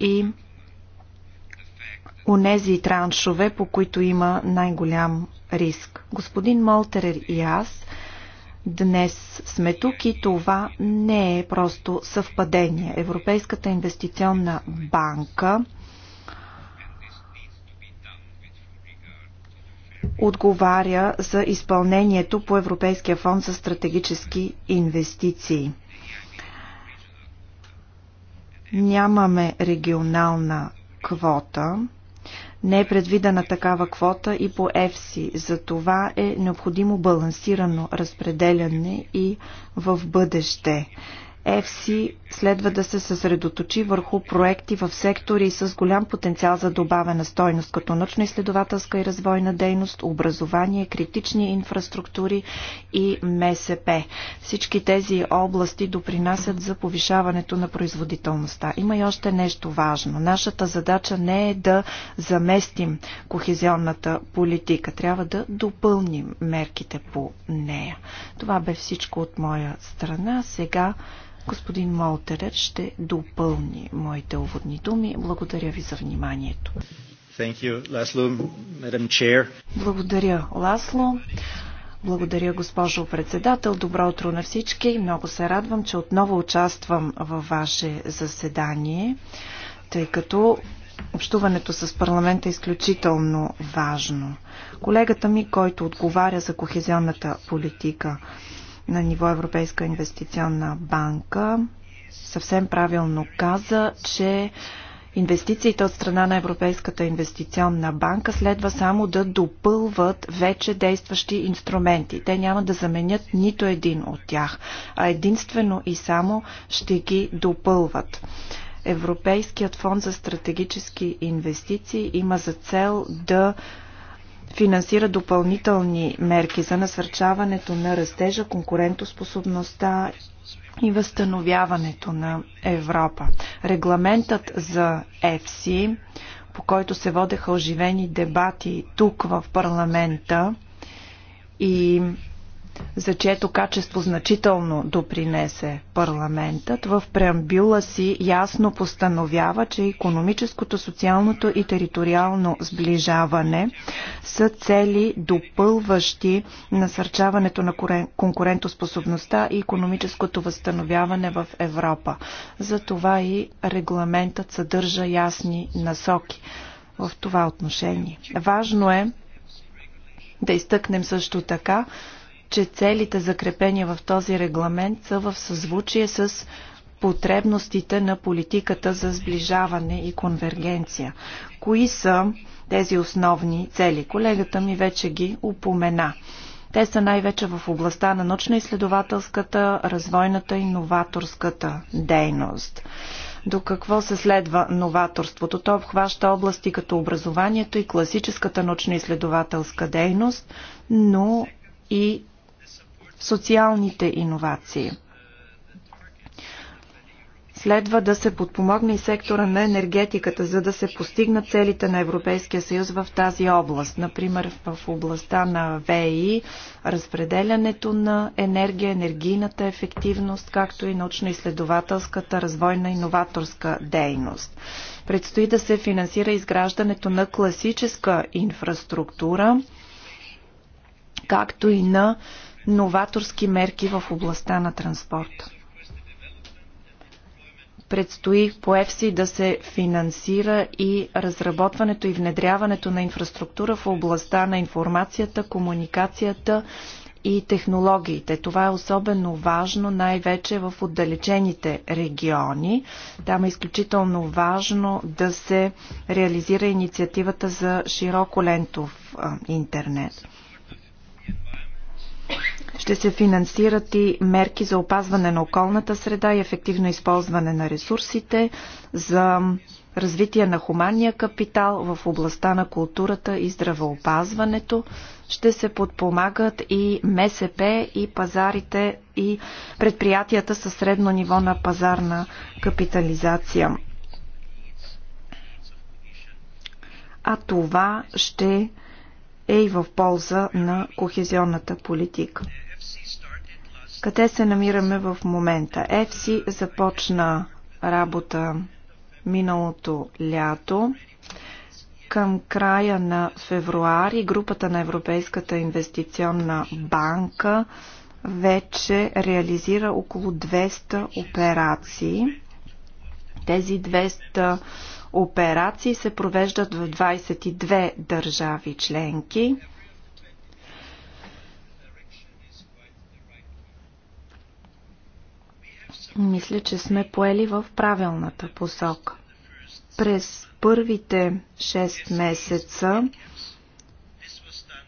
и унези траншове, по които има най-голям риск. Господин Молтерер и аз днес сме тук и това не е просто съвпадение. Европейската инвестиционна банка отговаря за изпълнението по Европейския фонд за стратегически инвестиции. Нямаме регионална квота. Не е предвидена такава квота и по ЕФСИ. За това е необходимо балансирано разпределяне и в бъдеще. ЕФСИ следва да се съсредоточи върху проекти в сектори с голям потенциал за добавена стойност, като научно-изследователска и развойна дейност, образование, критични инфраструктури и МСП. Всички тези области допринасят за повишаването на производителността. Има и още нещо важно. Нашата задача не е да заместим кохезионната политика. Трябва да допълним мерките по нея. Това бе всичко от моя страна. Сега Господин Молтерер ще допълни моите уводни думи. Благодаря ви за вниманието. You, Laszlo, Благодаря, Ласло. Благодаря, госпожо председател. Добро утро на всички. Много се радвам, че отново участвам във ваше заседание, тъй като общуването с парламента е изключително важно. Колегата ми, който отговаря за кохезионната политика на ниво Европейска инвестиционна банка съвсем правилно каза, че инвестициите от страна на Европейската инвестиционна банка следва само да допълват вече действащи инструменти. Те няма да заменят нито един от тях, а единствено и само ще ги допълват. Европейският фонд за стратегически инвестиции има за цел да финансира допълнителни мерки за насърчаването на растежа, конкурентоспособността и възстановяването на Европа. Регламентът за ЕФСИ, по който се водеха оживени дебати тук в парламента и за чието качество значително допринесе парламентът, в преамбюла си ясно постановява, че економическото, социалното и териториално сближаване са цели допълващи насърчаването на конкурентоспособността и економическото възстановяване в Европа. Затова и регламентът съдържа ясни насоки в това отношение. Важно е да изтъкнем също така, че целите закрепени в този регламент са в съзвучие с потребностите на политиката за сближаване и конвергенция. Кои са тези основни цели? Колегата ми вече ги упомена. Те са най-вече в областта на научно-изследователската, развойната и новаторската дейност. До какво се следва новаторството? То обхваща области като образованието и класическата научно-изследователска дейност, но и социалните иновации. Следва да се подпомогне и сектора на енергетиката, за да се постигнат целите на Европейския съюз в тази област. Например, в областта на ВИ, разпределянето на енергия, енергийната ефективност, както и научно-изследователската развойна иноваторска дейност. Предстои да се финансира изграждането на класическа инфраструктура, както и на новаторски мерки в областта на транспорта. Предстои по ЕФСИ да се финансира и разработването и внедряването на инфраструктура в областта на информацията, комуникацията и технологиите. Това е особено важно най-вече в отдалечените региони. Там е изключително важно да се реализира инициативата за широко лентов интернет. Ще се финансират и мерки за опазване на околната среда и ефективно използване на ресурсите, за развитие на хуманния капитал в областта на културата и здравеопазването. Ще се подпомагат и МСП и пазарите и предприятията със средно ниво на пазарна капитализация. А това ще е и в полза на кохезионната политика. Къде се намираме в момента? ЕФСИ започна работа миналото лято. Към края на февруари групата на Европейската инвестиционна банка вече реализира около 200 операции. Тези 200 операции се провеждат в 22 държави членки. Мисля, че сме поели в правилната посока. През първите 6 месеца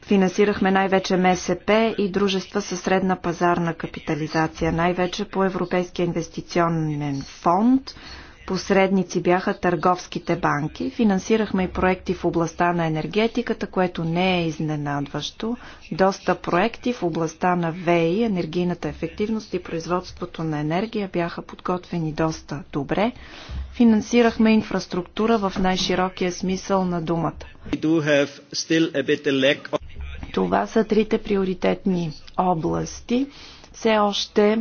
финансирахме най-вече МСП и дружества със средна пазарна капитализация, най-вече по Европейския инвестиционен фонд – Посредници бяха търговските банки. Финансирахме и проекти в областта на енергетиката, което не е изненадващо. Доста проекти в областта на ВЕИ, енергийната ефективност и производството на енергия бяха подготвени доста добре. Финансирахме инфраструктура в най-широкия смисъл на думата. Това са трите приоритетни области. Все още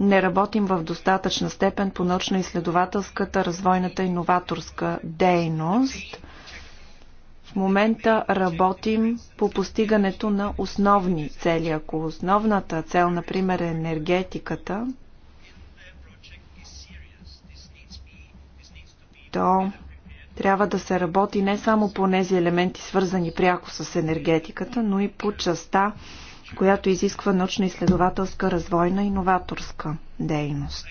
не работим в достатъчна степен по научно-изследователската, развойната и новаторска дейност. В момента работим по постигането на основни цели. Ако основната цел, например, е енергетиката, то трябва да се работи не само по тези елементи, свързани пряко с енергетиката, но и по частта която изисква научно-изследователска, развойна и новаторска дейност.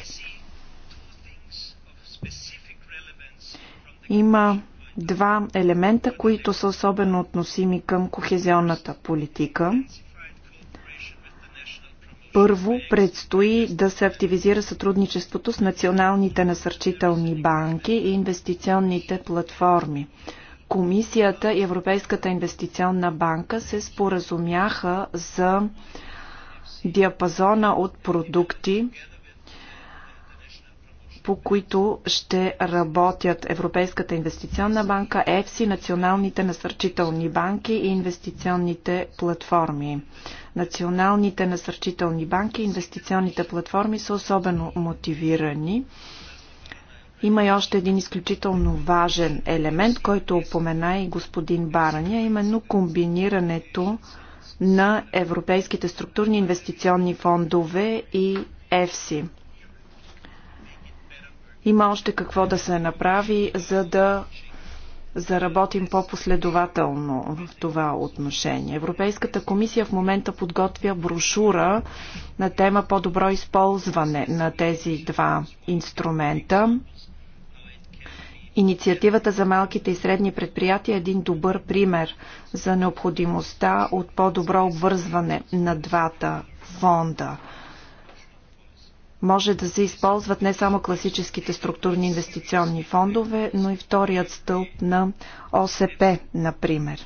Има два елемента, които са особено относими към кохезионната политика. Първо, предстои да се активизира сътрудничеството с националните насърчителни банки и инвестиционните платформи. Комисията и Европейската инвестиционна банка се споразумяха за диапазона от продукти, по които ще работят Европейската инвестиционна банка, ЕФСИ, националните насърчителни банки и инвестиционните платформи. Националните насърчителни банки и инвестиционните платформи са особено мотивирани. Има и още един изключително важен елемент, който упомена и господин Бараня, именно комбинирането на европейските структурни инвестиционни фондове и ЕФСИ. Има още какво да се направи, за да заработим по-последователно в това отношение. Европейската комисия в момента подготвя брошура на тема по-добро използване на тези два инструмента. Инициативата за малките и средни предприятия е един добър пример за необходимостта от по-добро обвързване на двата фонда. Може да се използват не само класическите структурни инвестиционни фондове, но и вторият стълб на ОСП, например.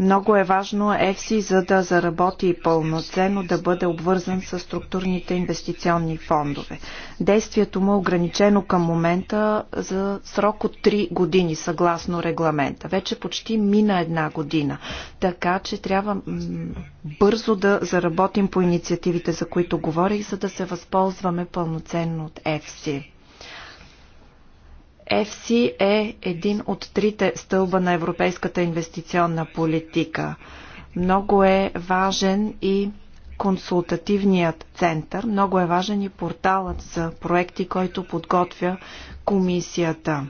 Много е важно ЕФСИ, за да заработи пълноценно, да бъде обвързан с структурните инвестиционни фондове. Действието му е ограничено към момента за срок от 3 години, съгласно регламента. Вече почти мина една година, така че трябва бързо да заработим по инициативите, за които говорих, за да се възползваме пълноценно от ЕФСИ. ЕФСИ е един от трите стълба на европейската инвестиционна политика. Много е важен и консултативният център, много е важен и порталът за проекти, който подготвя комисията.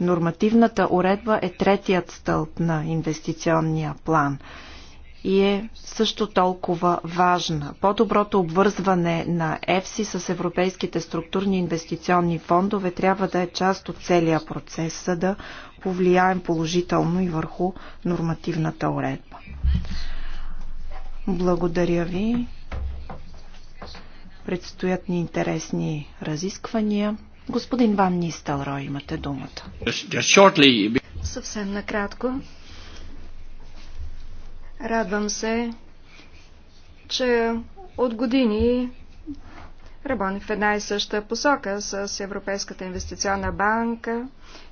Нормативната уредба е третият стълб на инвестиционния план – и е също толкова важна. По-доброто обвързване на ЕФСИ с европейските структурни инвестиционни фондове трябва да е част от целия процес, за да повлияем положително и върху нормативната уредба. Благодаря ви. Предстоят ни интересни разисквания. Господин Ван Нистелро, имате думата. Съвсем накратко. Радвам се, че от години работим в една и съща посока с Европейската инвестиционна банка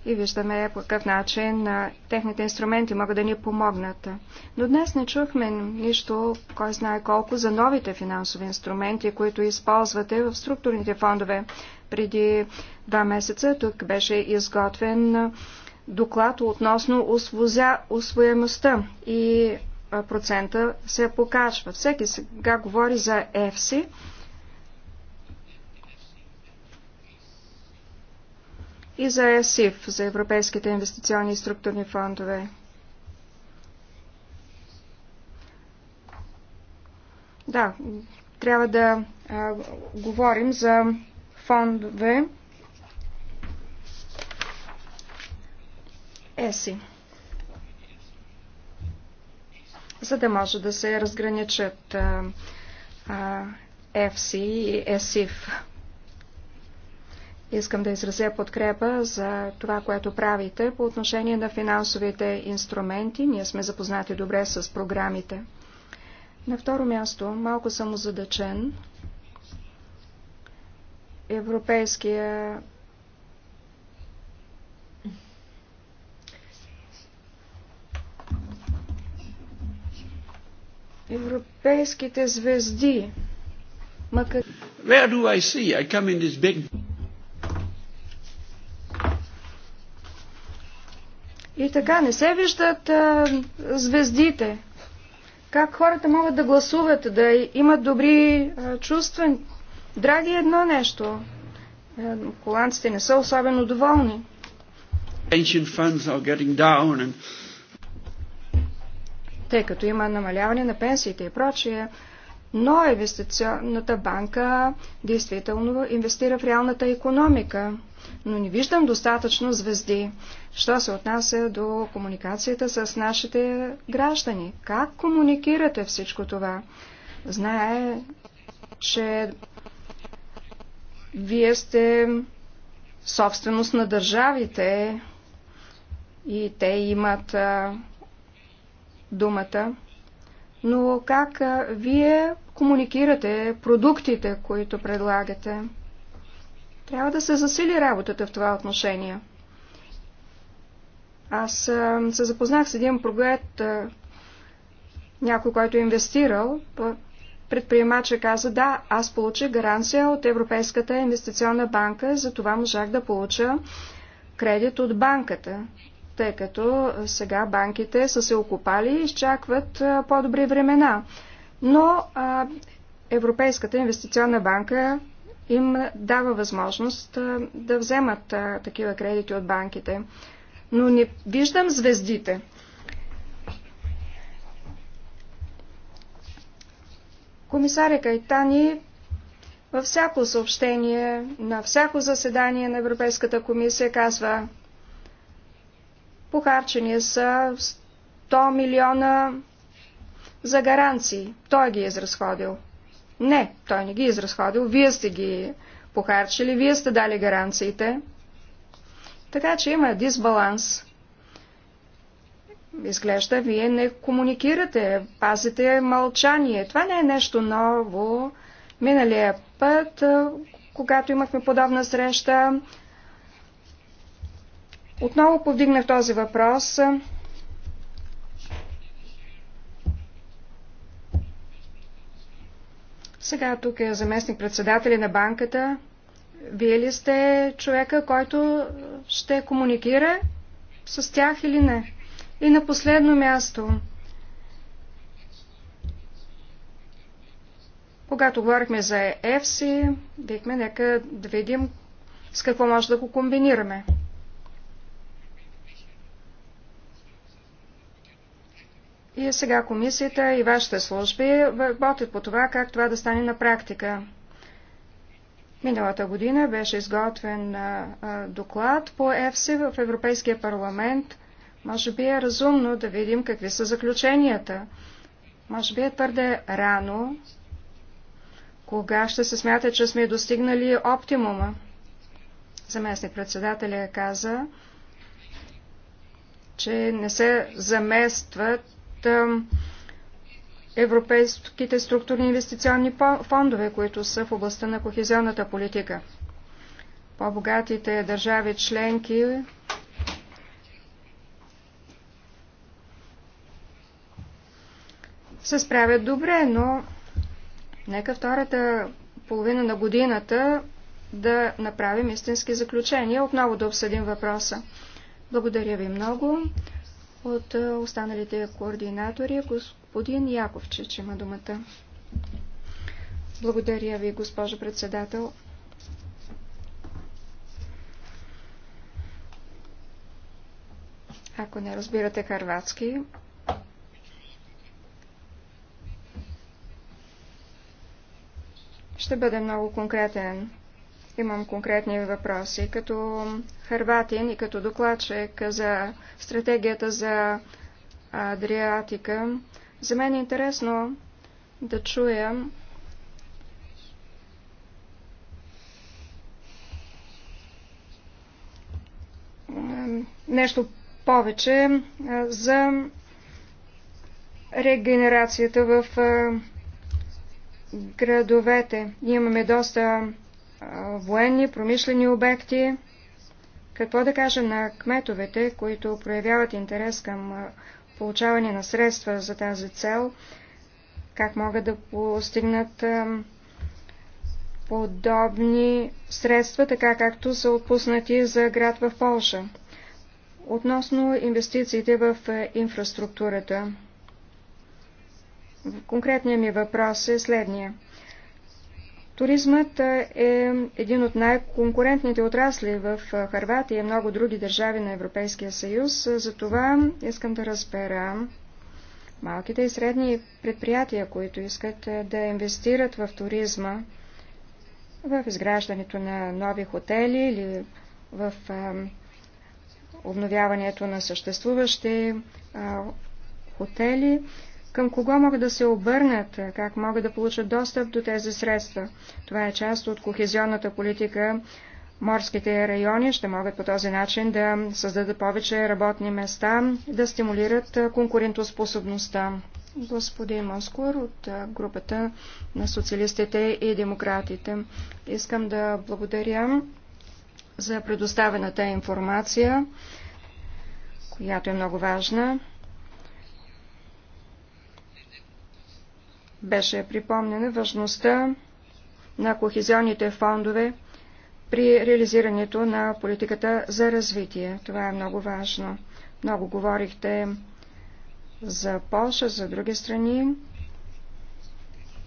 и виждаме по какъв начин техните инструменти могат да ни помогнат. Но днес не чухме нищо, кой знае колко, за новите финансови инструменти, които използвате в структурните фондове. Преди два месеца тук беше изготвен доклад относно освояемостта и процента се покачва. Всеки сега говори за FC. и за ЕСИФ, за Европейските инвестиционни и структурни фондове. Да, трябва да а, говорим за фондове ЕСИ за да може да се разграничат FC и ESIF. Искам да изразя подкрепа за това, което правите по отношение на финансовите инструменти. Ние сме запознати добре с програмите. На второ място, малко съм озадачен. Европейския Европейските звезди. Макар... Where do I see? I come in this big... И така, не се виждат а, звездите. Как хората могат да гласуват, да имат добри а, чувства? Драги е едно нещо. А, е, холандците не са особено доволни. Ancient funds are getting down and тъй като има намаляване на пенсиите и прочие. Но инвестиционната банка действително инвестира в реалната економика. Но не виждам достатъчно звезди, що се отнася до комуникацията с нашите граждани. Как комуникирате всичко това? Знае, че вие сте собственост на държавите и те имат думата. Но как вие комуникирате продуктите, които предлагате? Трябва да се засили работата в това отношение. Аз се запознах с един проект, някой, който е инвестирал. Предприемача каза, да, аз получих гаранция от Европейската инвестиционна банка, за това можах да получа кредит от банката тъй като сега банките са се окупали и изчакват по-добри времена. Но а, Европейската инвестиционна банка им дава възможност а, да вземат а, такива кредити от банките. Но не виждам звездите. Комисаря Кайтани във всяко съобщение, на всяко заседание на Европейската комисия казва Похарчени са 100 милиона за гаранции. Той ги е изразходил. Не, той не ги е изразходил. Вие сте ги похарчили, вие сте дали гаранциите. Така че има дисбаланс. Изглежда, вие не комуникирате, пазите мълчание. Това не е нещо ново. Миналия път, когато имахме подобна среща, отново повдигнах този въпрос. Сега тук е заместник председатели на банката. Вие ли сте човека, който ще комуникира с тях или не? И на последно място, когато говорихме за EFSI, бихме нека да видим с какво може да го комбинираме. И сега комисията и вашите служби работят по това, как това да стане на практика. Миналата година беше изготвен доклад по ЕФСИ в Европейския парламент. Може би е разумно да видим какви са заключенията. Може би е твърде рано, кога ще се смята, че сме достигнали оптимума. Заместник председателя каза, че не се заместват европейските структурни инвестиционни фондове, които са в областта на кохезионната политика. По-богатите държави членки се справят добре, но нека втората половина на годината да направим истински заключения. Отново да обсъдим въпроса. Благодаря ви много от е, останалите координатори. Господин Яковчич има думата. Благодаря ви, госпожо председател. Ако не разбирате харватски, ще бъде много конкретен. Имам конкретни въпроси. Като Харватин и като докладчик за стратегията за Адриатика, за мен е интересно да чуя нещо повече за регенерацията в градовете. Ние имаме доста военни, промишлени обекти. Какво да кажа на кметовете, които проявяват интерес към получаване на средства за тази цел? Как могат да постигнат подобни средства, така както са отпуснати за град в Полша? Относно инвестициите в инфраструктурата. Конкретният ми въпрос е следния. Туризмът е един от най-конкурентните отрасли в Харватия и много други държави на Европейския съюз. Затова искам да разбера малките и средни предприятия, които искат да инвестират в туризма, в изграждането на нови хотели или в обновяването на съществуващи хотели, към кого могат да се обърнат? Как могат да получат достъп до тези средства? Това е част от кохезионната политика. Морските райони ще могат по този начин да създадат повече работни места, да стимулират конкурентоспособността. Господин Москор от групата на социалистите и демократите. Искам да благодаря за предоставената информация, която е много важна. Беше припомнена важността на кохезионните фондове при реализирането на политиката за развитие. Това е много важно. Много говорихте за Польша, за други страни.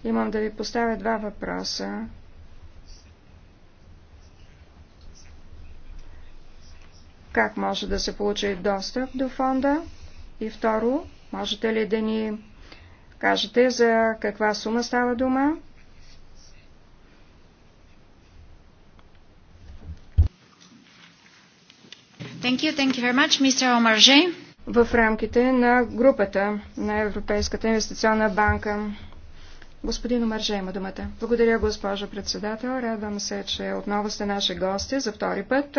Имам да ви поставя два въпроса. Как може да се получи достъп до фонда? И второ, можете ли да ни кажете за каква сума става дума? Thank you, thank you very much, Mr. В рамките на групата на Европейската инвестиционна банка. Господин Омарже има думата. Благодаря, госпожо председател. Радвам се, че отново сте наши гости за втори път.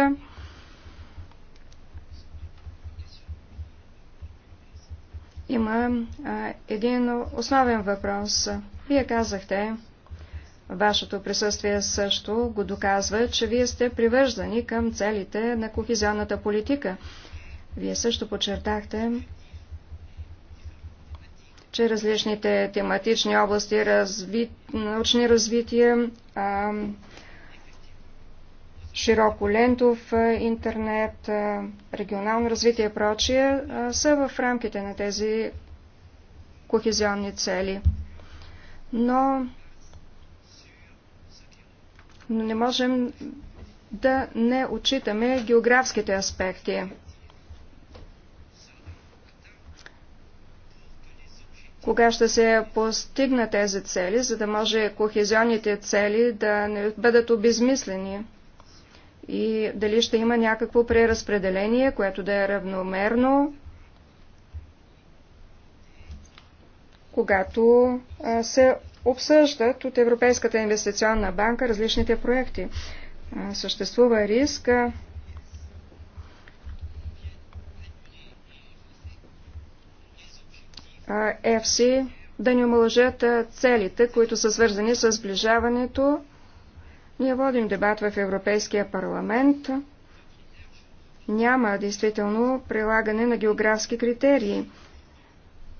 Има а, един основен въпрос. Вие казахте, вашето присъствие също го доказва, че вие сте привързани към целите на кохезионната политика. Вие също подчертахте, че различните тематични области, разви... научни развития, а, широко лентов интернет, регионално развитие и прочие, са в рамките на тези кохезионни цели. Но, но не можем да не отчитаме географските аспекти. Кога ще се постигна тези цели, за да може кохезионните цели да не бъдат обезмислени? и дали ще има някакво преразпределение, което да е равномерно, когато се обсъждат от Европейската инвестиционна банка различните проекти. Съществува риск ЕФСИ да ни омалъжат целите, които са свързани с сближаването ние водим дебат в Европейския парламент. Няма действително прилагане на географски критерии.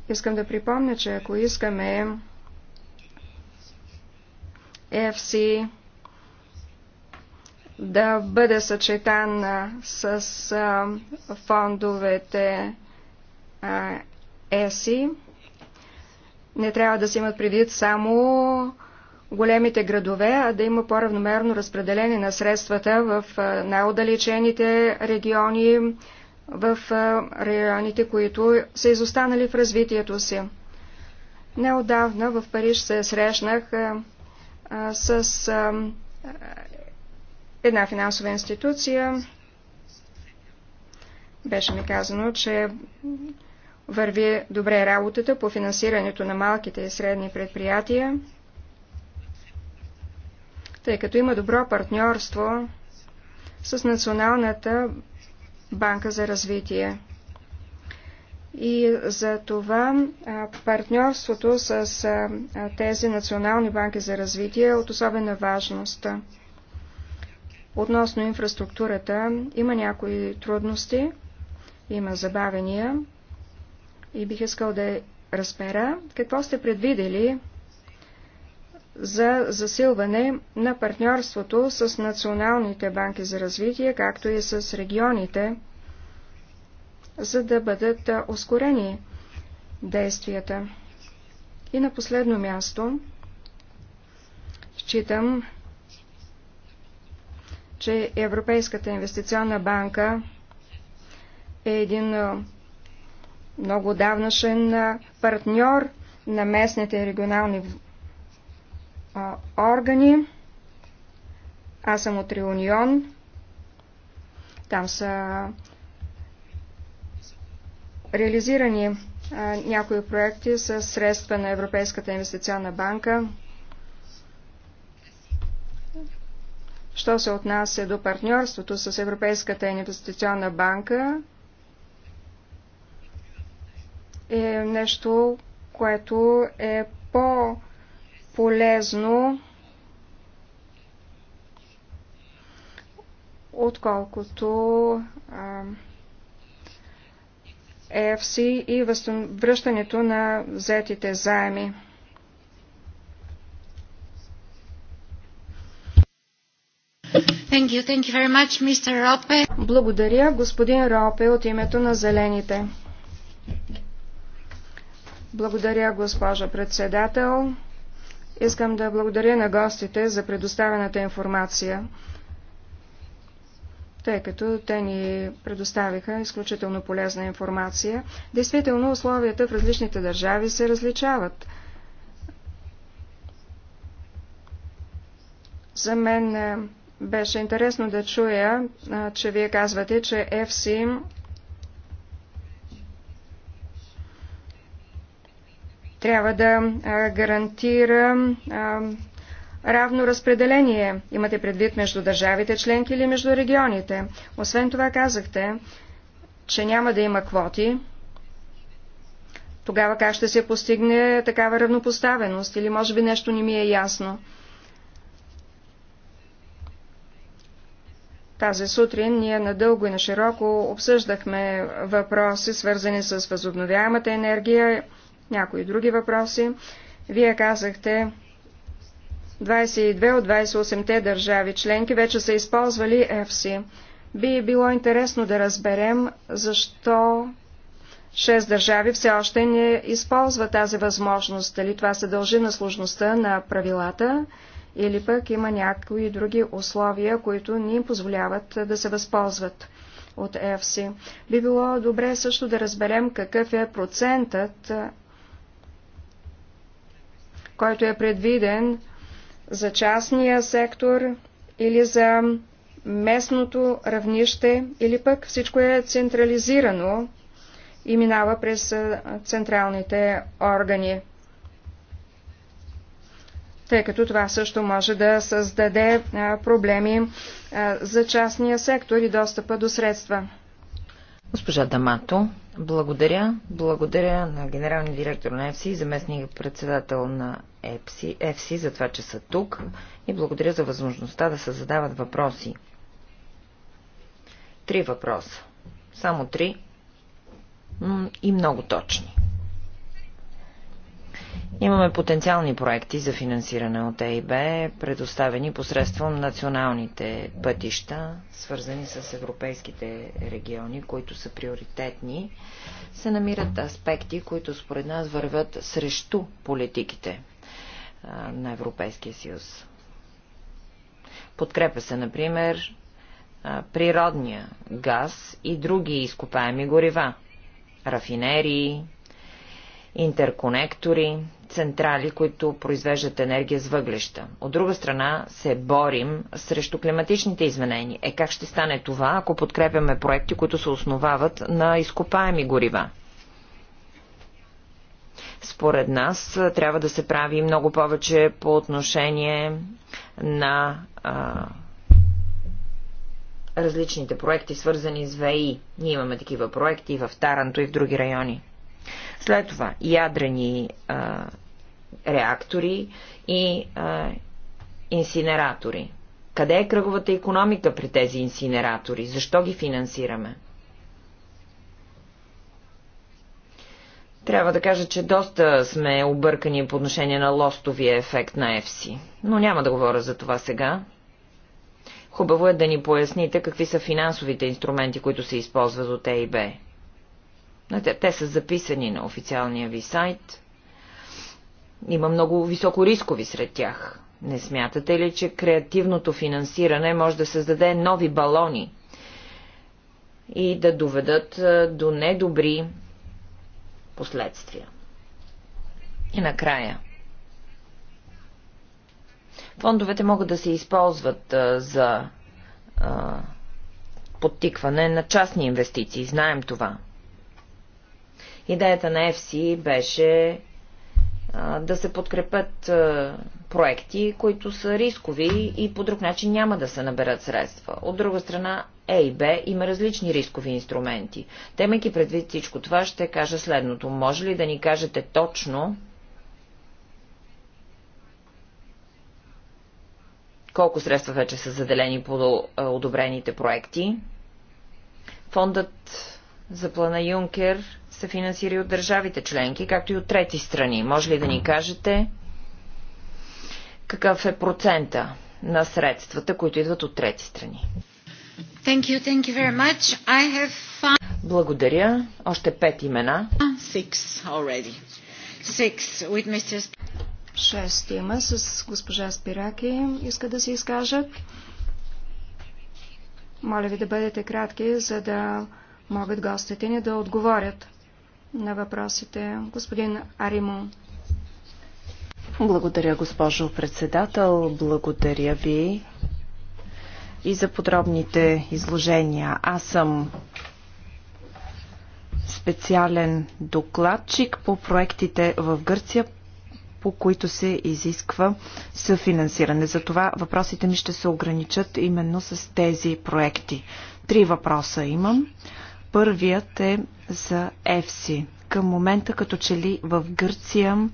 Искам да припомня, че ако искаме FC да бъде съчетан с фондовете ЕСИ, не трябва да се имат предвид само големите градове, а да има по-равномерно разпределение на средствата в най-отдалечените региони, в районите, които са изостанали в развитието си. Неодавна в Париж се срещнах с една финансова институция. Беше ми казано, че върви добре работата по финансирането на малките и средни предприятия тъй като има добро партньорство с Националната банка за развитие. И за това партньорството с тези национални банки за развитие е от особена важност. Относно инфраструктурата има някои трудности, има забавения и бих искал да разбера какво сте предвидели за засилване на партньорството с националните банки за развитие, както и с регионите, за да бъдат ускорени действията. И на последно място, считам, че Европейската инвестиционна банка е един много давнашен партньор на местните и регионални а, органи. Аз съм от Реунион. Там са реализирани а, някои проекти с средства на Европейската инвестиционна банка. Що се отнася до партньорството с Европейската инвестиционна банка, е нещо, което е по- полезно, отколкото ЕФС и връщането на взетите заеми. Thank you, thank you very much, Mr. Rope. Благодаря, господин Ропе, от името на Зелените. Благодаря, госпожа председател. Искам да благодаря на гостите за предоставената информация, тъй като те ни предоставиха изключително полезна информация. Действително, условията в различните държави се различават. За мен е, беше интересно да чуя, че вие казвате, че ФСИМ. трябва да гарантира равно разпределение. Имате предвид между държавите членки или между регионите. Освен това казахте, че няма да има квоти. Тогава как ще се постигне такава равнопоставеност? Или може би нещо не ми е ясно. Тази сутрин ние надълго и на широко обсъждахме въпроси, свързани с възобновяемата енергия някои други въпроси. Вие казахте, 22 от 28-те държави членки вече са използвали ЕФСИ. Би било интересно да разберем защо 6 държави все още не използва тази възможност. Дали това се дължи на сложността на правилата или пък има някои други условия, които ни позволяват да се възползват от ЕФСИ. Би било добре също да разберем какъв е процентът който е предвиден за частния сектор или за местното равнище, или пък всичко е централизирано и минава през централните органи. Тъй като това също може да създаде проблеми за частния сектор и достъпа до средства. Госпожа Дамато, благодаря. Благодаря на генералния директор на ЕФСИ и заместник председател на ЕПСИ, ЕФСИ за това, че са тук и благодаря за възможността да се задават въпроси. Три въпроса. Само три. И много точни. Имаме потенциални проекти за финансиране от ЕИБ, предоставени посредством националните пътища, свързани с европейските региони, които са приоритетни. Се намират аспекти, които според нас вървят срещу политиките на Европейския съюз. Подкрепя се, например, природния газ и други изкопаеми горива, рафинерии, интерконектори, централи, които произвеждат енергия с въглеща. От друга страна се борим срещу климатичните изменения. Е как ще стане това, ако подкрепяме проекти, които се основават на изкопаеми горива? Според нас трябва да се прави много повече по отношение на а, различните проекти, свързани с ВИ. Ние имаме такива проекти в Таранто и в други райони. След това ядрени а, реактори и а, инсинератори. Къде е кръговата економика при тези инсинератори? Защо ги финансираме? Трябва да кажа, че доста сме объркани по отношение на лостовия ефект на ЕФСИ, но няма да говоря за това сега. Хубаво е да ни поясните какви са финансовите инструменти, които се използват от ЕИБ. Те са записани на официалния ви сайт. Има много високо рискови сред тях. Не смятате ли, че креативното финансиране може да създаде нови балони и да доведат до недобри последствия. И накрая. Фондовете могат да се използват а, за а, подтикване на частни инвестиции. Знаем това. Идеята на FC беше а, да се подкрепят а, проекти, които са рискови и по друг начин няма да се наберат средства. От друга страна, Е и Б има различни рискови инструменти. Темайки предвид всичко това, ще кажа следното. Може ли да ни кажете точно колко средства вече са заделени по е, одобрените проекти? Фондът за плана Юнкер се финансира и от държавите членки, както и от трети страни. Може ли да ни кажете какъв е процента на средствата, които идват от трети страни. Thank you, thank you very much. I have five... Благодаря. Още пет имена. Six already. Six with Mr. Шест има с госпожа Спираки. Иска да се изкажат. Моля ви да бъдете кратки, за да могат гостите ни да отговорят на въпросите. Господин Аримон. Благодаря, госпожо председател. Благодаря ви и за подробните изложения. Аз съм специален докладчик по проектите в Гърция, по които се изисква съфинансиране. Затова въпросите ми ще се ограничат именно с тези проекти. Три въпроса имам. Първият е за ЕФСИ. Към момента, като че ли в Гърция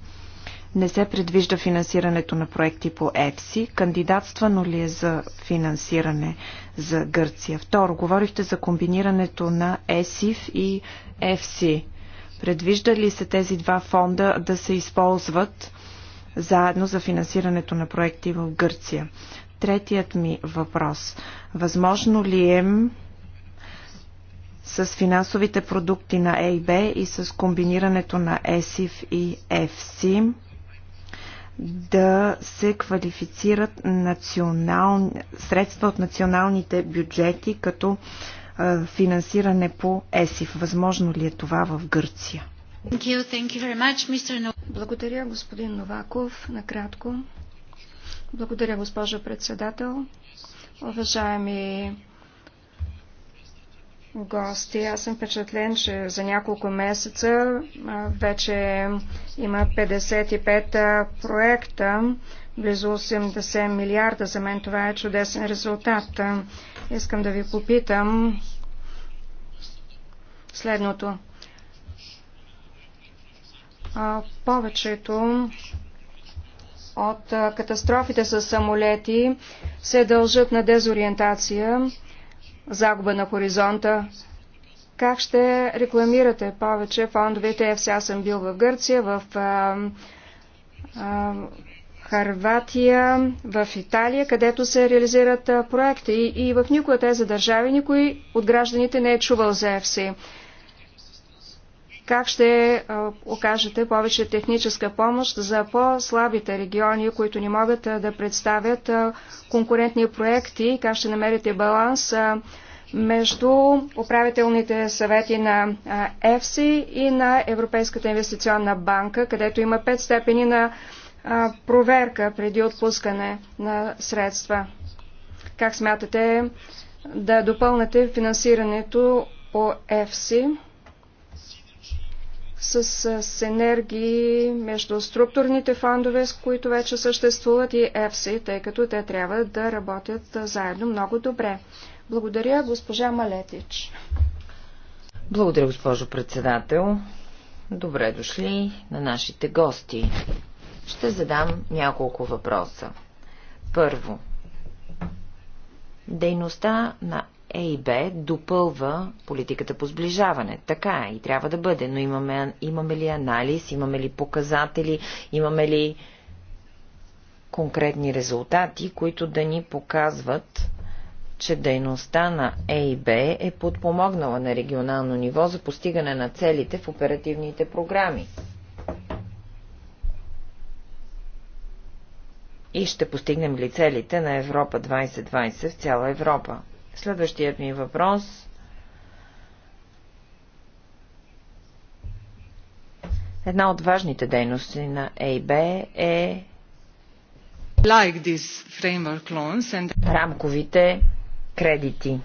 не се предвижда финансирането на проекти по ЕФСИ. Кандидатствано ли е за финансиране за Гърция? Второ, говорихте за комбинирането на ЕСИФ и ЕФСИ. Предвижда ли се тези два фонда да се използват заедно за финансирането на проекти в Гърция? Третият ми въпрос. Възможно ли е с финансовите продукти на ЕИБ и с комбинирането на ЕСИФ и ЕФСИМ да се квалифицират национал... средства от националните бюджети като а, финансиране по ЕСИФ. Възможно ли е това в Гърция? Thank you, thank you much, Благодаря, господин Новаков. Накратко. Благодаря, госпожо председател. Уважаеми гости. Аз съм впечатлен, че за няколко месеца вече има 55 проекта, близо 80 милиарда. За мен това е чудесен резултат. Искам да ви попитам следното. Повечето от катастрофите с самолети се дължат на дезориентация загуба на хоризонта. Как ще рекламирате повече фондовете? Сега съм бил в Гърция, в а, а, Харватия, в Италия, където се реализират проекти. И, и в никоя тези държави никой от гражданите не е чувал за ЕФСИ как ще окажете повече техническа помощ за по-слабите региони, които не могат да представят конкурентни проекти, как ще намерите баланс между управителните съвети на ЕФСИ и на Европейската инвестиционна банка, където има пет степени на проверка преди отпускане на средства. Как смятате да допълнете финансирането по ЕФСИ? с, синергии между структурните фондове, с които вече съществуват и ЕФСИ, тъй като те трябва да работят заедно много добре. Благодаря, госпожа Малетич. Благодаря, госпожо председател. Добре дошли на нашите гости. Ще задам няколко въпроса. Първо. Дейността на Б допълва политиката по сближаване. Така е и трябва да бъде, но имаме, имаме ли анализ, имаме ли показатели, имаме ли конкретни резултати, които да ни показват, че дейността на ЕИБ е подпомогнала на регионално ниво за постигане на целите в оперативните програми. И ще постигнем ли целите на Европа 2020 в цяла Европа? Следващият ми въпрос Една от важните дейности на ЕИБ е like this framework loans and... рамковите кредити.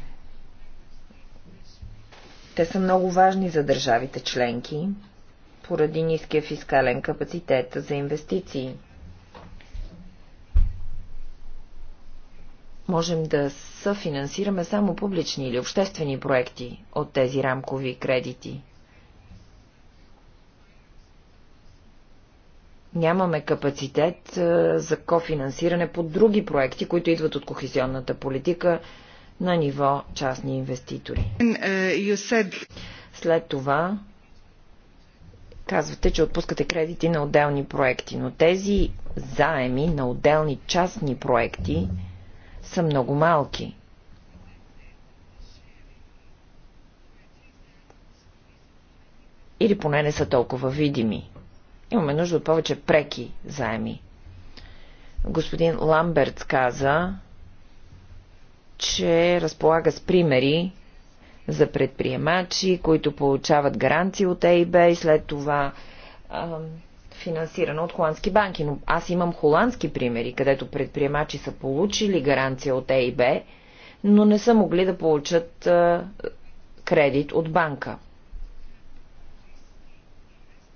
Те са много важни за държавите членки, поради ниския фискален капацитет за инвестиции. можем да съфинансираме само публични или обществени проекти от тези рамкови кредити. Нямаме капацитет е, за кофинансиране по други проекти, които идват от кохезионната политика на ниво частни инвеститори. Е, След това казвате, че отпускате кредити на отделни проекти, но тези заеми на отделни частни проекти са много малки. Или поне не са толкова видими. Имаме нужда от повече преки заеми. Господин Ламберт каза, че разполага с примери за предприемачи, които получават гаранции от ЕИБ и след това финансирана от холандски банки. Но аз имам холандски примери, където предприемачи са получили гаранция от ЕИБ, но не са могли да получат а, кредит от банка.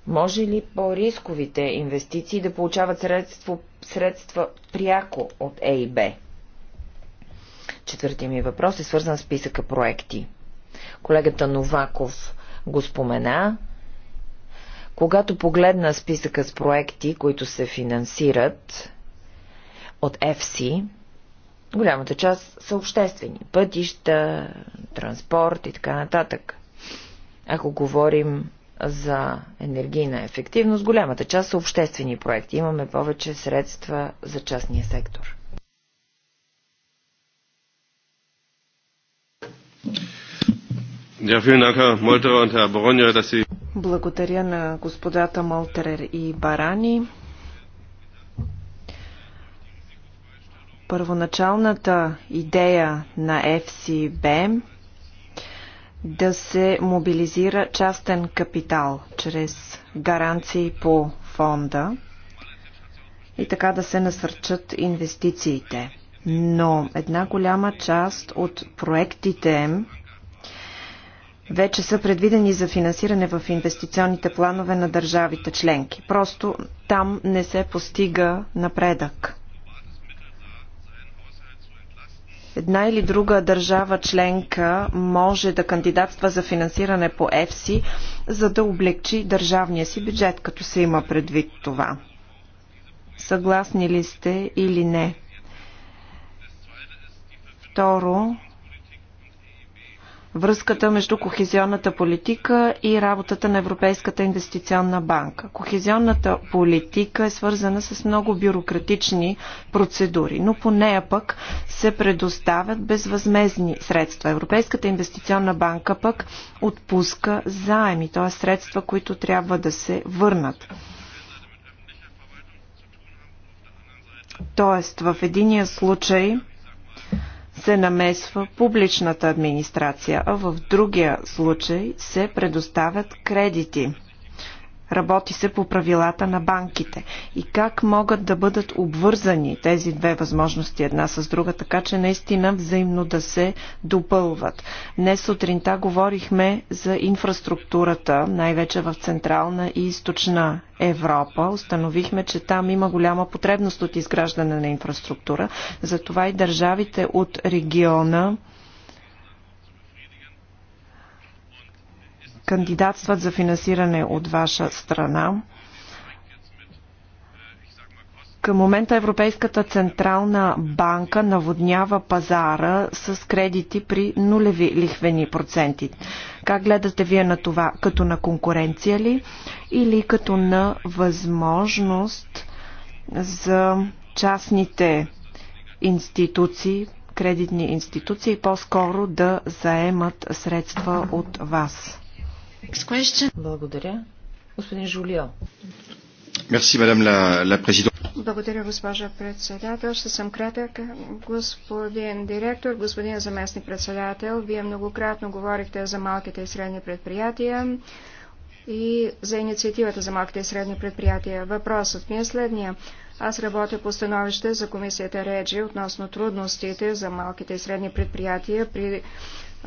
Може ли по-рисковите инвестиции да получават средство, средства пряко от ЕИБ? Четвъртия ми въпрос е свързан с писъка проекти. Колегата Новаков го спомена. Когато погледна списъка с проекти, които се финансират от FC, голямата част са обществени. Пътища, транспорт и така нататък. Ако говорим за енергийна ефективност, голямата част са обществени проекти. Имаме повече средства за частния сектор. Благодаря на господата Молтерер и Барани. Първоначалната идея на FCB да се мобилизира частен капитал чрез гаранции по фонда и така да се насърчат инвестициите. Но една голяма част от проектите вече са предвидени за финансиране в инвестиционните планове на държавите членки. Просто там не се постига напредък. Една или друга държава членка може да кандидатства за финансиране по ЕФСИ, за да облегчи държавния си бюджет, като се има предвид това. Съгласни ли сте или не? Второ, връзката между кохезионната политика и работата на Европейската инвестиционна банка. Кохезионната политика е свързана с много бюрократични процедури, но по нея пък се предоставят безвъзмезни средства. Европейската инвестиционна банка пък отпуска заеми, т.е. средства, които трябва да се върнат. Тоест, в единия случай се намесва публичната администрация, а в другия случай се предоставят кредити. Работи се по правилата на банките. И как могат да бъдат обвързани тези две възможности една с друга, така че наистина взаимно да се допълват. Днес сутринта говорихме за инфраструктурата, най-вече в Централна и Източна Европа. Установихме, че там има голяма потребност от изграждане на инфраструктура. Затова и държавите от региона кандидатстват за финансиране от ваша страна. Към момента Европейската централна банка наводнява пазара с кредити при нулеви лихвени проценти. Как гледате вие на това? Като на конкуренция ли или като на възможност за частните институции, кредитни институции, по-скоро да заемат средства от вас? Благодаря. Господин Жулио. Благодаря, госпожа председател. Ще съм кратък. Господин директор, господин заместник председател, вие многократно говорихте за малките и средни предприятия и за инициативата за малките и средни предприятия. Въпросът ми е следния. Аз работя по становище за комисията Реджи относно трудностите за малките и средни предприятия при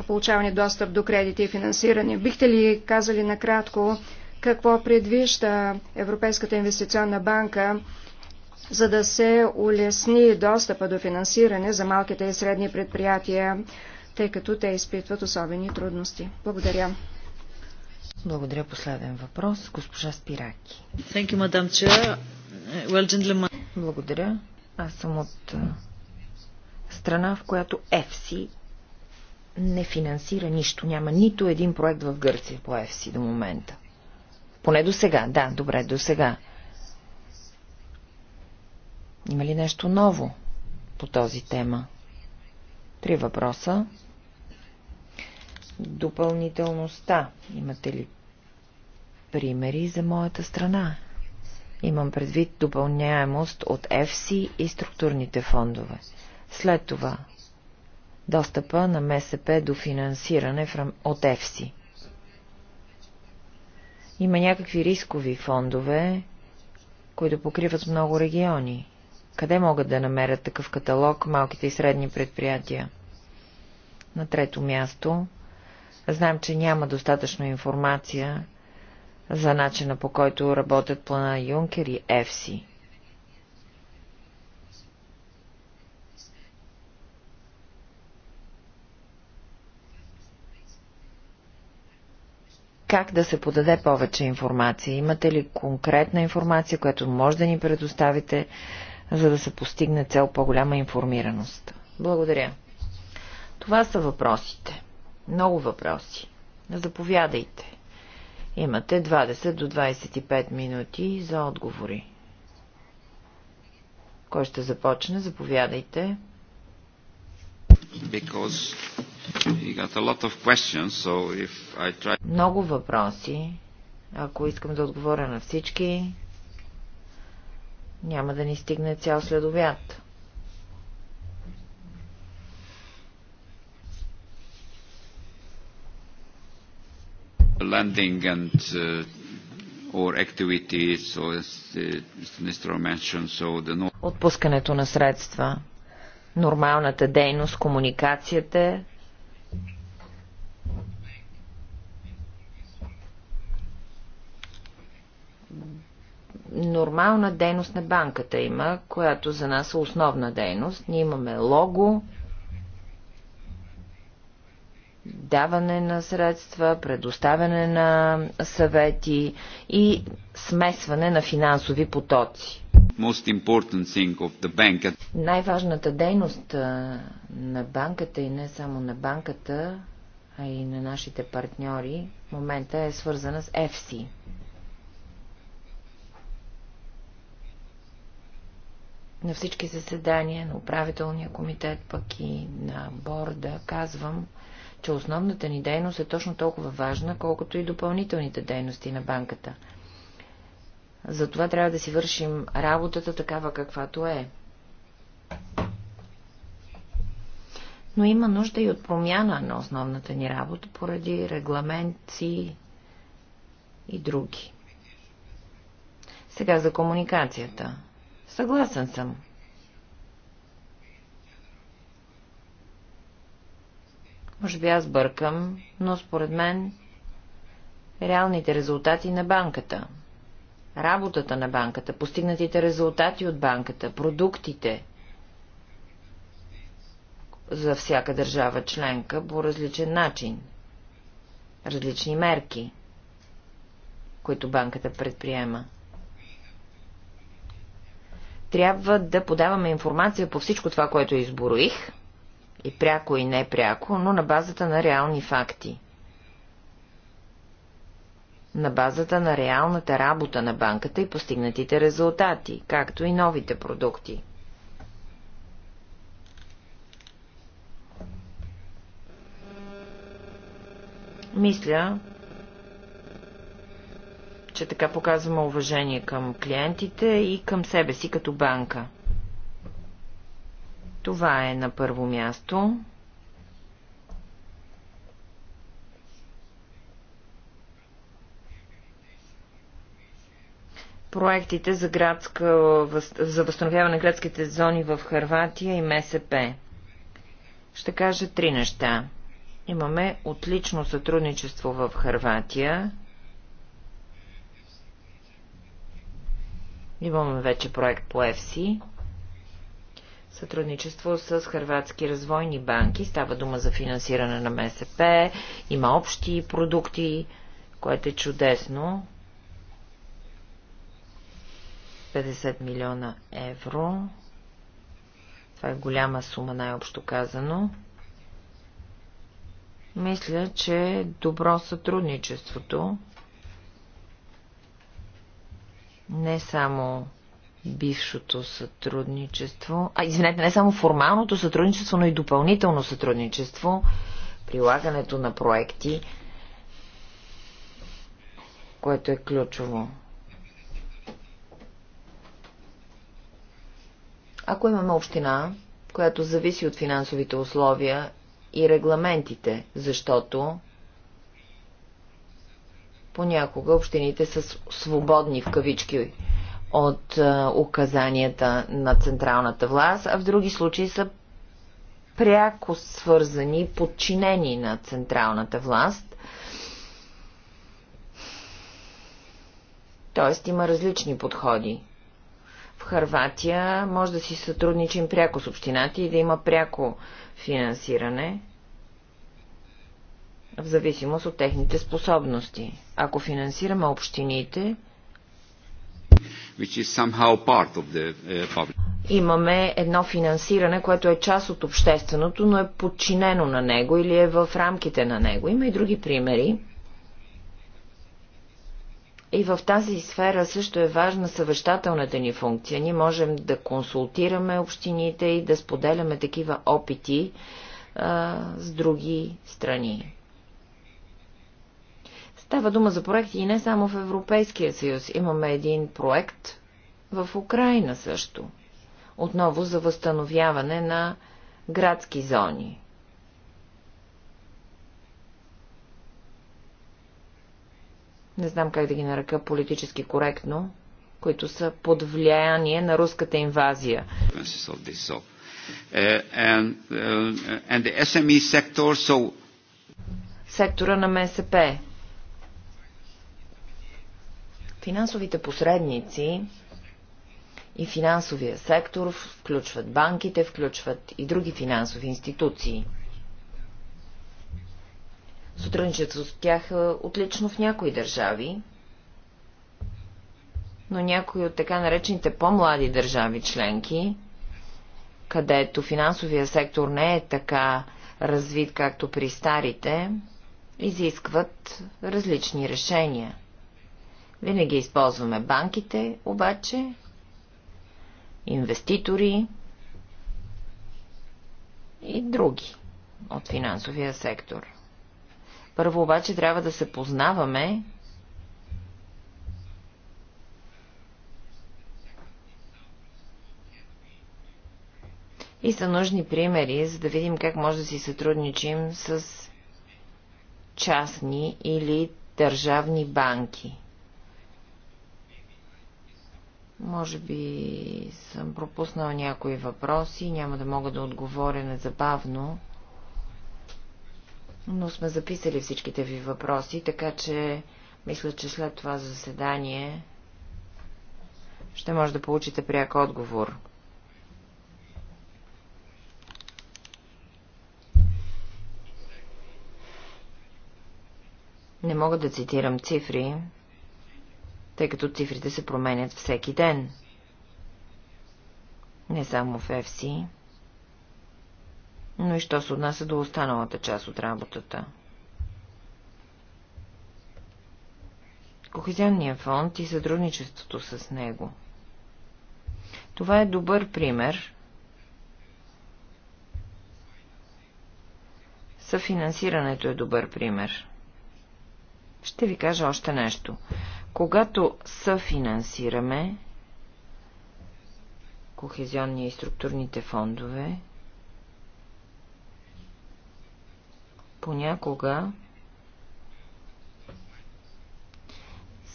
получаване достъп до кредити и финансиране. Бихте ли казали накратко какво предвижда Европейската инвестиционна банка, за да се улесни достъпа до финансиране за малките и средни предприятия, тъй като те изпитват особени трудности? Благодаря. Благодаря. Последен въпрос. Госпожа Спираки. You, well, Благодаря. Аз съм от страна, в която ЕФСИ не финансира нищо. Няма нито един проект в Гърция по ЕФСИ до момента. Поне до сега, да, добре, до сега. Има ли нещо ново по този тема? Три въпроса. Допълнителността. Имате ли примери за моята страна? Имам предвид допълняемост от ЕФСИ и структурните фондове. След това достъпа на МСП до финансиране от ЕФСИ. Има някакви рискови фондове, които покриват много региони. Къде могат да намерят такъв каталог малките и средни предприятия? На трето място, знам, че няма достатъчно информация за начина по който работят плана Юнкер и ЕФСИ. как да се подаде повече информация? Имате ли конкретна информация, която може да ни предоставите, за да се постигне цел по-голяма информираност? Благодаря. Това са въпросите. Много въпроси. Заповядайте. Имате 20 до 25 минути за отговори. Кой ще започне? Заповядайте. Because много въпроси. Ако искам да отговоря на всички, няма да ни стигне цял следобят. Landing and uh, or activities, so as uh, Mr. mentioned, so the... Отпускането на средства, нормалната дейност, комуникацията, нормална дейност на банката има, която за нас е основна дейност. Ние имаме лого, даване на средства, предоставяне на съвети и смесване на финансови потоци. Най-важната дейност на банката и не само на банката, а и на нашите партньори в момента е свързана с FC. на всички заседания на управителния комитет, пък и на борда, казвам, че основната ни дейност е точно толкова важна, колкото и допълнителните дейности на банката. Затова трябва да си вършим работата такава каквато е. Но има нужда и от промяна на основната ни работа поради регламенти и други. Сега за комуникацията. Съгласен съм. Може би аз бъркам, но според мен реалните резултати на банката, работата на банката, постигнатите резултати от банката, продуктите за всяка държава членка по различен начин, различни мерки, които банката предприема трябва да подаваме информация по всичко това, което изброих, и пряко и непряко, но на базата на реални факти. На базата на реалната работа на банката и постигнатите резултати, както и новите продукти. Мисля, че така показваме уважение към клиентите и към себе си като банка. Това е на първо място. проектите за, градска, за възстановяване на градските зони в Харватия и МСП. Ще кажа три неща. Имаме отлично сътрудничество в Харватия. Имаме вече проект по ЕФСИ. Сътрудничество с хрватски развойни банки. Става дума за финансиране на МСП. Има общи продукти, което е чудесно. 50 милиона евро. Това е голяма сума, най-общо казано. Мисля, че е добро сътрудничеството не само бившото сътрудничество, а извинете, не само формалното сътрудничество, но и допълнително сътрудничество, прилагането на проекти, което е ключово. Ако имаме община, която зависи от финансовите условия и регламентите, защото Понякога общините са свободни в кавички от а, е, указанията на централната власт, а в други случаи са пряко свързани, подчинени на централната власт. Тоест има различни подходи. В Харватия може да си сътрудничим пряко с общината и да има пряко финансиране в зависимост от техните способности. Ако финансираме общините, uh, имаме едно финансиране, което е част от общественото, но е подчинено на него или е в рамките на него. Има и други примери. И в тази сфера също е важна съвещателната ни функция. Ние можем да консултираме общините и да споделяме такива опити а, с други страни. Става дума за проекти и не само в Европейския съюз. Имаме един проект в Украина също. Отново за възстановяване на градски зони. Не знам как да ги нарека политически коректно, които са под влияние на руската инвазия. Uh, e Сектора на МСП Финансовите посредници и финансовия сектор включват банките, включват и други финансови институции. Сътрудничеството с тях е отлично в някои държави, но някои от така наречените по-млади държави членки, където финансовия сектор не е така развит, както при старите, изискват различни решения – винаги използваме банките, обаче, инвеститори и други от финансовия сектор. Първо обаче трябва да се познаваме И са нужни примери, за да видим как може да си сътрудничим с частни или държавни банки. Може би съм пропуснал някои въпроси, няма да мога да отговоря незабавно, но сме записали всичките ви въпроси, така че мисля, че след това заседание ще може да получите пряк отговор. Не мога да цитирам цифри, тъй като цифрите се променят всеки ден. Не само в FC, но и що се отнася до останалата част от работата. Кохезионния фонд и сътрудничеството с него. Това е добър пример Съфинансирането е добър пример. Ще ви кажа още нещо. Когато съфинансираме кохезионния и структурните фондове, понякога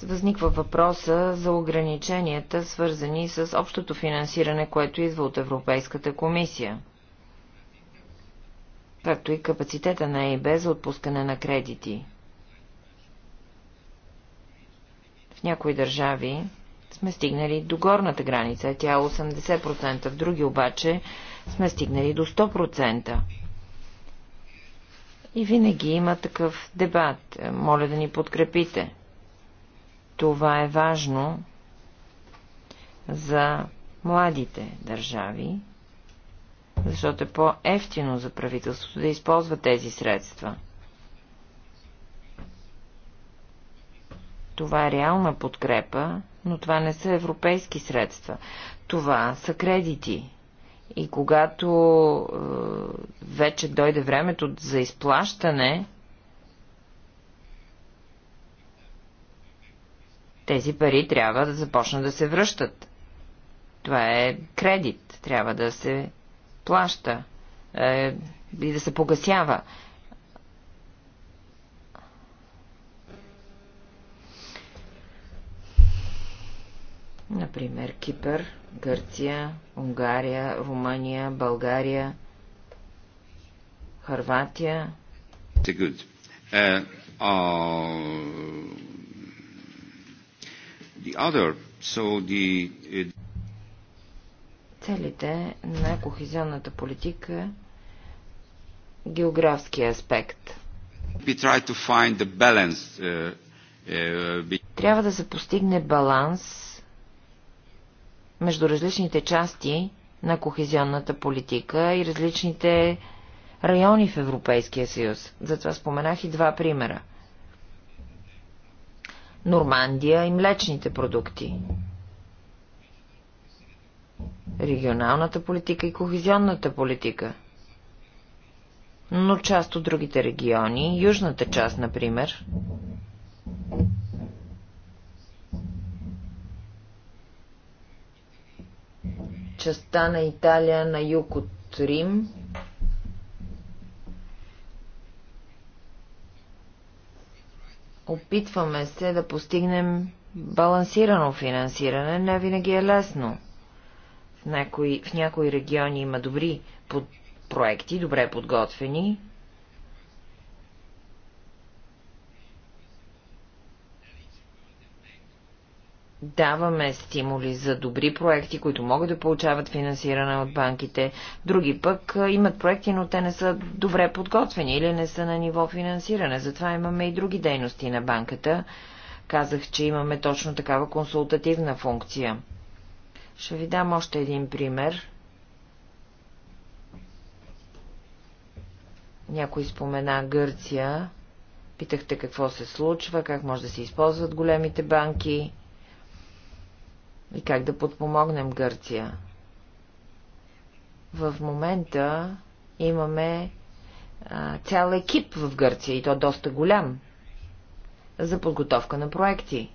възниква въпроса за ограниченията, свързани с общото финансиране, което идва от Европейската комисия, както и капацитета на ЕИБ за отпускане на кредити. някои държави сме стигнали до горната граница, тя е 80%, в други обаче сме стигнали до 100%. И винаги има такъв дебат. Е, моля да ни подкрепите. Това е важно за младите държави, защото е по-ефтино за правителството да използва тези средства – Това е реална подкрепа, но това не са европейски средства. Това са кредити. И когато е, вече дойде времето за изплащане, тези пари трябва да започнат да се връщат. Това е кредит. Трябва да се плаща е, и да се погасява. Например, Кипър, Гърция, Унгария, Румъния, България, Харватия. Uh, е, other, so the... Е, Целите на кохезионната политика географски аспект. Balance, uh, Трябва да се постигне баланс между различните части на кохезионната политика и различните райони в Европейския съюз. Затова споменах и два примера. Нормандия и млечните продукти. Регионалната политика и кохезионната политика. Но част от другите региони, южната част, например, частта на Италия на юг от Рим. Опитваме се да постигнем балансирано финансиране. Не винаги е лесно. В някои, в някои региони има добри под проекти, добре подготвени, даваме стимули за добри проекти, които могат да получават финансиране от банките. Други пък имат проекти, но те не са добре подготвени или не са на ниво финансиране. Затова имаме и други дейности на банката. Казах, че имаме точно такава консултативна функция. Ще ви дам още един пример. Някой спомена Гърция. Питахте какво се случва, как може да се използват големите банки и как да подпомогнем Гърция. В момента имаме а, цял екип в Гърция, и то доста голям, за подготовка на проекти,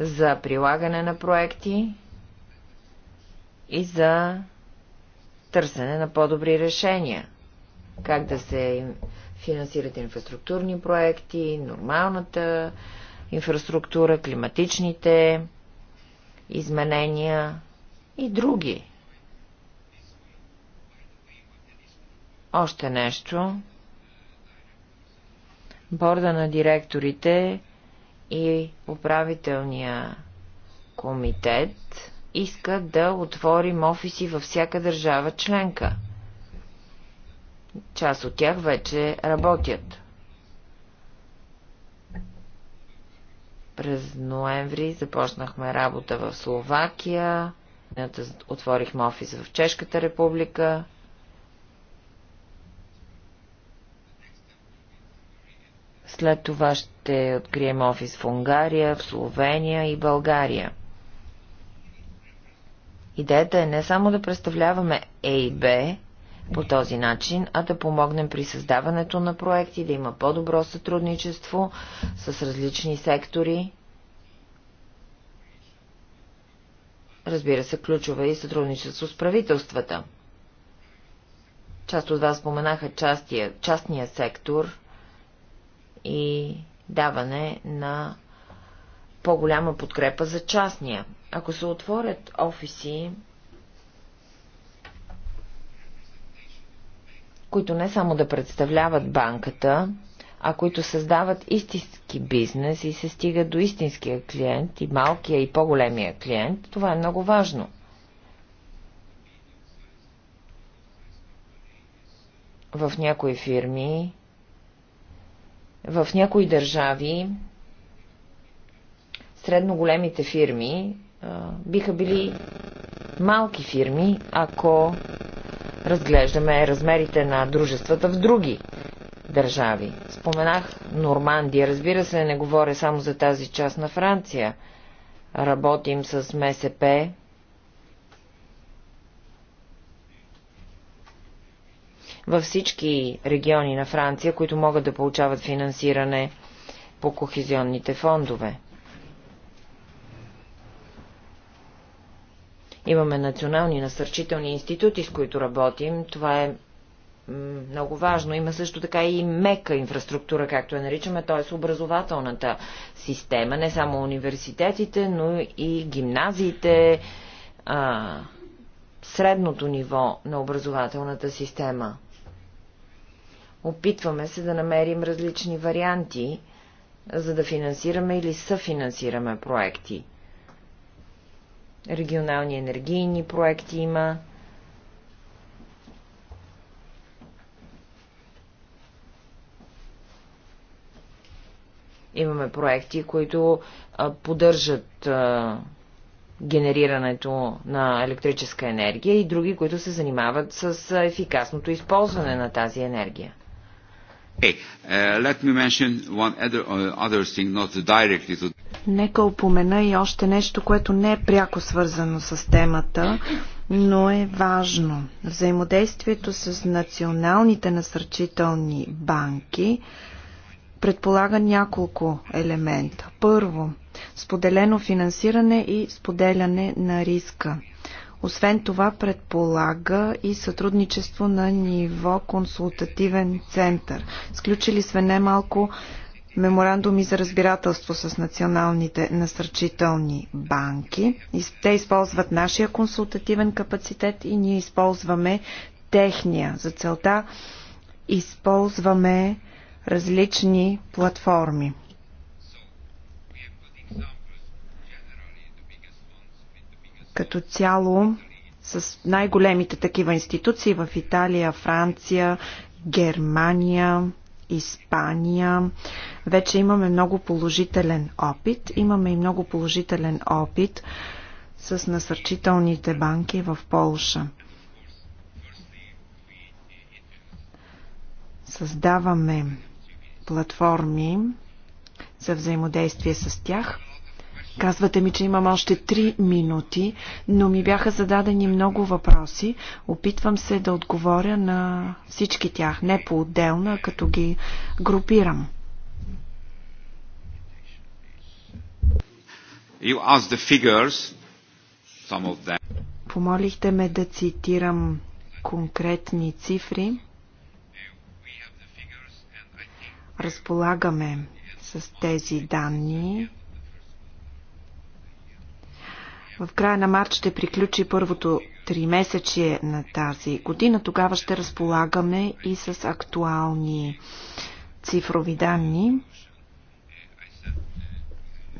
за прилагане на проекти и за търсене на по-добри решения. Как да се финансират инфраструктурни проекти, нормалната инфраструктура, климатичните изменения и други. Още нещо. Борда на директорите и управителния комитет иска да отворим офиси във всяка държава членка. Част от тях вече работят. През ноември започнахме работа в Словакия, отворихме офис в Чешката република. След това ще открием офис в Унгария, в Словения и България. Идеята е не само да представляваме A и B, по този начин, а да помогнем при създаването на проекти, да има по-добро сътрудничество с различни сектори. Разбира се, ключове и сътрудничество с правителствата. Част от вас споменаха частия, частния сектор и даване на по-голяма подкрепа за частния. Ако се отворят офиси които не само да представляват банката, а които създават истински бизнес и се стига до истинския клиент и малкия и по-големия клиент, това е много важно. В някои фирми, в някои държави, средно големите фирми биха били малки фирми, ако разглеждаме размерите на дружествата в други държави. Споменах Нормандия. Разбира се, не говоря само за тази част на Франция. Работим с МСП. Във всички региони на Франция, които могат да получават финансиране по кохезионните фондове. Имаме национални насърчителни институти, с които работим. Това е много важно. Има също така и мека инфраструктура, както я наричаме, т.е. образователната система, не само университетите, но и гимназиите, а, средното ниво на образователната система. Опитваме се да намерим различни варианти, за да финансираме или съфинансираме проекти. Регионални енергийни проекти има. Имаме проекти, които поддържат генерирането на електрическа енергия и други, които се занимават с ефикасното използване на тази енергия. Hey, uh, let me mention one other, uh, other thing, not directly to Нека упомена и още нещо, което не е пряко свързано с темата, но е важно. Взаимодействието с националните насърчителни банки предполага няколко елемента. Първо, споделено финансиране и споделяне на риска. Освен това предполага и сътрудничество на ниво консултативен център. Сключили сме немалко меморандуми за разбирателство с националните насърчителни банки. Те използват нашия консултативен капацитет и ние използваме техния. За целта използваме различни платформи. Като цяло с най-големите такива институции в Италия, Франция, Германия, Испания. Вече имаме много положителен опит. Имаме и много положителен опит с насърчителните банки в Полша. Създаваме платформи за взаимодействие с тях. Казвате ми, че имам още 3 минути, но ми бяха зададени много въпроси. Опитвам се да отговоря на всички тях, не по-отделно, а като ги групирам. You the figures, some of them. Помолихте ме да цитирам конкретни цифри. Разполагаме с тези данни в края на март ще приключи първото три месечие на тази година. Тогава ще разполагаме и с актуални цифрови данни.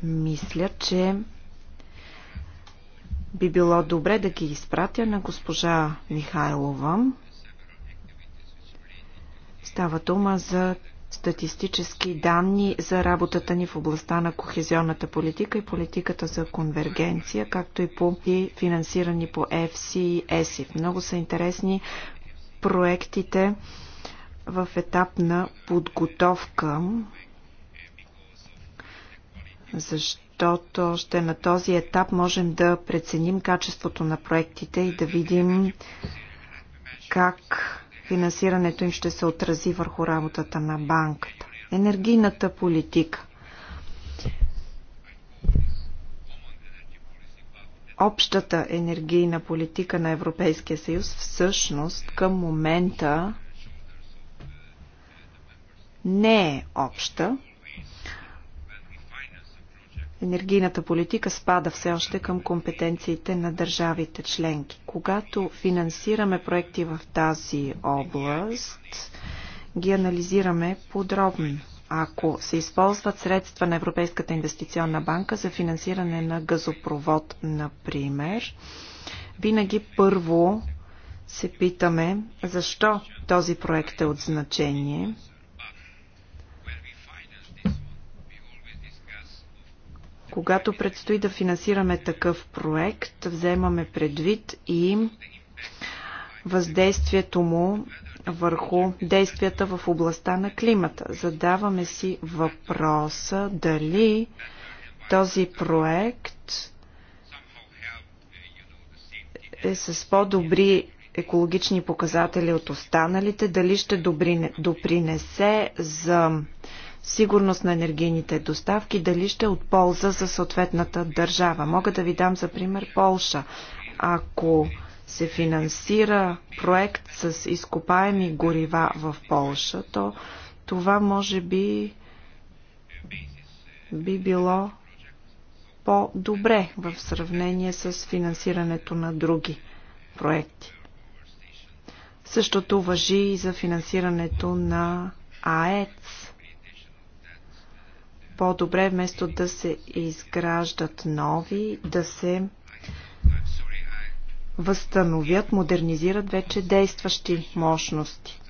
Мисля, че би било добре да ги изпратя на госпожа Михайлова. Става дума за статистически данни за работата ни в областта на кохезионната политика и политиката за конвергенция, както и по финансирани по FC и ESIF. Много са интересни проектите в етап на подготовка, защото още на този етап можем да преценим качеството на проектите и да видим как финансирането им ще се отрази върху работата на банката. Енергийната политика. Общата енергийна политика на Европейския съюз всъщност към момента не е обща енергийната политика спада все още към компетенциите на държавите членки. Когато финансираме проекти в тази област, ги анализираме подробно. Ако се използват средства на Европейската инвестиционна банка за финансиране на газопровод, например, винаги първо се питаме защо този проект е от значение, Когато предстои да финансираме такъв проект, вземаме предвид и въздействието му върху действията в областта на климата. Задаваме си въпроса дали този проект е с по-добри екологични показатели от останалите, дали ще допринесе за сигурност на енергийните доставки, дали ще е от полза за съответната държава. Мога да ви дам за пример Полша. Ако се финансира проект с изкопаеми горива в Полша, то това може би би било по-добре в сравнение с финансирането на други проекти. Същото въжи и за финансирането на АЕЦ по-добре вместо да се изграждат нови, да се възстановят, модернизират вече действащи мощности.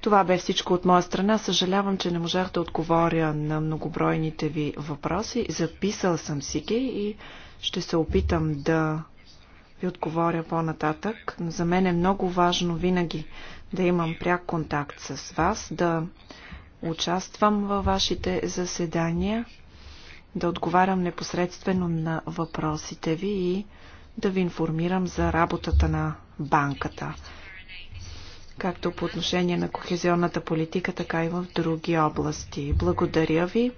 Това бе всичко от моя страна. Съжалявам, че не можах да отговоря на многобройните ви въпроси. Записал съм си ги и ще се опитам да ви отговоря по-нататък. Но за мен е много важно винаги да имам пряк контакт с вас, да участвам във вашите заседания, да отговарям непосредствено на въпросите ви и да ви информирам за работата на банката, както по отношение на кохезионната политика, така и в други области. Благодаря ви.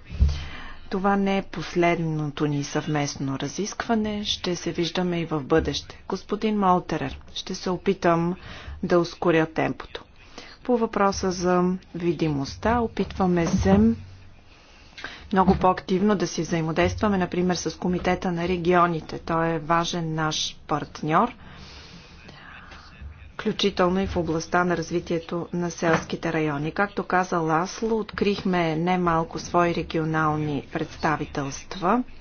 Това не е последното ни съвместно разискване. Ще се виждаме и в бъдеще. Господин Молтерер, ще се опитам да ускоря темпото. По въпроса за видимостта опитваме се много по-активно да си взаимодействаме, например, с Комитета на регионите. Той е важен наш партньор, включително и в областта на развитието на селските райони. Както каза Ласло, открихме немалко свои регионални представителства –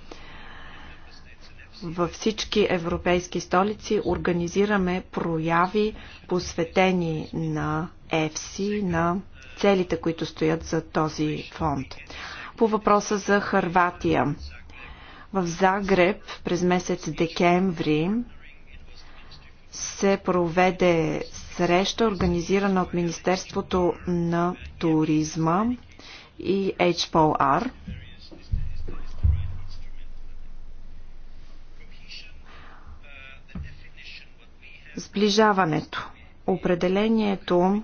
във всички европейски столици организираме прояви, посветени на ЕФСИ, на целите, които стоят за този фонд. По въпроса за Харватия. В Загреб през месец декември се проведе среща, организирана от Министерството на туризма и HPOR. Сближаването. Определението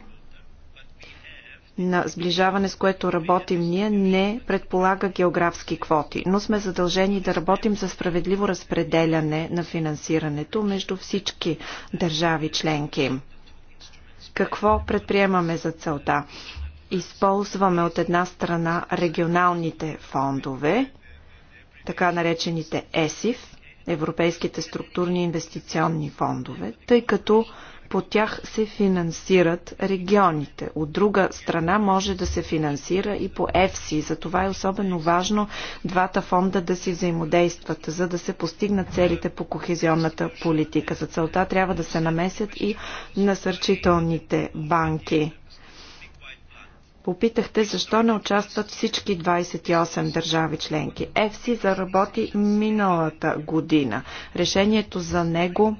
на сближаване, с което работим ние, не предполага географски квоти, но сме задължени да работим за справедливо разпределяне на финансирането между всички държави членки. Какво предприемаме за целта? Използваме от една страна регионалните фондове, така наречените ЕСИФ, европейските структурни инвестиционни фондове, тъй като по тях се финансират регионите. От друга страна може да се финансира и по ЕФСИ. Затова е особено важно двата фонда да си взаимодействат, за да се постигнат целите по кохезионната политика. За целта трябва да се намесят и насърчителните банки. Попитахте защо не участват всички 28 държави членки. ЕФСИ заработи миналата година. Решението за него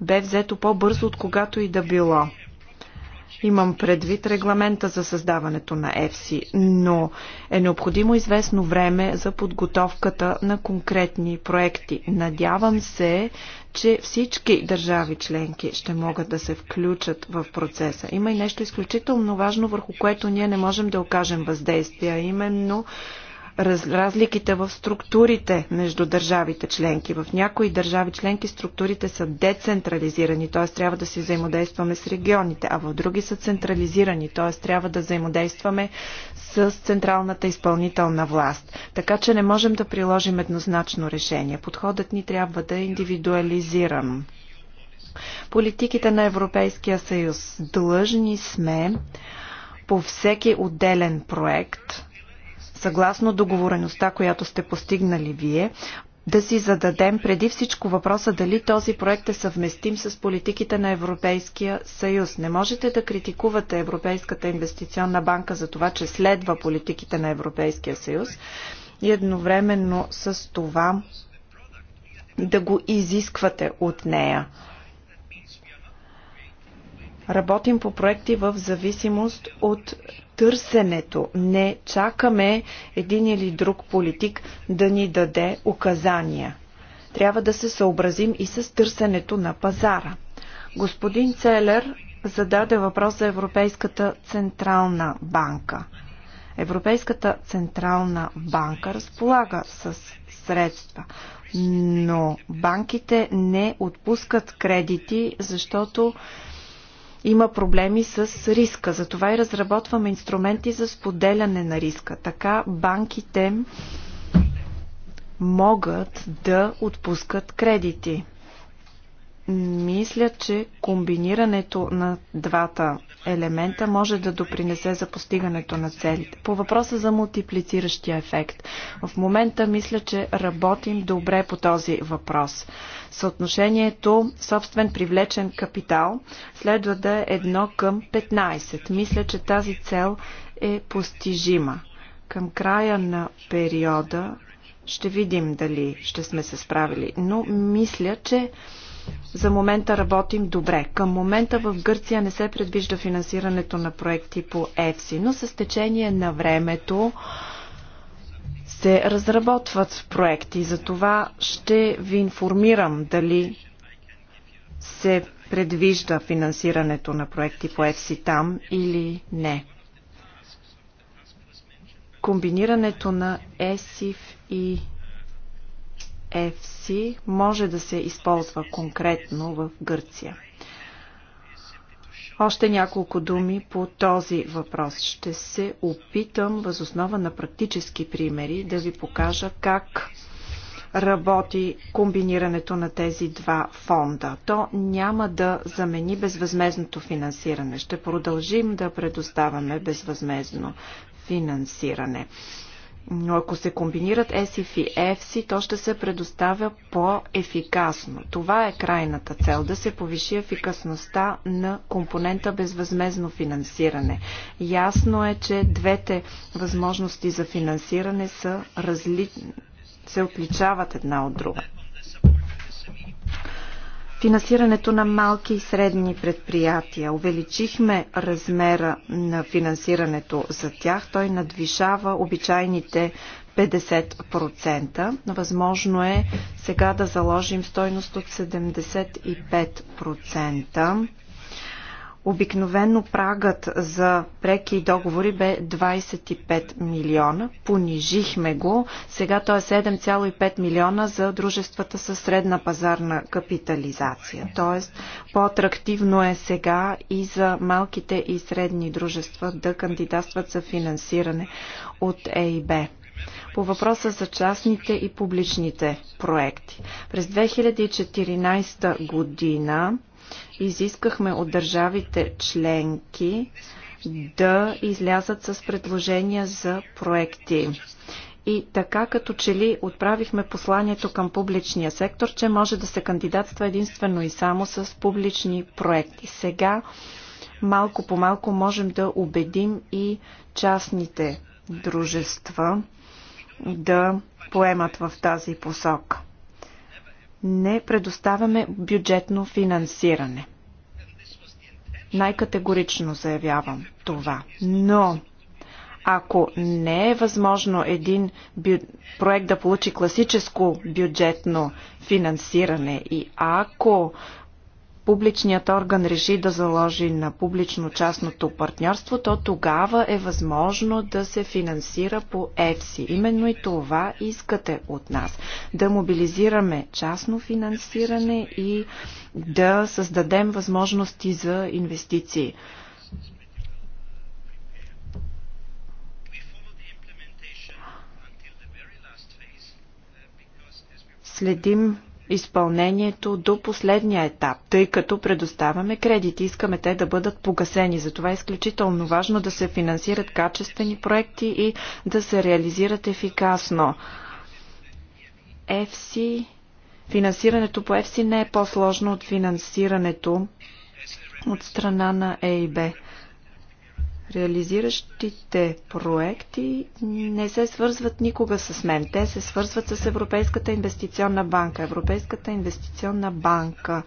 бе взето по-бързо от когато и да било. Имам предвид регламента за създаването на ЕФСИ, но е необходимо известно време за подготовката на конкретни проекти. Надявам се, че всички държави членки ще могат да се включат в процеса. Има и нещо изключително важно, върху което ние не можем да окажем въздействие, именно раз, разликите в структурите между държавите членки. В някои държави членки структурите са децентрализирани, т.е. трябва да си взаимодействаме с регионите, а в други са централизирани, т.е. трябва да взаимодействаме с централната изпълнителна власт. Така че не можем да приложим еднозначно решение. Подходът ни трябва да е индивидуализиран. Политиките на Европейския съюз. Длъжни сме по всеки отделен проект съгласно договореността, която сте постигнали вие, да си зададем преди всичко въпроса дали този проект е съвместим с политиките на Европейския съюз. Не можете да критикувате Европейската инвестиционна банка за това, че следва политиките на Европейския съюз и едновременно с това да го изисквате от нея. Работим по проекти в зависимост от търсенето. Не чакаме един или друг политик да ни даде указания. Трябва да се съобразим и с търсенето на пазара. Господин Целер зададе въпрос за Европейската централна банка. Европейската централна банка разполага с средства, но банките не отпускат кредити, защото има проблеми с риска. Затова и разработваме инструменти за споделяне на риска. Така банките могат да отпускат кредити. Мисля, че комбинирането на двата елемента може да допринесе за постигането на целите. По въпроса за мултиплициращия ефект. В момента мисля, че работим добре по този въпрос. Съотношението собствен привлечен капитал следва да е 1 към 15. Мисля, че тази цел е постижима. Към края на периода ще видим дали ще сме се справили. Но мисля, че за момента работим добре. Към момента в Гърция не се предвижда финансирането на проекти по ЕФСИ, но с течение на времето се разработват проекти. За това ще ви информирам дали се предвижда финансирането на проекти по ЕФСИ там или не. Комбинирането на ЕСИФ и FC може да се използва конкретно в Гърция. Още няколко думи по този въпрос. Ще се опитам възоснова на практически примери да ви покажа как работи комбинирането на тези два фонда. То няма да замени безвъзмезното финансиране. Ще продължим да предоставяме безвъзмезно финансиране. Но ако се комбинират ЕСИФ и ЕФСИ, то ще се предоставя по-ефикасно. Това е крайната цел да се повиши ефикасността на компонента безвъзмезно финансиране. Ясно е, че двете възможности за финансиране са разли... се отличават една от друга финансирането на малки и средни предприятия. Увеличихме размера на финансирането за тях. Той надвишава обичайните 50%. Възможно е сега да заложим стойност от 75%. Обикновено прагът за преки договори бе 25 милиона. Понижихме го. Сега то е 7,5 милиона за дружествата със средна пазарна капитализация. Тоест по-атрактивно е сега и за малките и средни дружества да кандидатстват за финансиране от ЕИБ по въпроса за частните и публичните проекти. През 2014 година изискахме от държавите членки да излязат с предложения за проекти. И така като че ли отправихме посланието към публичния сектор, че може да се кандидатства единствено и само с публични проекти. Сега малко по малко можем да убедим и частните дружества да поемат в тази посока не предоставяме бюджетно финансиране. Най-категорично заявявам това. Но ако не е възможно един бю... проект да получи класическо бюджетно финансиране и ако публичният орган реши да заложи на публично-частното партньорство, то тогава е възможно да се финансира по ЕФСИ. Именно и това искате от нас. Да мобилизираме частно финансиране и да създадем възможности за инвестиции. Следим изпълнението до последния етап, тъй като предоставяме кредити. Искаме те да бъдат погасени. Затова е изключително важно да се финансират качествени проекти и да се реализират ефикасно. FC, финансирането по FC не е по-сложно от финансирането от страна на ЕИБ реализиращите проекти не се свързват никога с мен. Те се свързват с Европейската инвестиционна банка. Европейската инвестиционна банка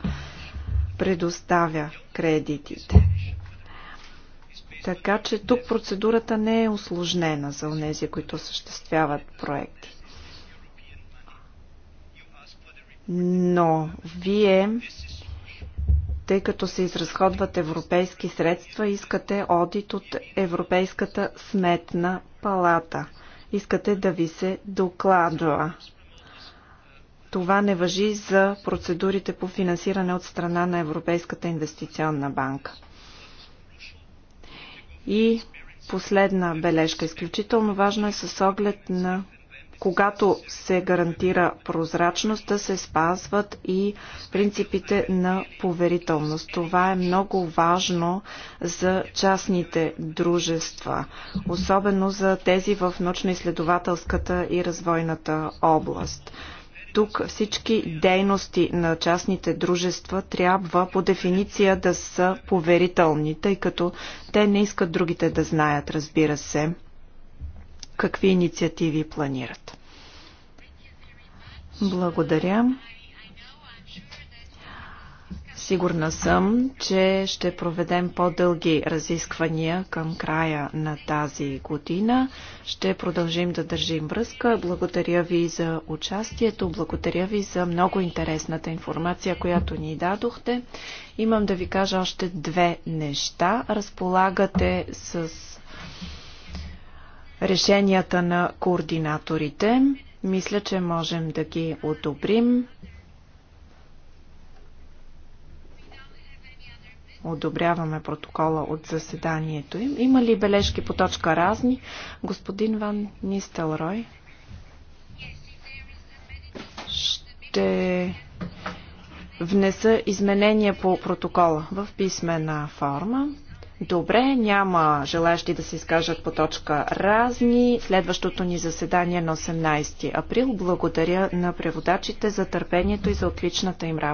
предоставя кредитите. Така че тук процедурата не е осложнена за онези, които осъществяват проекти. Но вие тъй като се изразходват европейски средства, искате одит от Европейската сметна палата. Искате да ви се докладва. Това не въжи за процедурите по финансиране от страна на Европейската инвестиционна банка. И последна бележка. Изключително важно е с оглед на когато се гарантира прозрачност, да се спазват и принципите на поверителност. Това е много важно за частните дружества, особено за тези в научно-изследователската и развойната област. Тук всички дейности на частните дружества трябва по дефиниция да са поверителни, тъй като те не искат другите да знаят, разбира се какви инициативи планират. Благодаря. Сигурна съм, че ще проведем по-дълги разисквания към края на тази година. Ще продължим да държим връзка. Благодаря ви за участието, благодаря ви за много интересната информация, която ни дадохте. Имам да ви кажа още две неща. Разполагате с решенията на координаторите. Мисля, че можем да ги одобрим. Одобряваме протокола от заседанието им. Има ли бележки по точка разни? Господин Ван Нистелрой ще внеса изменения по протокола в писмена форма. Добре, няма желащи да се изкажат по точка разни. Следващото ни заседание е на 18 април. Благодаря на преводачите за търпението и за отличната им работа.